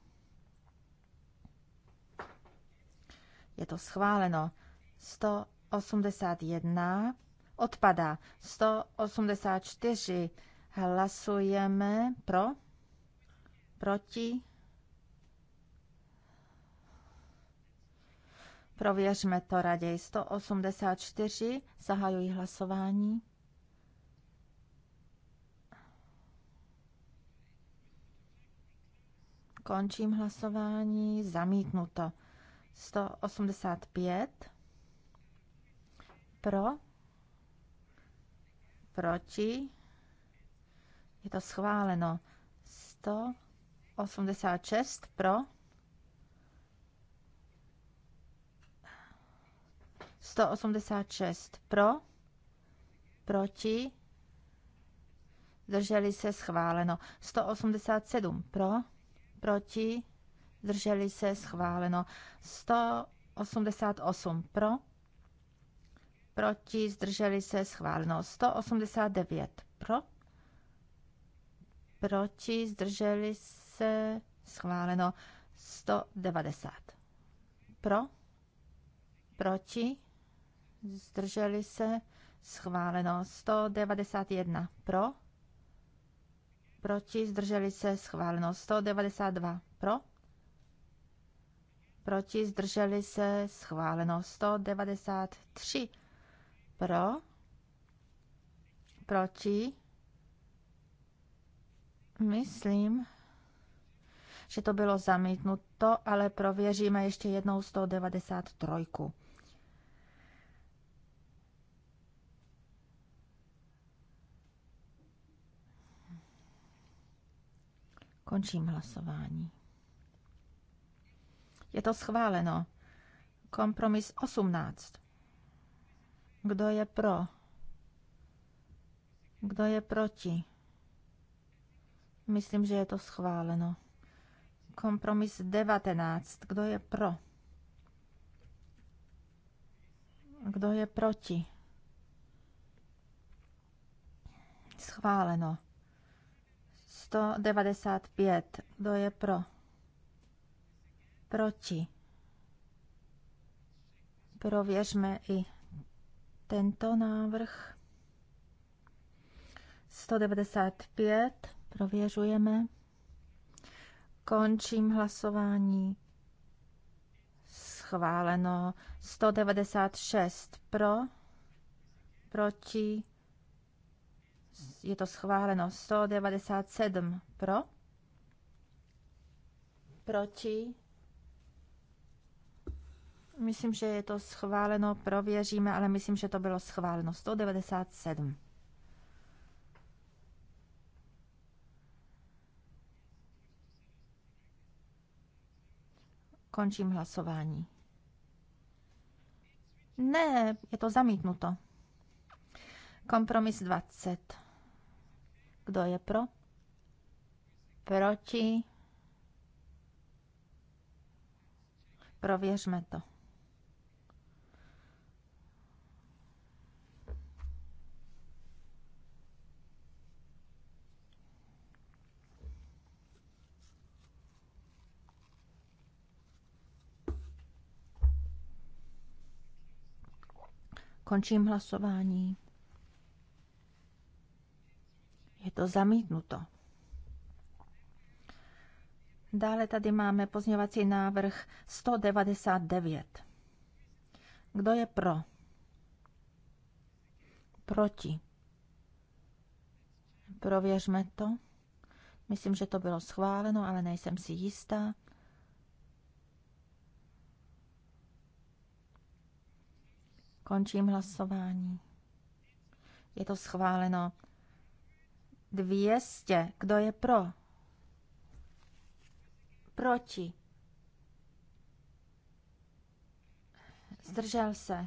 Je to schváleno. 181 odpadá. 184 hlasujeme pro, proti, Prověřme to raději. 184, zahajuji hlasování. Končím hlasování, zamítnuto. 185, pro, proti, je to schváleno. 186 pro, 186 pro, proti, zdrželi se schváleno. 187 pro, proti, zdrželi se schváleno. 188 pro, proti, zdrželi se, schváleno. 189 pro, proti, zdrželi se, schváleno. 190 pro, proti, zdrželi se, schváleno. 191 pro, proti, zdrželi se, schváleno. 192 pro, proti, zdrželi se, schváleno. 193 pro, proti. Myslím, že to bylo zamítnuto, ale prověříme ještě jednou 193. Končím hlasování. Je to schváleno. Kompromis 18. Kdo je pro? Kdo je proti? Myslím, že je to schváleno. Kompromis 19. Kdo je pro? Kdo je proti? Schváleno. 195. Kdo je pro? Proti. Prověřme i tento návrh. 195 prověřujeme. Končím hlasování. Schváleno 196 pro, proti, je to schváleno 197 pro, proti, Myslím, že je to schváleno, prověříme, ale myslím, že to bylo schváleno. 197. Končím hlasování. Ne, je to zamítnuto. Kompromis 20. Kdo je pro? Proti? Prověřme to. Končím hlasování. Je to zamítnuto. Dále tady máme pozměvací návrh 199. Kdo je pro? Proti. Prověřme to. Myslím, že to bylo schváleno, ale nejsem si jistá. Končím hlasování. Je to schváleno. 200. Kdo je pro? Proti. Zdržel se.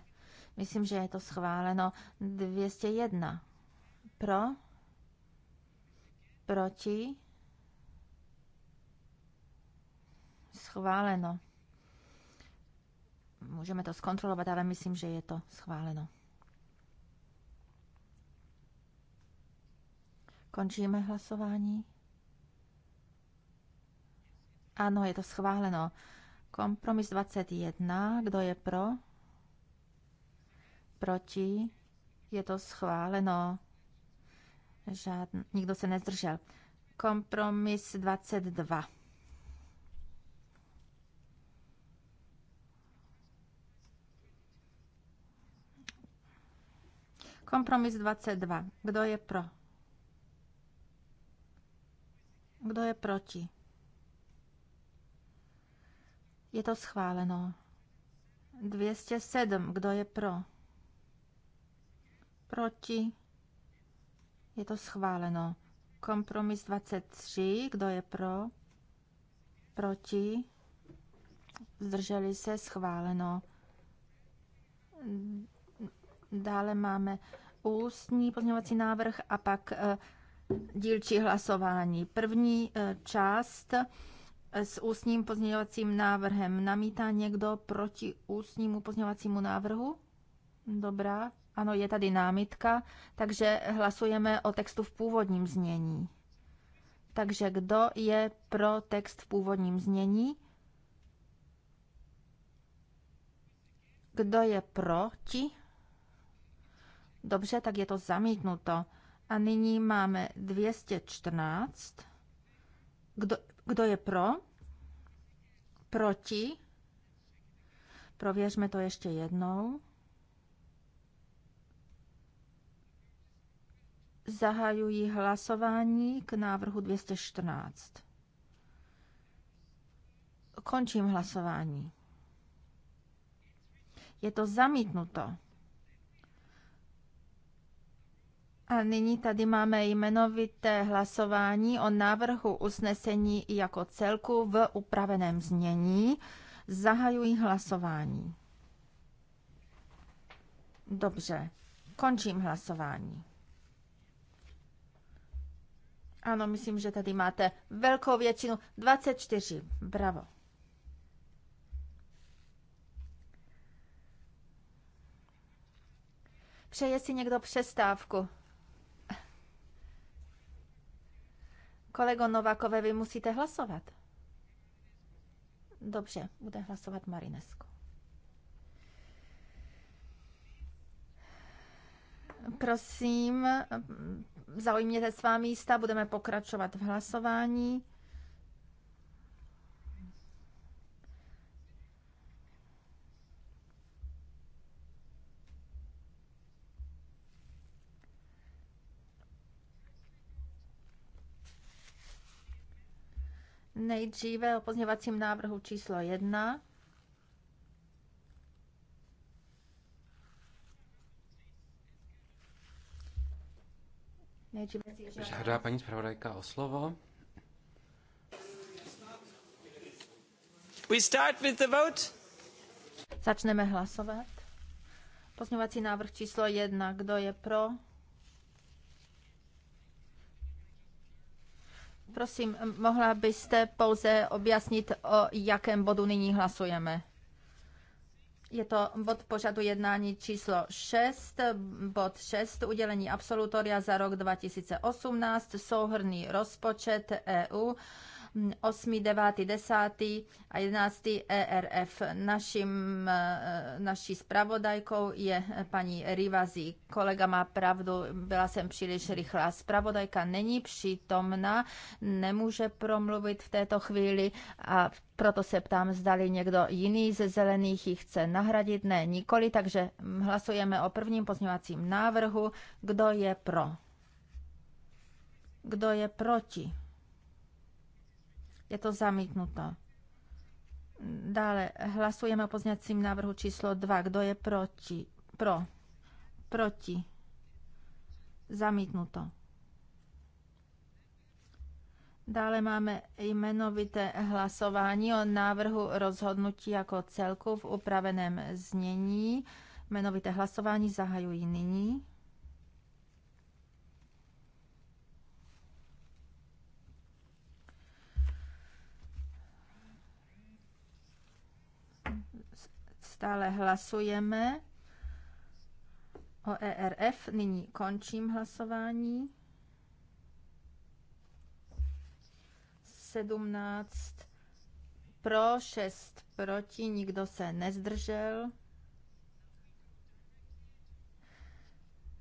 Myslím, že je to schváleno. 201. Pro? Proti? Schváleno. Můžeme to zkontrolovat, ale myslím, že je to schváleno. Končíme hlasování. Ano, je to schváleno. Kompromis 21. Kdo je pro? Proti? Je to schváleno. Žádný. Nikdo se nezdržel. Kompromis 22. Kompromis 22. Kdo je pro? Kdo je proti? Je to schváleno. 207. Kdo je pro? Proti? Je to schváleno. Kompromis 23. Kdo je pro? Proti? Zdrželi se? Schváleno. Dále máme ústní pozměňovací návrh a pak eh, dílčí hlasování. První eh, část eh, s ústním pozměňovacím návrhem. Namítá někdo proti ústnímu pozměňovacímu návrhu? Dobrá. Ano, je tady námitka, takže hlasujeme o textu v původním znění. Takže kdo je pro text v původním znění? Kdo je proti? Dobře, tak je to zamítnuto. A nyní máme 214. Kdo, kdo je pro? Proti? Prověřme to ještě jednou. Zahajuji hlasování k návrhu 214. Končím hlasování. Je to zamítnuto. A nyní tady máme jmenovité hlasování o návrhu usnesení jako celku v upraveném znění. Zahajuji hlasování. Dobře, končím hlasování. Ano, myslím, že tady máte velkou většinu. 24. Bravo. Přeje si někdo přestávku? Kolego Novakové, vy musíte hlasovat. Dobře, bude hlasovat Marinesko. Prosím, zaujměte svá místa, budeme pokračovat v hlasování. Nejdříve o pozměvacím návrhu číslo 1. Žádá paní zpravodajka o slovo. We start with the vote. Začneme hlasovat. Pozměňovací návrh číslo 1. Kdo je pro? Prosím, mohla byste pouze objasnit, o jakém bodu nyní hlasujeme? Je to bod pořadu jednání číslo 6, bod 6, udělení absolutoria za rok 2018, souhrný rozpočet EU. 8., 9., 10. a 11. ERF. Naším, eh, naší spravodajkou je paní Rivazi. Kolega má pravdu, byla jsem příliš rychlá. Spravodajka není přítomna, nemůže promluvit v této chvíli a proto se ptám, zdali někdo jiný ze zelených ji chce nahradit. Ne, nikoli, takže hlasujeme o prvním pozměňovacím návrhu. Kdo je pro? Kdo je proti? Je to zamítnuto. Dále hlasujeme o pozněcím návrhu číslo 2. Kdo je proti? Pro. Proti. Zamítnuto. Dále máme jmenovité hlasování o návrhu rozhodnutí jako celku v upraveném znění. Jmenovité hlasování zahajuji nyní. Stále hlasujeme o ERF. Nyní končím hlasování. 17 pro, 6 proti, nikdo se nezdržel.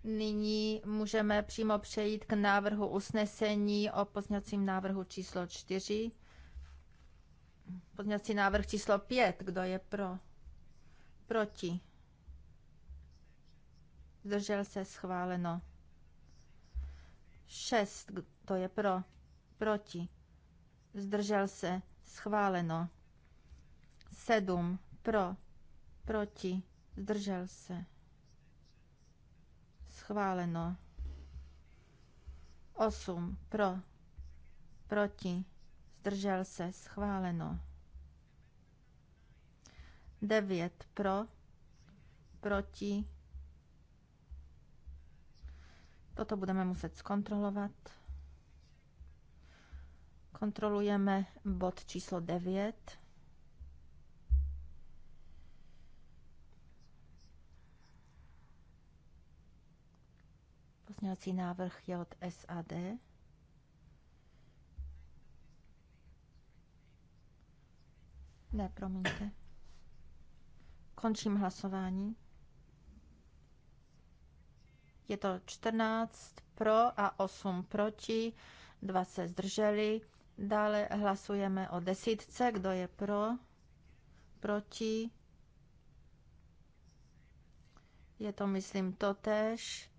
Nyní můžeme přímo přejít k návrhu usnesení o pozněcím návrhu číslo 4. Pozněcí návrh číslo 5. Kdo je pro? Proti. Zdržel se schváleno. 6. To je pro. Proti. Zdržel se schváleno. 7. Pro. Proti. Zdržel se. Schváleno. 8. Pro. Proti. Zdržel se. Schváleno. 9 pro, proti. Toto budeme muset zkontrolovat. Kontrolujeme bod číslo 9. Pozměňovací návrh je od SAD. Ne, promiňte. Končím hlasování. Je to 14 pro a 8 proti, 2 se zdrželi. Dále hlasujeme o desítce, kdo je pro, proti. Je to, myslím, totéž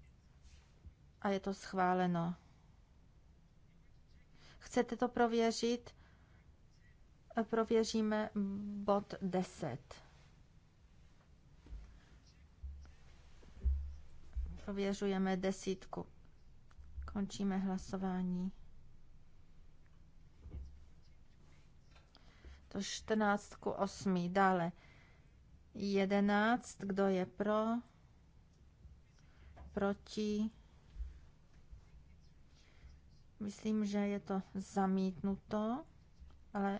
a je to schváleno. Chcete to prověřit? Prověříme bod 10. Prověřujeme desítku. Končíme hlasování. To čtrnáctku osmi, Dále jedenáct, Kdo je pro? Proti? Myslím, že je to zamítnuto, ale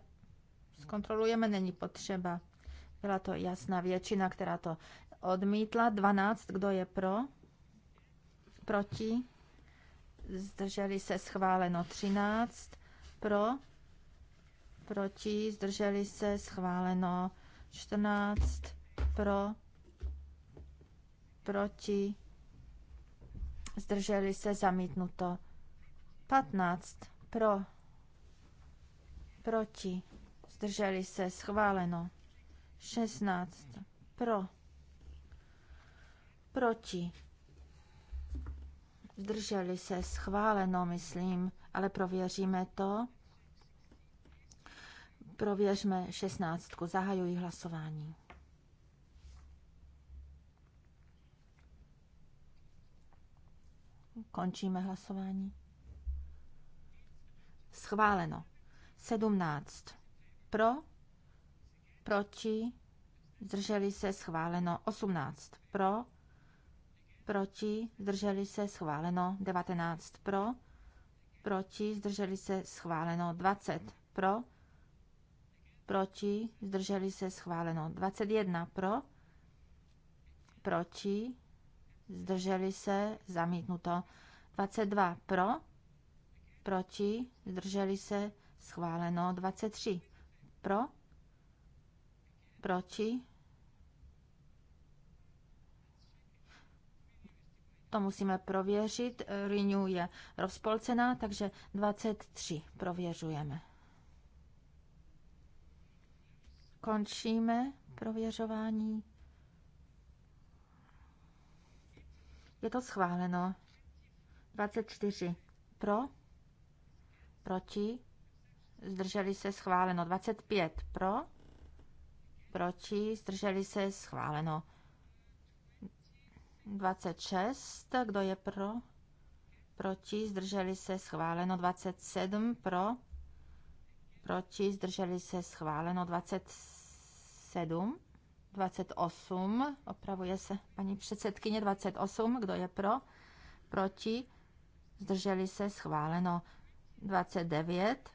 zkontrolujeme, není potřeba. Byla to jasná většina, která to odmítla. 12, kdo je pro? proti, zdrželi se schváleno 13, pro, proti, zdrželi se schváleno 14, pro, proti, zdrželi se zamítnuto 15, pro, proti, zdrželi se schváleno 16, pro, proti, Zdrželi se schváleno, myslím, ale prověříme to. Prověřme šestnáctku. Zahajuji hlasování. Končíme hlasování. Schváleno. Sedmnáct. Pro, proti, zdrželi se, schváleno. Osmnáct. Pro, proti, zdrželi se, schváleno 19 pro, proti, zdrželi se, schváleno 20 pro, proti, zdrželi se, schváleno 21 pro, proti, zdrželi se, zamítnuto 22 pro, proti, zdrželi se, schváleno 23 pro, proti, To musíme prověřit. Renew je rozpolcená, takže 23 prověřujeme. Končíme prověřování. Je to schváleno. 24 pro, proti, zdrželi se schváleno. 25 pro, proti, zdrželi se schváleno. 26, kdo je pro? Proti, zdrželi se, schváleno. 27 pro, proti, zdrželi se, schváleno. 27, 28, opravuje se paní předsedkyně, 28, kdo je pro? Proti, zdrželi se, schváleno. 29,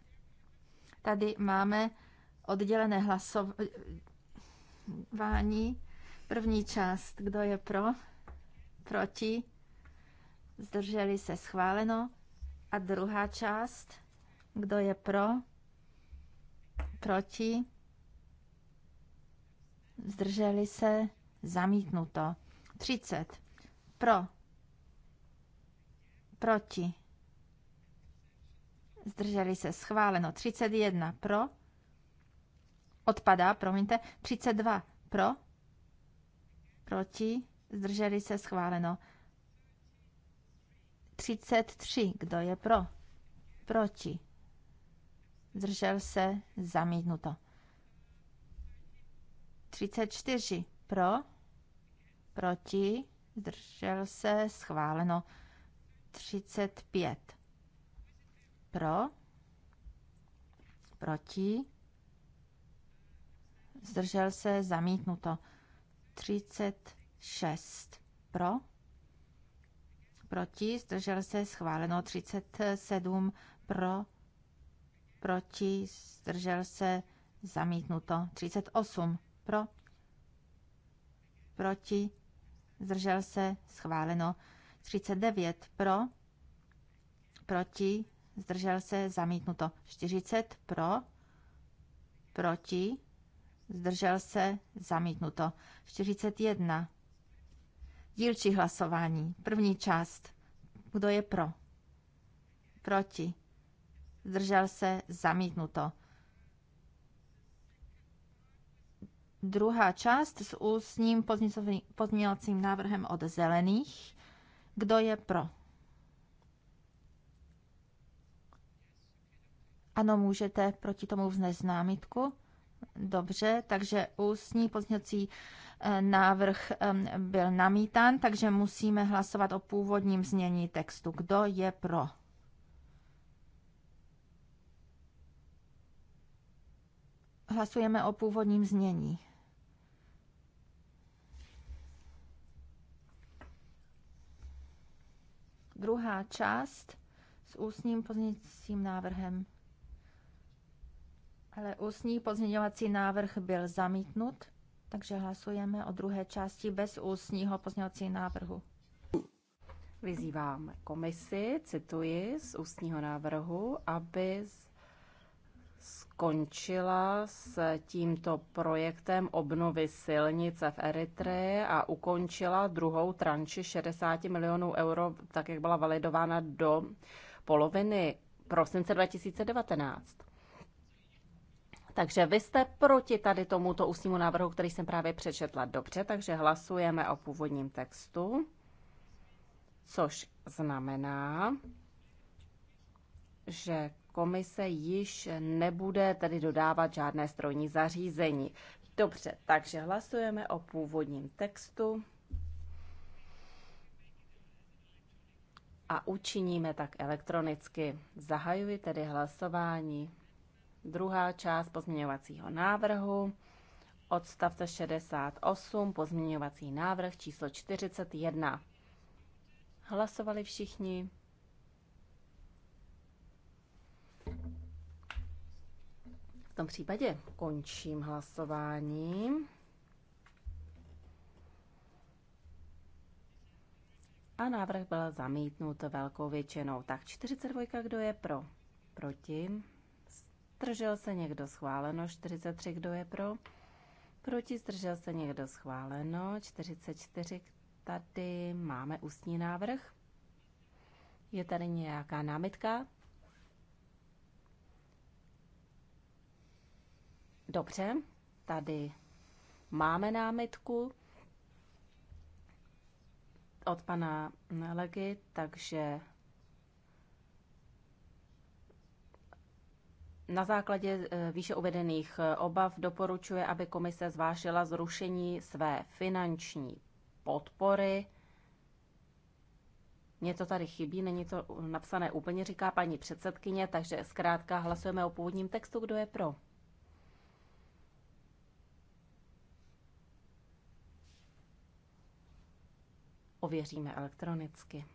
tady máme oddělené hlasování. První část, kdo je pro, proti, zdrželi se schváleno. A druhá část, kdo je pro, proti, zdrželi se zamítnuto. 30. Pro, proti, zdrželi se schváleno. 31. Pro, odpadá, promiňte, 32. Pro, proti, zdrželi se schváleno. 33, kdo je pro? Proti. Zdržel se zamítnuto. 34, pro? Proti. Zdržel se schváleno. 35, pro? Proti. Zdržel se zamítnuto. 36 6 pro, proti, zdržel se schváleno 37 pro, proti, zdržel se zamítnuto 38 pro, proti, zdržel se schváleno 39 pro, proti, zdržel se zamítnuto 40 pro, proti, zdržel se zamítnuto 41 Dílčí hlasování. První část. Kdo je pro? Proti. Zdržel se zamítnuto. Druhá část s ústním pozměňovacím návrhem od zelených. Kdo je pro? Ano, můžete proti tomu vznést námitku. Dobře, takže ústní pozměňovací návrh byl namítán, takže musíme hlasovat o původním znění textu. Kdo je pro? Hlasujeme o původním znění. Druhá část s ústním pozměňovacím návrhem. Ale ústní pozměňovací návrh byl zamítnut. Takže hlasujeme o druhé části bez ústního pozměňovacího návrhu. Vyzývám komisi, cituji z ústního návrhu, aby skončila s tímto projektem obnovy silnice v Eritreji a ukončila druhou tranši 60 milionů euro, tak jak byla validována do poloviny prosince 2019. Takže vy jste proti tady tomuto ústnímu návrhu, který jsem právě přečetla. Dobře, takže hlasujeme o původním textu, což znamená, že komise již nebude tedy dodávat žádné strojní zařízení. Dobře, takže hlasujeme o původním textu a učiníme tak elektronicky. Zahajuji tedy hlasování. Druhá část pozměňovacího návrhu, odstavce 68, pozměňovací návrh číslo 41. Hlasovali všichni. V tom případě končím hlasování. A návrh byl zamítnut velkou většinou. Tak 42, kdo je pro? Proti? Zdržel se někdo schváleno 43, kdo je pro? Proti zdržel se někdo schváleno 44, tady máme ústní návrh. Je tady nějaká námitka? Dobře, tady máme námitku od pana Legy, takže na základě eh, výše uvedených eh, obav doporučuje, aby komise zvážila zrušení své finanční podpory. Mně to tady chybí, není to napsané úplně, říká paní předsedkyně, takže zkrátka hlasujeme o původním textu, kdo je pro. Ověříme elektronicky.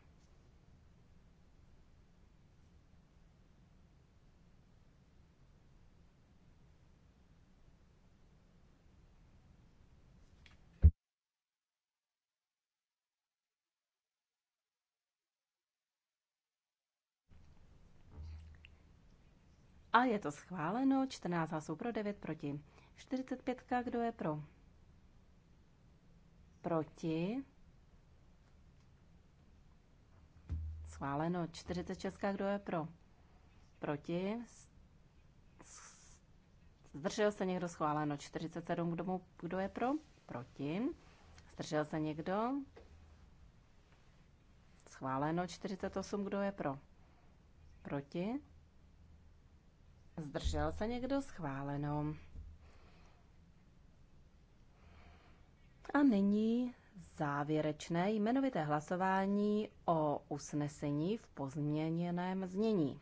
A je to schváleno, 14 hlasů pro, 9 proti. 45, kdo je pro? Proti. Schváleno, 46, kdo je pro? Proti. Zdržel se někdo schváleno, 47, kdo, mu, kdo je pro? Proti. Zdržel se někdo? Schváleno, 48, kdo je pro? Proti. Zdržel se někdo? Schváleno. A nyní závěrečné jmenovité hlasování o usnesení v pozměněném znění.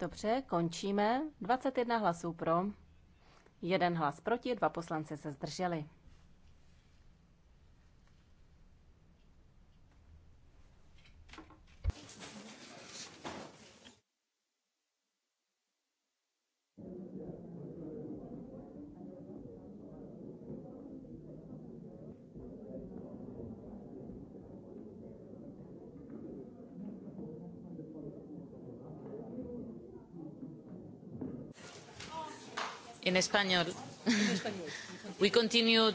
Dobře, končíme. 21 hlasů pro, jeden hlas proti, dva poslanci se zdrželi. En español. We continue.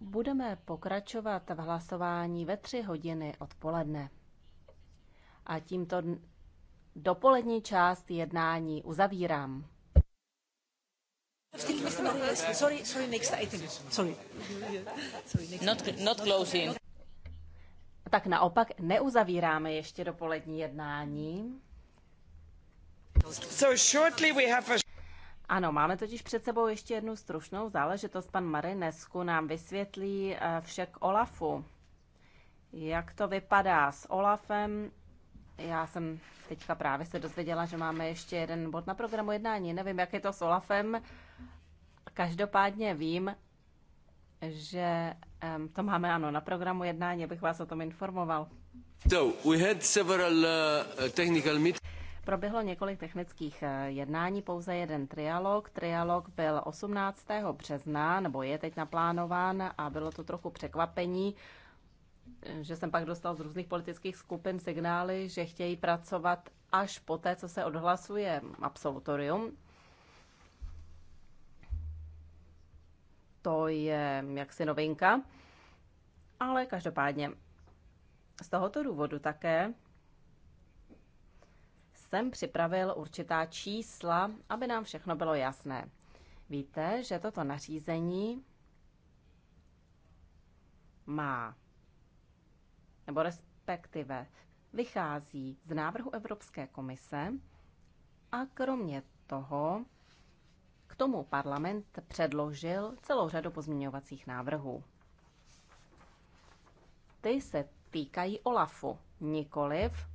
Budeme pokračovat v hlasování ve tři hodiny odpoledne. A tímto dopolední část jednání uzavírám. Sorry, sorry, sorry not, closing. Tak naopak neuzavíráme ještě dopolední jednání. So shortly we have a ano, máme totiž před sebou ještě jednu stručnou záležitost. Pan Marinesku nám vysvětlí eh, však Olafu. Jak to vypadá s Olafem? Já jsem teďka právě se dozvěděla, že máme ještě jeden bod na programu jednání. Nevím, jak je to s Olafem. Každopádně vím, že um, to máme ano na programu jednání, abych vás o tom informoval. So, we had several uh, technical meetings proběhlo několik technických eh, jednání, pouze jeden trialog. Trialog byl 18. března, nebo je teď naplánován a bylo to trochu překvapení, eh, že jsem pak dostal z různých politických skupin signály, že chtějí pracovat až po té, co se odhlasuje absolutorium. To je jaksi novinka, ale každopádně z tohoto důvodu také jsem připravil určitá čísla, aby nám všechno bylo jasné. Víte, že toto nařízení má, nebo respektive vychází z návrhu Evropské komise a kromě toho k tomu parlament předložil celou řadu pozměňovacích návrhů. Ty se týkají OLAFu, nikoliv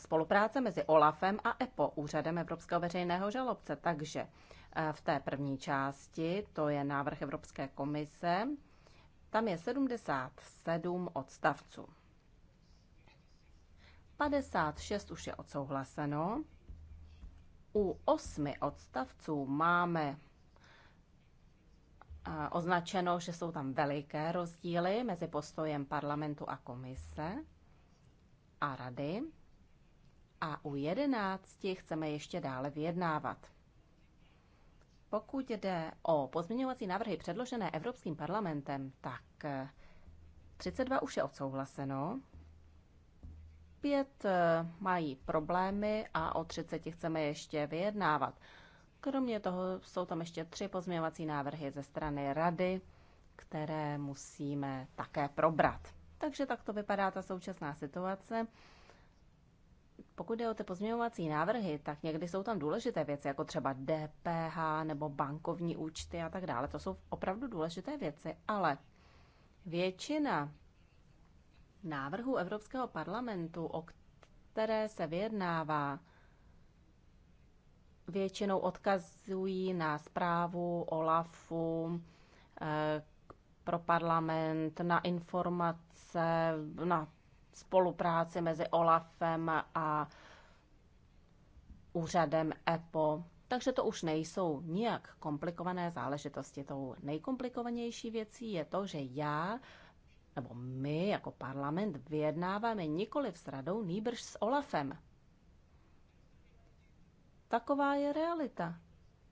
spolupráce mezi OLAFem a EPO, Úřadem Evropského veřejného žalobce. Takže eh, v té první části, to je návrh Evropské komise, tam je 77 odstavců. 56 už je odsouhlaseno. U osmi odstavců máme eh, označeno, že jsou tam veliké rozdíly mezi postojem parlamentu a komise a rady a u jedenácti chceme ještě dále vyjednávat. Pokud jde o pozměňovací návrhy předložené Evropským parlamentem, tak 32 eh, už je odsouhlaseno, 5 eh, mají problémy a o 30 chceme ještě vyjednávat. Kromě toho jsou tam ještě tři pozměňovací návrhy ze strany rady, které musíme také probrat. Takže tak to vypadá ta současná situace. Pokud jde o ty pozměňovací návrhy, tak někdy jsou tam důležité věci, jako třeba DPH nebo bankovní účty a tak dále. To jsou opravdu důležité věci, ale většina návrhů Evropského parlamentu, o které se vyjednává, většinou odkazují na zprávu OLAFu eh, pro parlament, na informace, na spolupráci mezi OLAFem a úřadem EPO. Takže to už nejsou nijak komplikované záležitosti. Tou nejkomplikovanější věcí je to, že já nebo my jako parlament vyjednáváme nikoli s radou, nýbrž s Olafem. Taková je realita,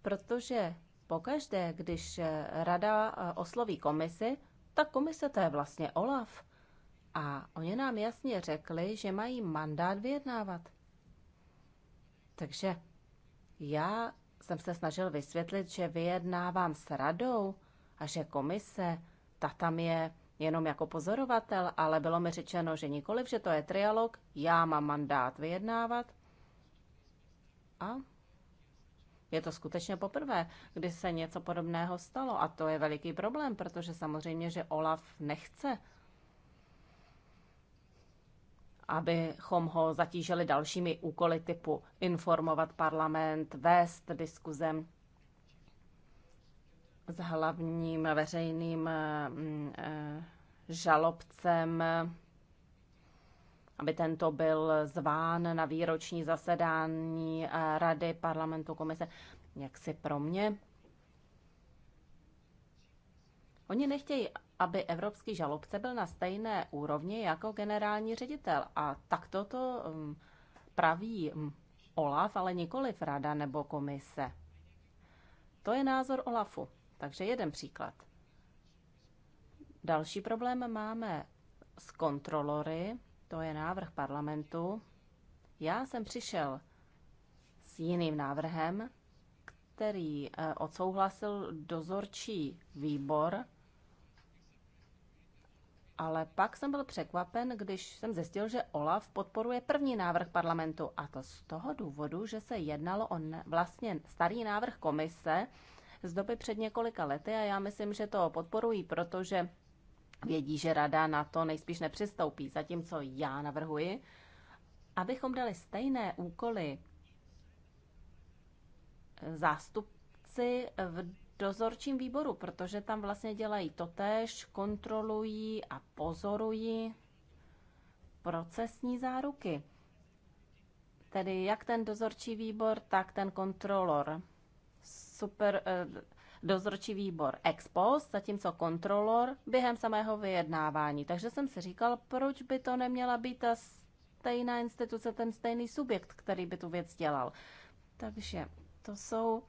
protože pokaždé, když rada eh, osloví komisi, tak komise to je vlastně Olaf. A oni nám jasně řekli, že mají mandát vyjednávat. Takže já jsem se snažil vysvětlit, že vyjednávám s radou a že komise, ta tam je jenom jako pozorovatel, ale bylo mi řečeno, že nikoliv, že to je trialog, já mám mandát vyjednávat. A je to skutečně poprvé, kdy se něco podobného stalo a to je veliký problém, protože samozřejmě, že Olaf nechce abychom ho zatížili dalšími úkoly typu informovat parlament, vést diskuze s hlavním veřejným eh, mm, eh, žalobcem, aby tento byl zván na výroční zasedání eh, Rady parlamentu komise. Jak si pro mě Oni nechtějí, aby evropský žalobce byl na stejné úrovni jako generální ředitel. A tak to um, praví um, Olaf, ale nikoliv rada nebo komise. To je názor Olafu. Takže jeden příklad. Další problém máme s kontrolory, to je návrh parlamentu. Já jsem přišel s jiným návrhem, který eh, odsouhlasil dozorčí výbor ale pak jsem byl překvapen, když jsem zjistil, že OLAF podporuje první návrh parlamentu a to z toho důvodu, že se jednalo o vlastně starý návrh komise z doby před několika lety a já myslím, že to podporují, protože vědí, že rada na to nejspíš nepřistoupí, zatímco já navrhuji, abychom dali stejné úkoly zástupci v dozorčím výboru, protože tam vlastně dělají totéž, kontrolují a pozorují procesní záruky. Tedy jak ten dozorčí výbor, tak ten kontrolor. Super, eh, dozorčí výbor ex post, zatímco kontrolor během samého vyjednávání. Takže jsem si říkal, proč by to neměla být ta stejná instituce, ten stejný subjekt, který by tu věc dělal. Takže to jsou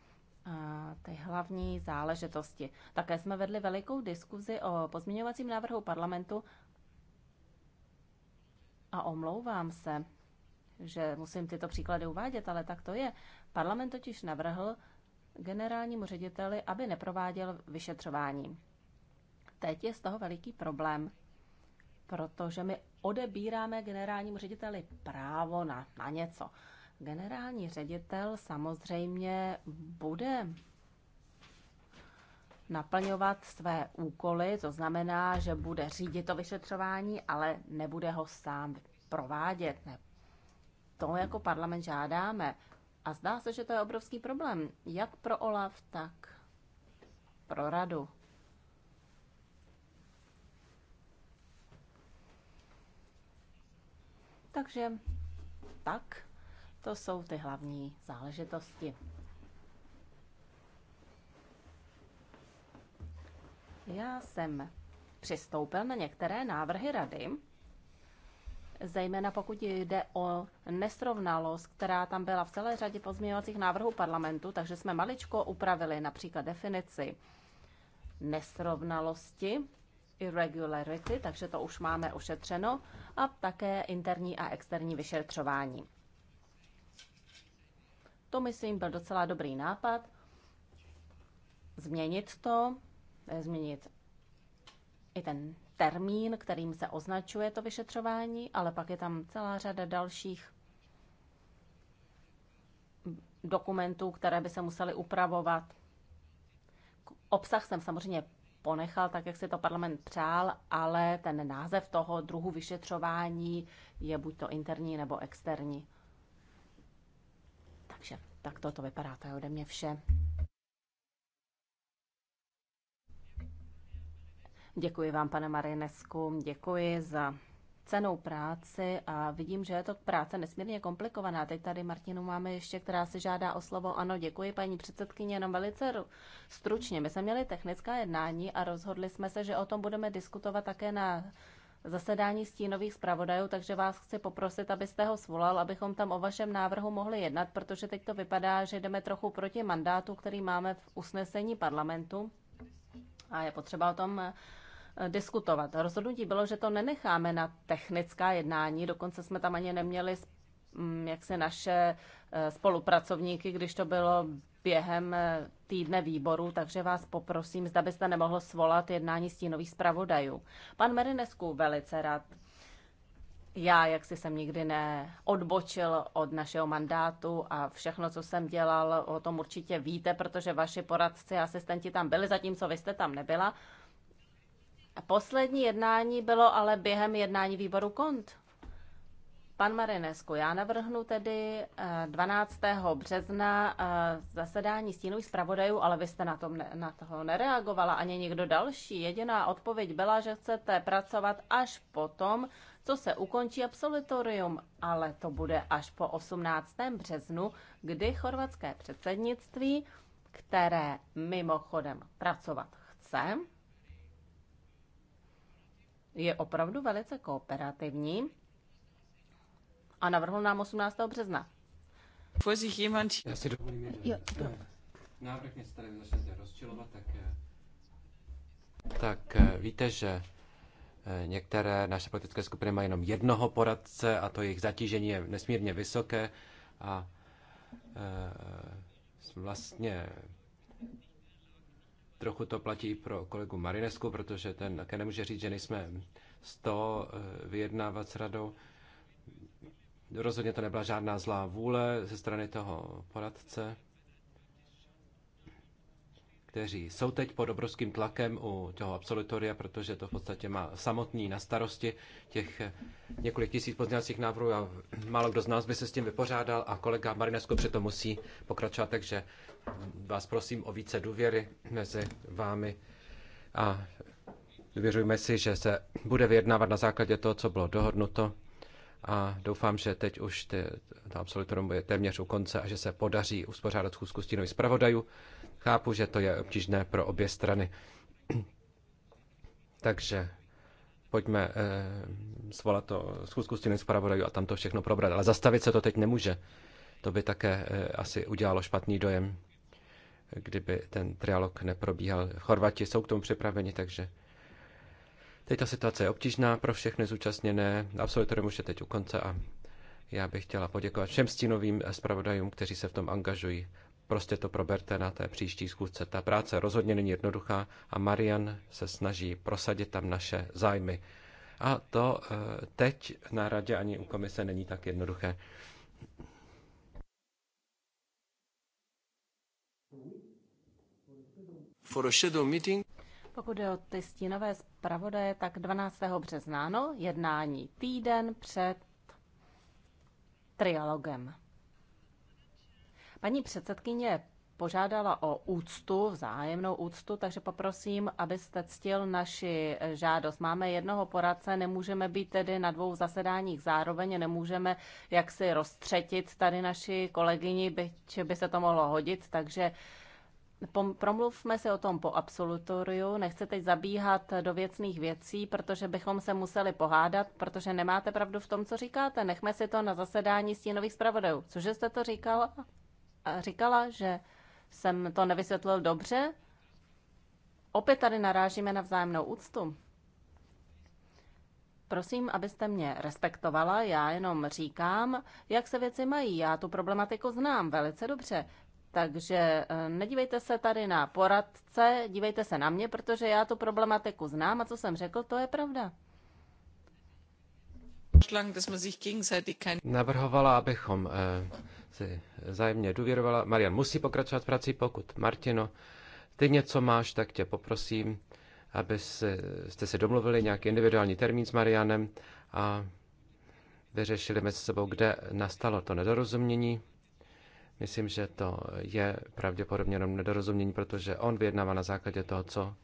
ty hlavní záležitosti. Také jsme vedli velikou diskuzi o pozměňovacím návrhu parlamentu a omlouvám se, že musím tyto příklady uvádět, ale tak to je. Parlament totiž navrhl generálnímu řediteli, aby neprováděl vyšetřování. Teď je z toho veliký problém, protože my odebíráme generálnímu řediteli právo na, na něco. Generální ředitel samozřejmě bude naplňovat své úkoly, to znamená, že bude řídit to vyšetřování, ale nebude ho sám provádět. Ne. To jako parlament žádáme. A zdá se, že to je obrovský problém, jak pro OLAF, tak pro radu. Takže tak to jsou ty hlavní záležitosti. Já jsem přistoupil na některé návrhy rady, zejména pokud jde o nesrovnalost, která tam byla v celé řadě pozměňovacích návrhů parlamentu, takže jsme maličko upravili například definici nesrovnalosti, irregularity, takže to už máme ošetřeno, a také interní a externí vyšetřování. To, myslím, byl docela dobrý nápad. Změnit to, eh, změnit i ten termín, kterým se označuje to vyšetřování, ale pak je tam celá řada dalších dokumentů, které by se musely upravovat. Obsah jsem samozřejmě ponechal tak, jak si to parlament přál, ale ten název toho druhu vyšetřování je buď to interní nebo externí. Tak toto vypadá, to je ode mě vše. Děkuji vám, pane Marinesku, děkuji za cenou práci a vidím, že je to práce nesmírně komplikovaná. Teď tady Martinu máme ještě, která si žádá o slovo. Ano, děkuji paní předsedkyně, jenom velice stručně. My jsme měli technická jednání a rozhodli jsme se, že o tom budeme diskutovat také na zasedání stínových zpravodajů, takže vás chci poprosit, abyste ho svolal, abychom tam o vašem návrhu mohli jednat, protože teď to vypadá, že jdeme trochu proti mandátu, který máme v usnesení parlamentu a je potřeba o tom eh, diskutovat. Rozhodnutí bylo, že to nenecháme na technická jednání, dokonce jsme tam ani neměli mm, jak se naše eh, spolupracovníky, když to bylo během eh, týdne výboru, takže vás poprosím, zda byste nemohl svolat jednání stínových zpravodajů. Pan Merinesku velice rád. Já, jak si jsem nikdy neodbočil od našeho mandátu a všechno, co jsem dělal, o tom určitě víte, protože vaši poradci a asistenti tam byli, zatímco vy jste tam nebyla. Poslední jednání bylo ale během jednání výboru KONT. Pan Marinesko, já navrhnu tedy 12. Eh, března eh, zasedání stínových zpravodajů, ale vy jste na, tom, na toho nereagovala ani někdo další. Jediná odpověď byla, že chcete pracovat až potom, co se ukončí absolutorium, ale to bude až po 18. březnu, kdy chorvatské předsednictví, které mimochodem pracovat chce, je opravdu velice kooperativní, a navrhl nám 18. března. Já si dovolím jeden. Jo, Návrh mě tady začnete rozčilovat, tak... Eh, tak eh, víte, že eh, některé naše politické skupiny mají jenom jednoho poradce a to jejich zatížení je nesmírně vysoké a vlastně trochu to platí i pro kolegu Marinesku, protože ten také nemůže říct, že nejsme 100 vyjednávat s radou. Rozhodně to nebyla žádná zlá vůle ze strany toho poradce, kteří jsou teď pod obrovským tlakem u toho absolutoria, protože to v podstatě má samotný na starosti těch několik tisíc pozdějacích návrhů a málo kdo z nás by se s tím vypořádal a kolega Marinesko přitom musí pokračovat, takže vás prosím o více důvěry mezi vámi a důvěřujme si, že se bude vyjednávat na základě toho, co bylo dohodnuto a doufám, že teď už ty, ta absolutorum je téměř u konce a že se podaří uspořádat schůzku stínových zpravodajů. Chápu, že to je obtížné pro obě strany. Takže pojďme eh, svolat to schůzku stínových zpravodajů a tam to všechno probrat. Ale zastavit se to teď nemůže. To by také eh, asi udělalo špatný dojem, kdyby ten trialog neprobíhal. Chorvati jsou k tomu připraveni, takže Teď ta situace je obtížná pro všechny zúčastněné. Absolutorium už je teď u konce a já bych chtěla poděkovat všem stínovým zpravodajům, kteří se v tom angažují. Prostě to proberte na té příští schůzce. Ta práce rozhodně není jednoduchá a Marian se snaží prosadit tam naše zájmy. A to eh, teď na radě ani u komise není tak jednoduché. For a shadow meeting. Pokud je o ty stínové zpravodaje, tak 12. března, no, jednání týden před trialogem. Paní předsedkyně požádala o úctu, vzájemnou úctu, takže poprosím, abyste ctil naši žádost. Máme jednoho poradce, nemůžeme být tedy na dvou zasedáních zároveň, nemůžeme jaksi roztřetit tady naši kolegyni, byť by se to mohlo hodit, takže Promluvme se o tom po absolutoriu. Nechci teď zabíhat do věcných věcí, protože bychom se museli pohádat, protože nemáte pravdu v tom, co říkáte. Nechme si to na zasedání stínových zpravodajů. Cože jste to říkala? Říkala, že jsem to nevysvětlil dobře? Opět tady narážíme na vzájemnou úctu. Prosím, abyste mě respektovala, já jenom říkám, jak se věci mají. Já tu problematiku znám velice dobře. Takže eh, nedívejte se tady na poradce, dívejte se na mě, protože já tu problematiku znám a co jsem řekl, to je pravda. Navrhovala, abychom eh, si zájemně důvěrovala. Marian musí pokračovat v práci, pokud Martino, ty něco máš, tak tě poprosím, abyste se domluvili nějaký individuální termín s Marianem a vyřešili mezi sebou, kde nastalo to nedorozumění. Myslím, že to je pravděpodobně jenom nedorozumění, protože on vyjednává na základě toho, co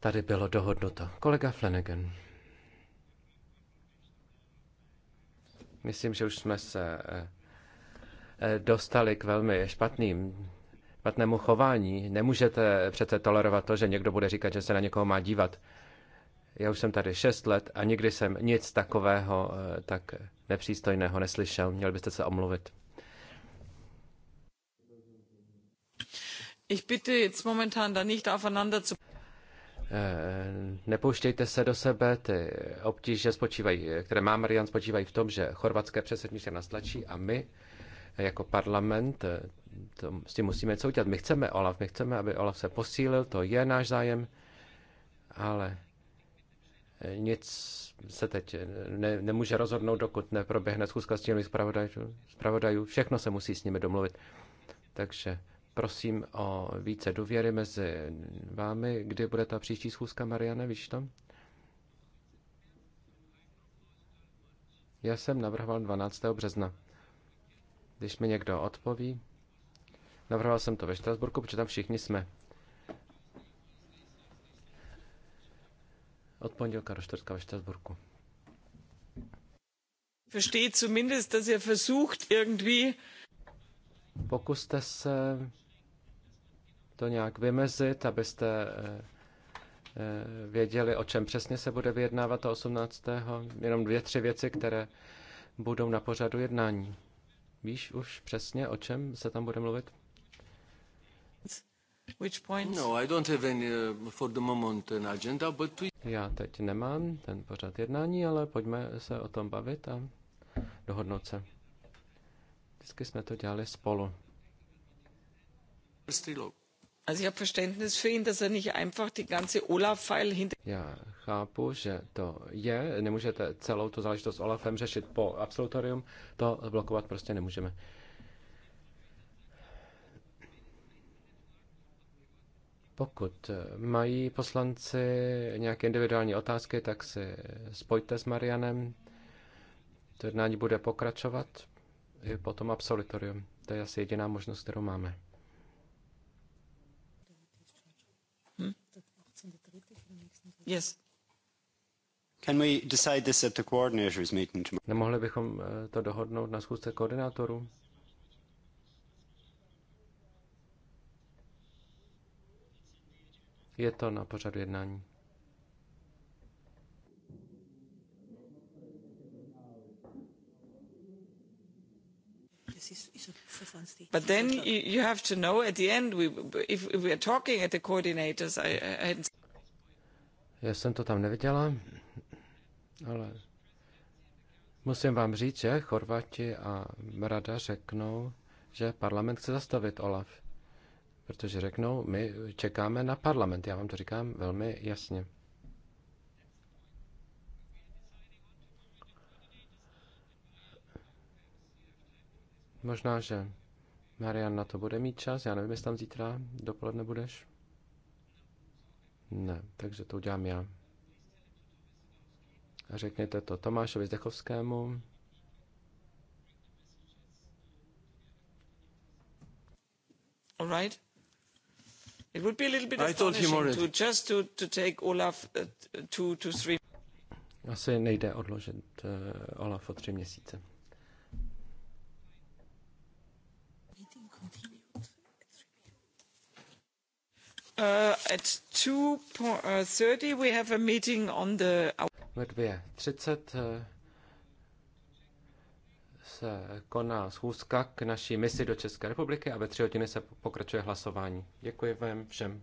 tady bylo dohodnuto. Kolega Flanagan. Myslím, že už jsme se eh, eh, dostali k velmi špatným, špatnému chování. Nemůžete přece tolerovat to, že někdo bude říkat, že se na někoho má dívat. Já už jsem tady šest let a nikdy jsem nic takového eh, tak nepřístojného neslyšel. Měl byste se omluvit. Ich bitte jetzt momentan da nicht aufeinander zu eh, nepouštějte se do sebe, ty obtíže spočívají, které má Marian, spočívají v tom, že chorvatské předsednictví nás tlačí a my eh, jako parlament eh, to, s tím musíme co udělat. My chceme Olaf, my chceme, aby Olaf se posílil, to je náš zájem, ale nic se teď ne, nemůže rozhodnout, dokud neproběhne schůzka s těmi zpravodajů. Všechno se musí s nimi domluvit. Takže prosím o více důvěry mezi vámi. Kdy bude ta příští schůzka, Mariane, víš to? Já jsem navrhoval 12. března. Když mi někdo odpoví, navrhoval jsem to ve Štrasburku, protože tam všichni jsme. Od pondělka do čtvrtka ve Štrasburku. Verstehe zumindest, dass ihr versucht, irgendwie Pokuste se to nějak vymezit, abyste eh, eh, věděli, o čem přesně se bude vyjednávat 18. Jenom dvě, tři věci, které budou na pořadu jednání. Víš už přesně, o čem se tam bude mluvit? No, uh, Já teď nemám ten pořad jednání, ale pojďme se o tom bavit a dohodnout se. Vždycky jsme to dělali spolu. Strilog. Er Já chápu, že to je, nemůžete celou tu záležitost s Olafem řešit po absolutorium, to blokovat prostě nemůžeme. Pokud mají poslanci nějaké individuální otázky, tak si spojte s Marianem. To jednání bude pokračovat i potom absolutorium. To je asi jediná možnost, kterou máme. Yes. Can we decide this at the coordinators meeting tomorrow? Nemohli bychom eh, to dohodnout na schůzce koordinátorů? Je to na pořadu jednání. But then you have to know at the end, we, if we are talking at the coordinators, I, I hadn't... Já jsem to tam neviděla, ale musím vám říct, že Chorvati a Rada řeknou, že parlament chce zastavit OLAF. Protože řeknou, my čekáme na parlament. Já vám to říkám velmi jasně. Možná, že Marian na to bude mít čas. Já nevím, jestli tam zítra dopoledne budeš. Ne, takže to udělám já. A řekněte to Tomášovi Zdechovskému. All right. It would be a little bit astonishing to just to, to take Olaf uh, two to three. Asi nejde odložit uh, Olaf o tři měsíce. 2.30 uh, uh, Ve 2.30 eh, se koná schůzka k naší misi do České republiky a ve 3 hodiny se pokračuje hlasování. Děkuji vám všem.